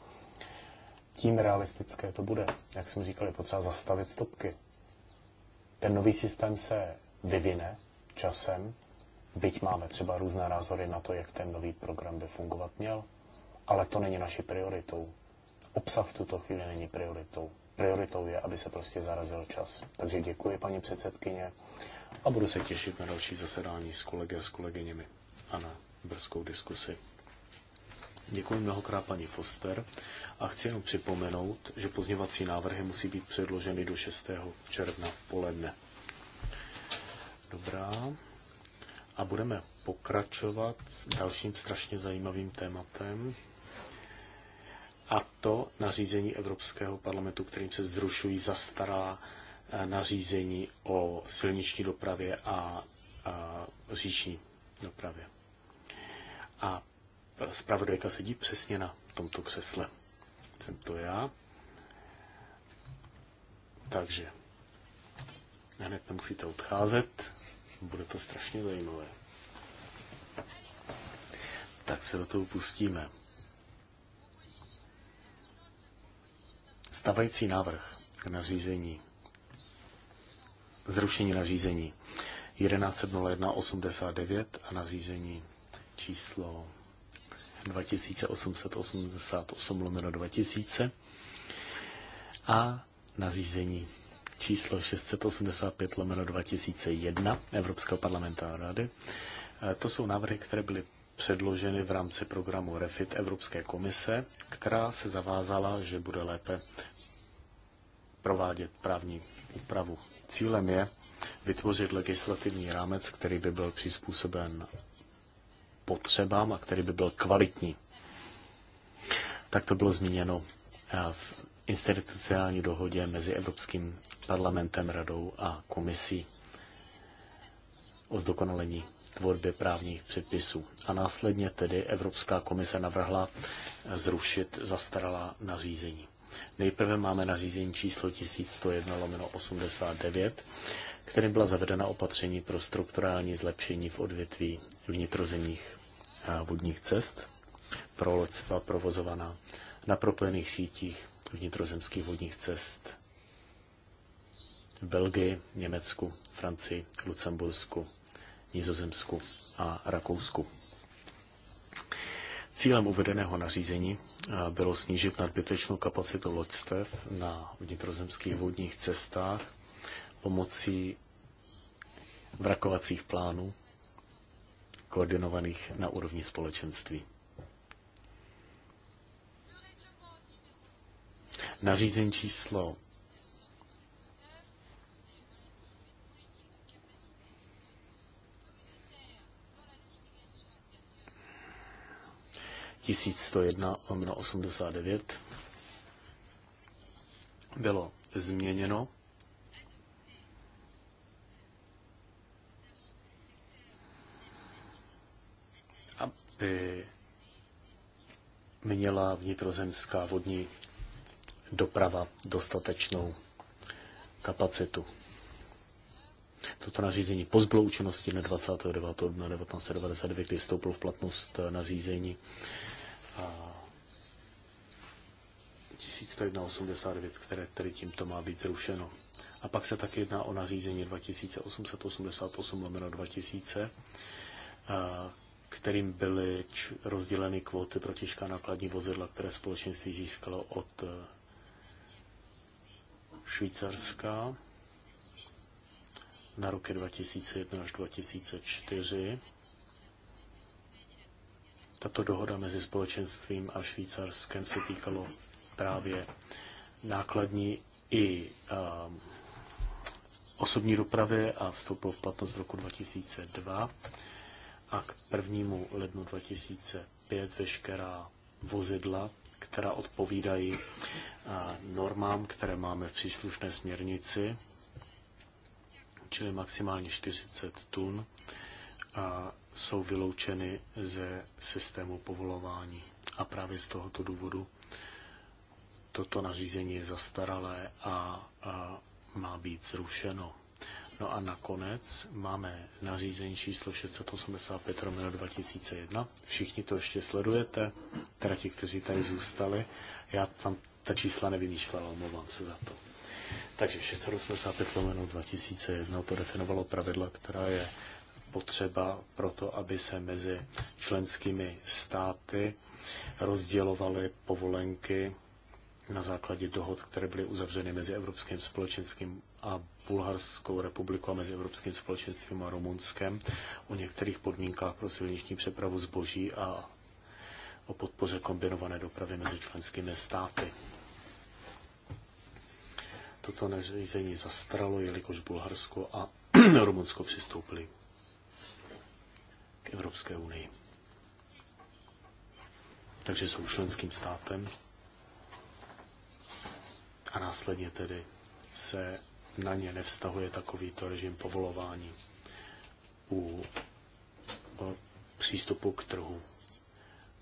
tím realistické to bude. Jak jsem říkal, je potřeba zastavit stopky. Ten nový systém se vyvine časem, byť máme třeba různé názory na to, jak ten nový program by fungovat měl, ale to není naší prioritou. Obsah v tuto chvíli není prioritou. Prioritou je, aby se prostě zarazil čas. Takže děkuji, paní předsedkyně, a budu se těšit na další zasedání s kolegy a s kolegyněmi a na brzkou diskusi. Děkuji mnohokrát paní Foster a chci jenom připomenout, že pozněvací návrhy musí být předloženy do 6. června v poledne. Dobrá. A budeme pokračovat s dalším strašně zajímavým tématem. A to nařízení Evropského parlamentu, kterým se zrušují zastará eh, nařízení o silniční dopravě a, a říční dopravě. A Spravodajka sedí přesně na tomto křesle. Jsem to já. Takže hned nemusíte odcházet. Bude to strašně zajímavé. Tak se do toho pustíme. Stavající návrh k nařízení. Zrušení nařízení 11.01.89 a nařízení číslo 2888 lomeno 2000 a nařízení číslo 685 lomeno 2001 Evropského parlamentu a rady. E, to jsou návrhy, které byly předloženy v rámci programu REFIT Evropské komise, která se zavázala, že bude lépe provádět právní úpravu. Cílem je vytvořit legislativní rámec, který by byl přizpůsoben potřebám a který by byl kvalitní. Tak to bylo zmíněno eh, v institucionální dohodě mezi Evropským parlamentem, radou a komisí o zdokonalení tvorby právních předpisů. A následně tedy Evropská komise navrhla eh, zrušit zastaralá nařízení. Nejprve máme nařízení číslo 1101 89 kterým byla zavedena opatření pro strukturální zlepšení v odvětví vnitrozemních vodních cest pro loďstva provozovaná na propojených sítích vnitrozemských vodních cest v Belgii, Německu, Francii, Lucembursku, Nizozemsku a Rakousku. Cílem uvedeného nařízení eh, bylo snížit nadbytečnou kapacitu loďstev na vnitrozemských vodních cestách pomocí vrakovacích plánů, koordinovaných na úrovni společenství. Nařízení číslo 1101 89 bylo změněno by měla vnitrozemská vodní doprava dostatečnou kapacitu. Toto nařízení pozbylo účinnosti na 29. dubna 1992, kdy vstoupil v platnost eh, nařízení 1189, které tedy tímto má být zrušeno. A pak se tak jedná o nařízení 2888 2000, kterým byly rozděleny kvóty pro těžká nákladní vozidla, které společenství získalo od eh, Švýcarska na roky 2001 až 2004. Tato dohoda mezi společenstvím a Švýcarskem se týkalo právě nákladní i um, osobní dopravy a vstoupil v platnost v roku 2002 a k prvnímu lednu 2005 veškerá vozidla, která odpovídají normám, které máme v příslušné směrnici, čili maximálně 40 tun, a jsou vyloučeny ze systému povolování. A právě z tohoto důvodu toto nařízení je zastaralé a, a má být zrušeno. No a nakonec máme nařízení číslo 685 romeno 2001. Všichni to ještě sledujete, teda ti, kteří tady zůstali. Já tam ta čísla nevymýšlela, omlouvám se za to. Takže 685 lomeno 2001 to definovalo pravidla, která je potřeba pro to, aby se mezi členskými státy rozdělovaly povolenky na základě dohod, které byly uzavřeny mezi Evropským společenstvím a Bulharskou republikou a mezi Evropským společenstvím a Rumunskem o některých podmínkách pro silniční přepravu zboží a o podpoře kombinované dopravy mezi členskými státy. Toto nařízení zastralo, jelikož Bulharsko a (clears throat) Rumunsko přistoupili k Evropské unii. Takže jsou členským státem a následně tedy se na ně nevztahuje takovýto režim povolování u přístupu k trhu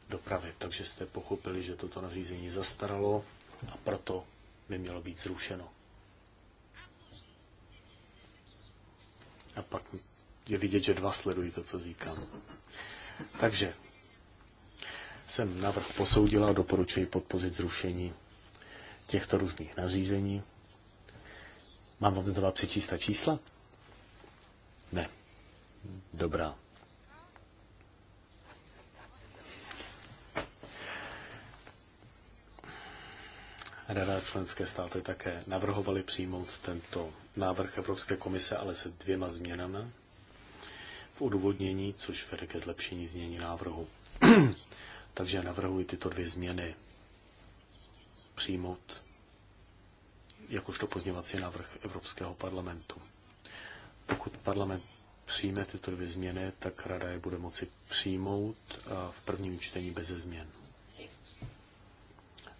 dopravy. Takže jste pochopili, že toto nařízení zastaralo a proto by mělo být zrušeno. A pak je vidět, že dva sledují to, co říkám. Takže jsem návrh posoudila a doporučuji podpořit zrušení těchto různých nařízení. Mám vám znova přečíst ta čísla? Ne. Dobrá. Rada členské státy také navrhovali přijmout tento návrh Evropské komise, ale se dvěma změnami v odůvodnění, což vede ke zlepšení znění návrhu. (clears throat) Takže navrhuji tyto dvě změny přijmout jakožto pozněvací návrh Evropského parlamentu. Pokud parlament přijme tyto dvě změny, tak rada je bude moci přijmout v prvním čtení bez změn.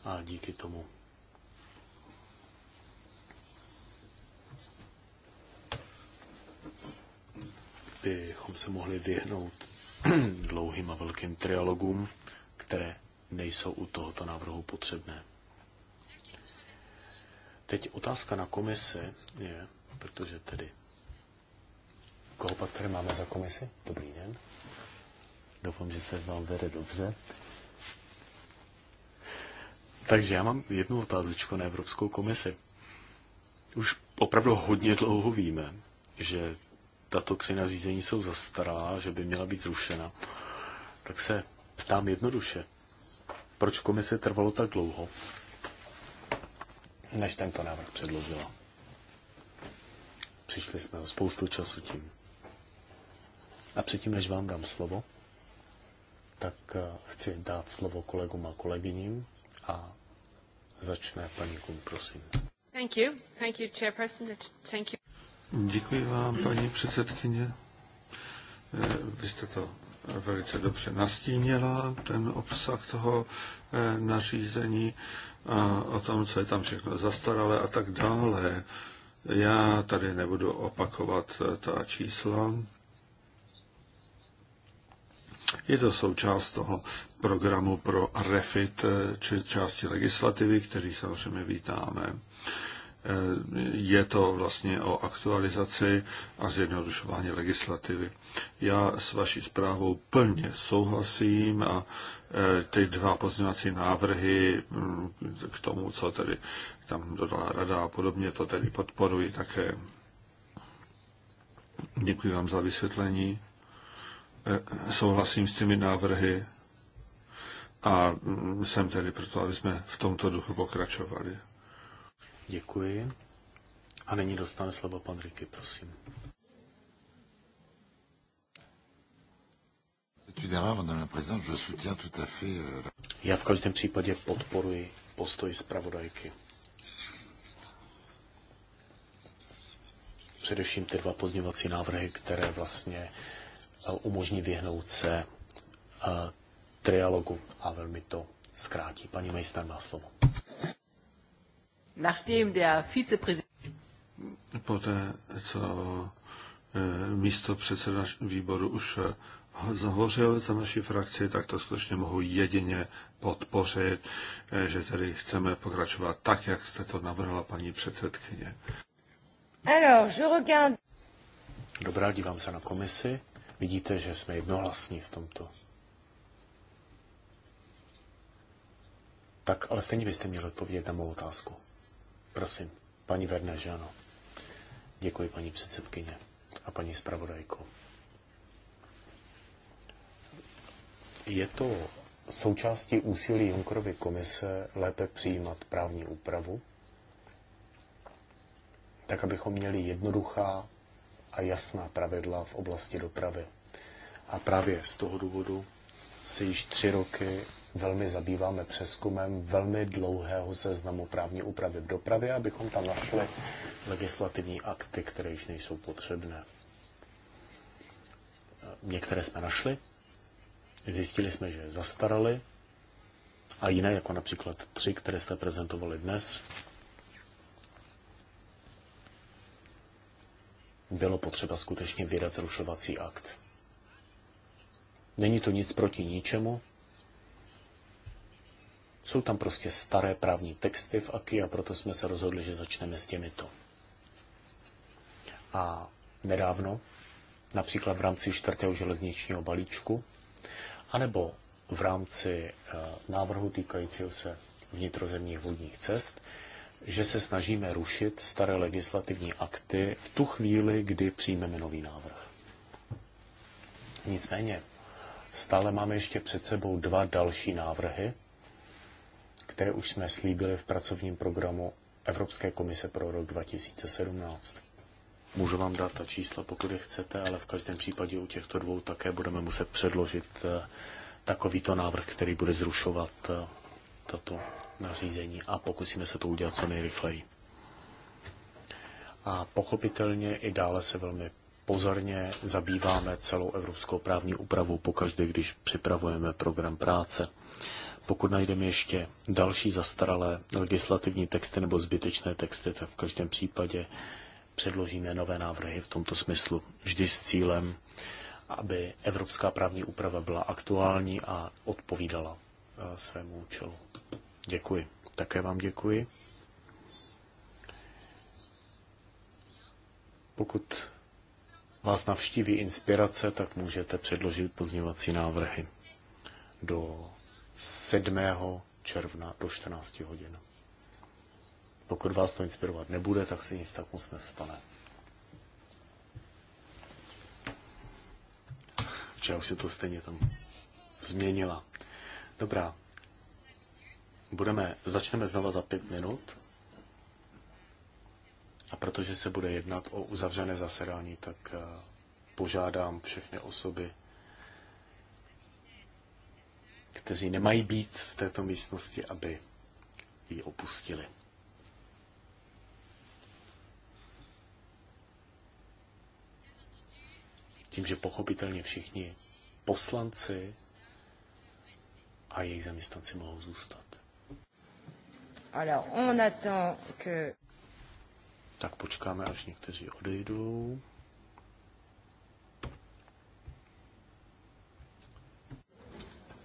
A díky tomu bychom se mohli vyhnout (clears throat) dlouhým a velkým trialogům, které nejsou u tohoto návrhu potřebné. Teď otázka na komisi je, protože tedy koho pak tady máme za komisi? Dobrý den. Doufám, že se vám vede dobře. Takže já mám jednu otázku na Evropskou komisi. Už opravdu hodně dlouho víme, že tato tři nařízení jsou zastaralá, že by měla být zrušena. Tak se stám jednoduše, proč komise trvalo tak dlouho než tento návrh předložila. Přišli jsme o spoustu času tím. A předtím, než vám dám slovo, tak eh, chci dát slovo kolegům a kolegyním a začne paní Kun, prosím. Thank you. Thank you, chairperson. Thank you. Děkuji vám, paní předsedkyně. Eh, vy jste to velice dobře nastínila ten obsah toho eh, nařízení a o tom, co je tam všechno zastaralé a tak dále. Já tady nebudu opakovat eh, ta čísla. Je to součást toho programu pro REFIT, eh, či části legislativy, který samozřejmě vítáme je to vlastně o aktualizaci a zjednodušování legislativy. Já s vaší zprávou plně souhlasím a e, ty dva pozměňovací návrhy mm, k tomu, co tedy tam dodala rada a podobně, to tedy podporuji také. Děkuji vám za vysvětlení. E, souhlasím s těmi návrhy a mm, jsem tedy proto, aby jsme v tomto duchu pokračovali. Děkuji. A nyní dostane slovo pan Riky, prosím. Euh, Já v každém případě podporuji postoj zpravodajky. Především ty dva pozněvací návrhy, které vlastně eh, umožní vyhnout se eh, trialogu a velmi to zkrátí. Paní majster má slovo nachdem der Vizepräsident poté, co eh, místo předseda výboru už eh, zahořil za naši frakci, tak to skutečně mohu jedině podpořit, eh, že tedy chceme pokračovat tak, jak jste to navrhla paní předsedkyně. Alors, je regarde... Dobrá, dívám se na komisi. Vidíte, že jsme jednohlasní v tomto. Tak, ale stejně byste měli odpovědět na mou otázku. Prosím, paní ano. Děkuji, paní předsedkyně a paní zpravodajko. Je to součástí úsilí Junkerovy komise lépe přijímat právní úpravu, tak abychom měli jednoduchá a jasná pravidla v oblasti dopravy. A právě z toho důvodu se již tři roky velmi zabýváme přeskumem velmi dlouhého seznamu právní úpravy v dopravě, abychom tam našli legislativní akty, které již nejsou potřebné. Některé jsme našli, zjistili jsme, že zastarali, a jiné, jako například tři, které jste prezentovali dnes, bylo potřeba skutečně vydat zrušovací akt. Není to nic proti ničemu, jsou tam prostě staré právní texty v AKI a proto jsme se rozhodli, že začneme s těmito. A nedávno, například v rámci čtvrtého železničního balíčku, anebo v rámci eh, návrhu týkajícího se vnitrozemních vodních cest, že se snažíme rušit staré legislativní akty v tu chvíli, kdy přijmeme nový návrh. Nicméně, stále máme ještě před sebou dva další návrhy, které už jsme slíbili v pracovním programu Evropské komise pro rok 2017. Můžu vám dát ta čísla, pokud je chcete, ale v každém případě u těchto dvou také budeme muset předložit eh, takovýto návrh, který bude zrušovat eh, tato nařízení a pokusíme se to udělat co nejrychleji. A pochopitelně i dále se velmi pozorně zabýváme celou evropskou právní úpravu pokaždé, když připravujeme program práce. Pokud najdeme ještě další zastaralé legislativní texty nebo zbytečné texty, tak v každém případě předložíme nové návrhy v tomto smyslu, vždy s cílem, aby evropská právní úprava byla aktuální a odpovídala eh, svému účelu. Děkuji. Také vám děkuji. Pokud vás navštíví inspirace, tak můžete předložit pozměňovací návrhy do 7. června do 14 hodin. Pokud vás to inspirovat nebude, tak se nic tak moc nestane. Včera už se to stejně tam změnila. Dobrá. Budeme, začneme znova za pět minut. A protože se bude jednat o uzavřené zasedání, tak eh, požádám všechny osoby, kteří nemají být v této místnosti, aby ji opustili. Tím, že pochopitelně všichni poslanci a jejich zaměstnanci mohou zůstat. Alors, on attend que... Tak počkáme, až někteří odejdou.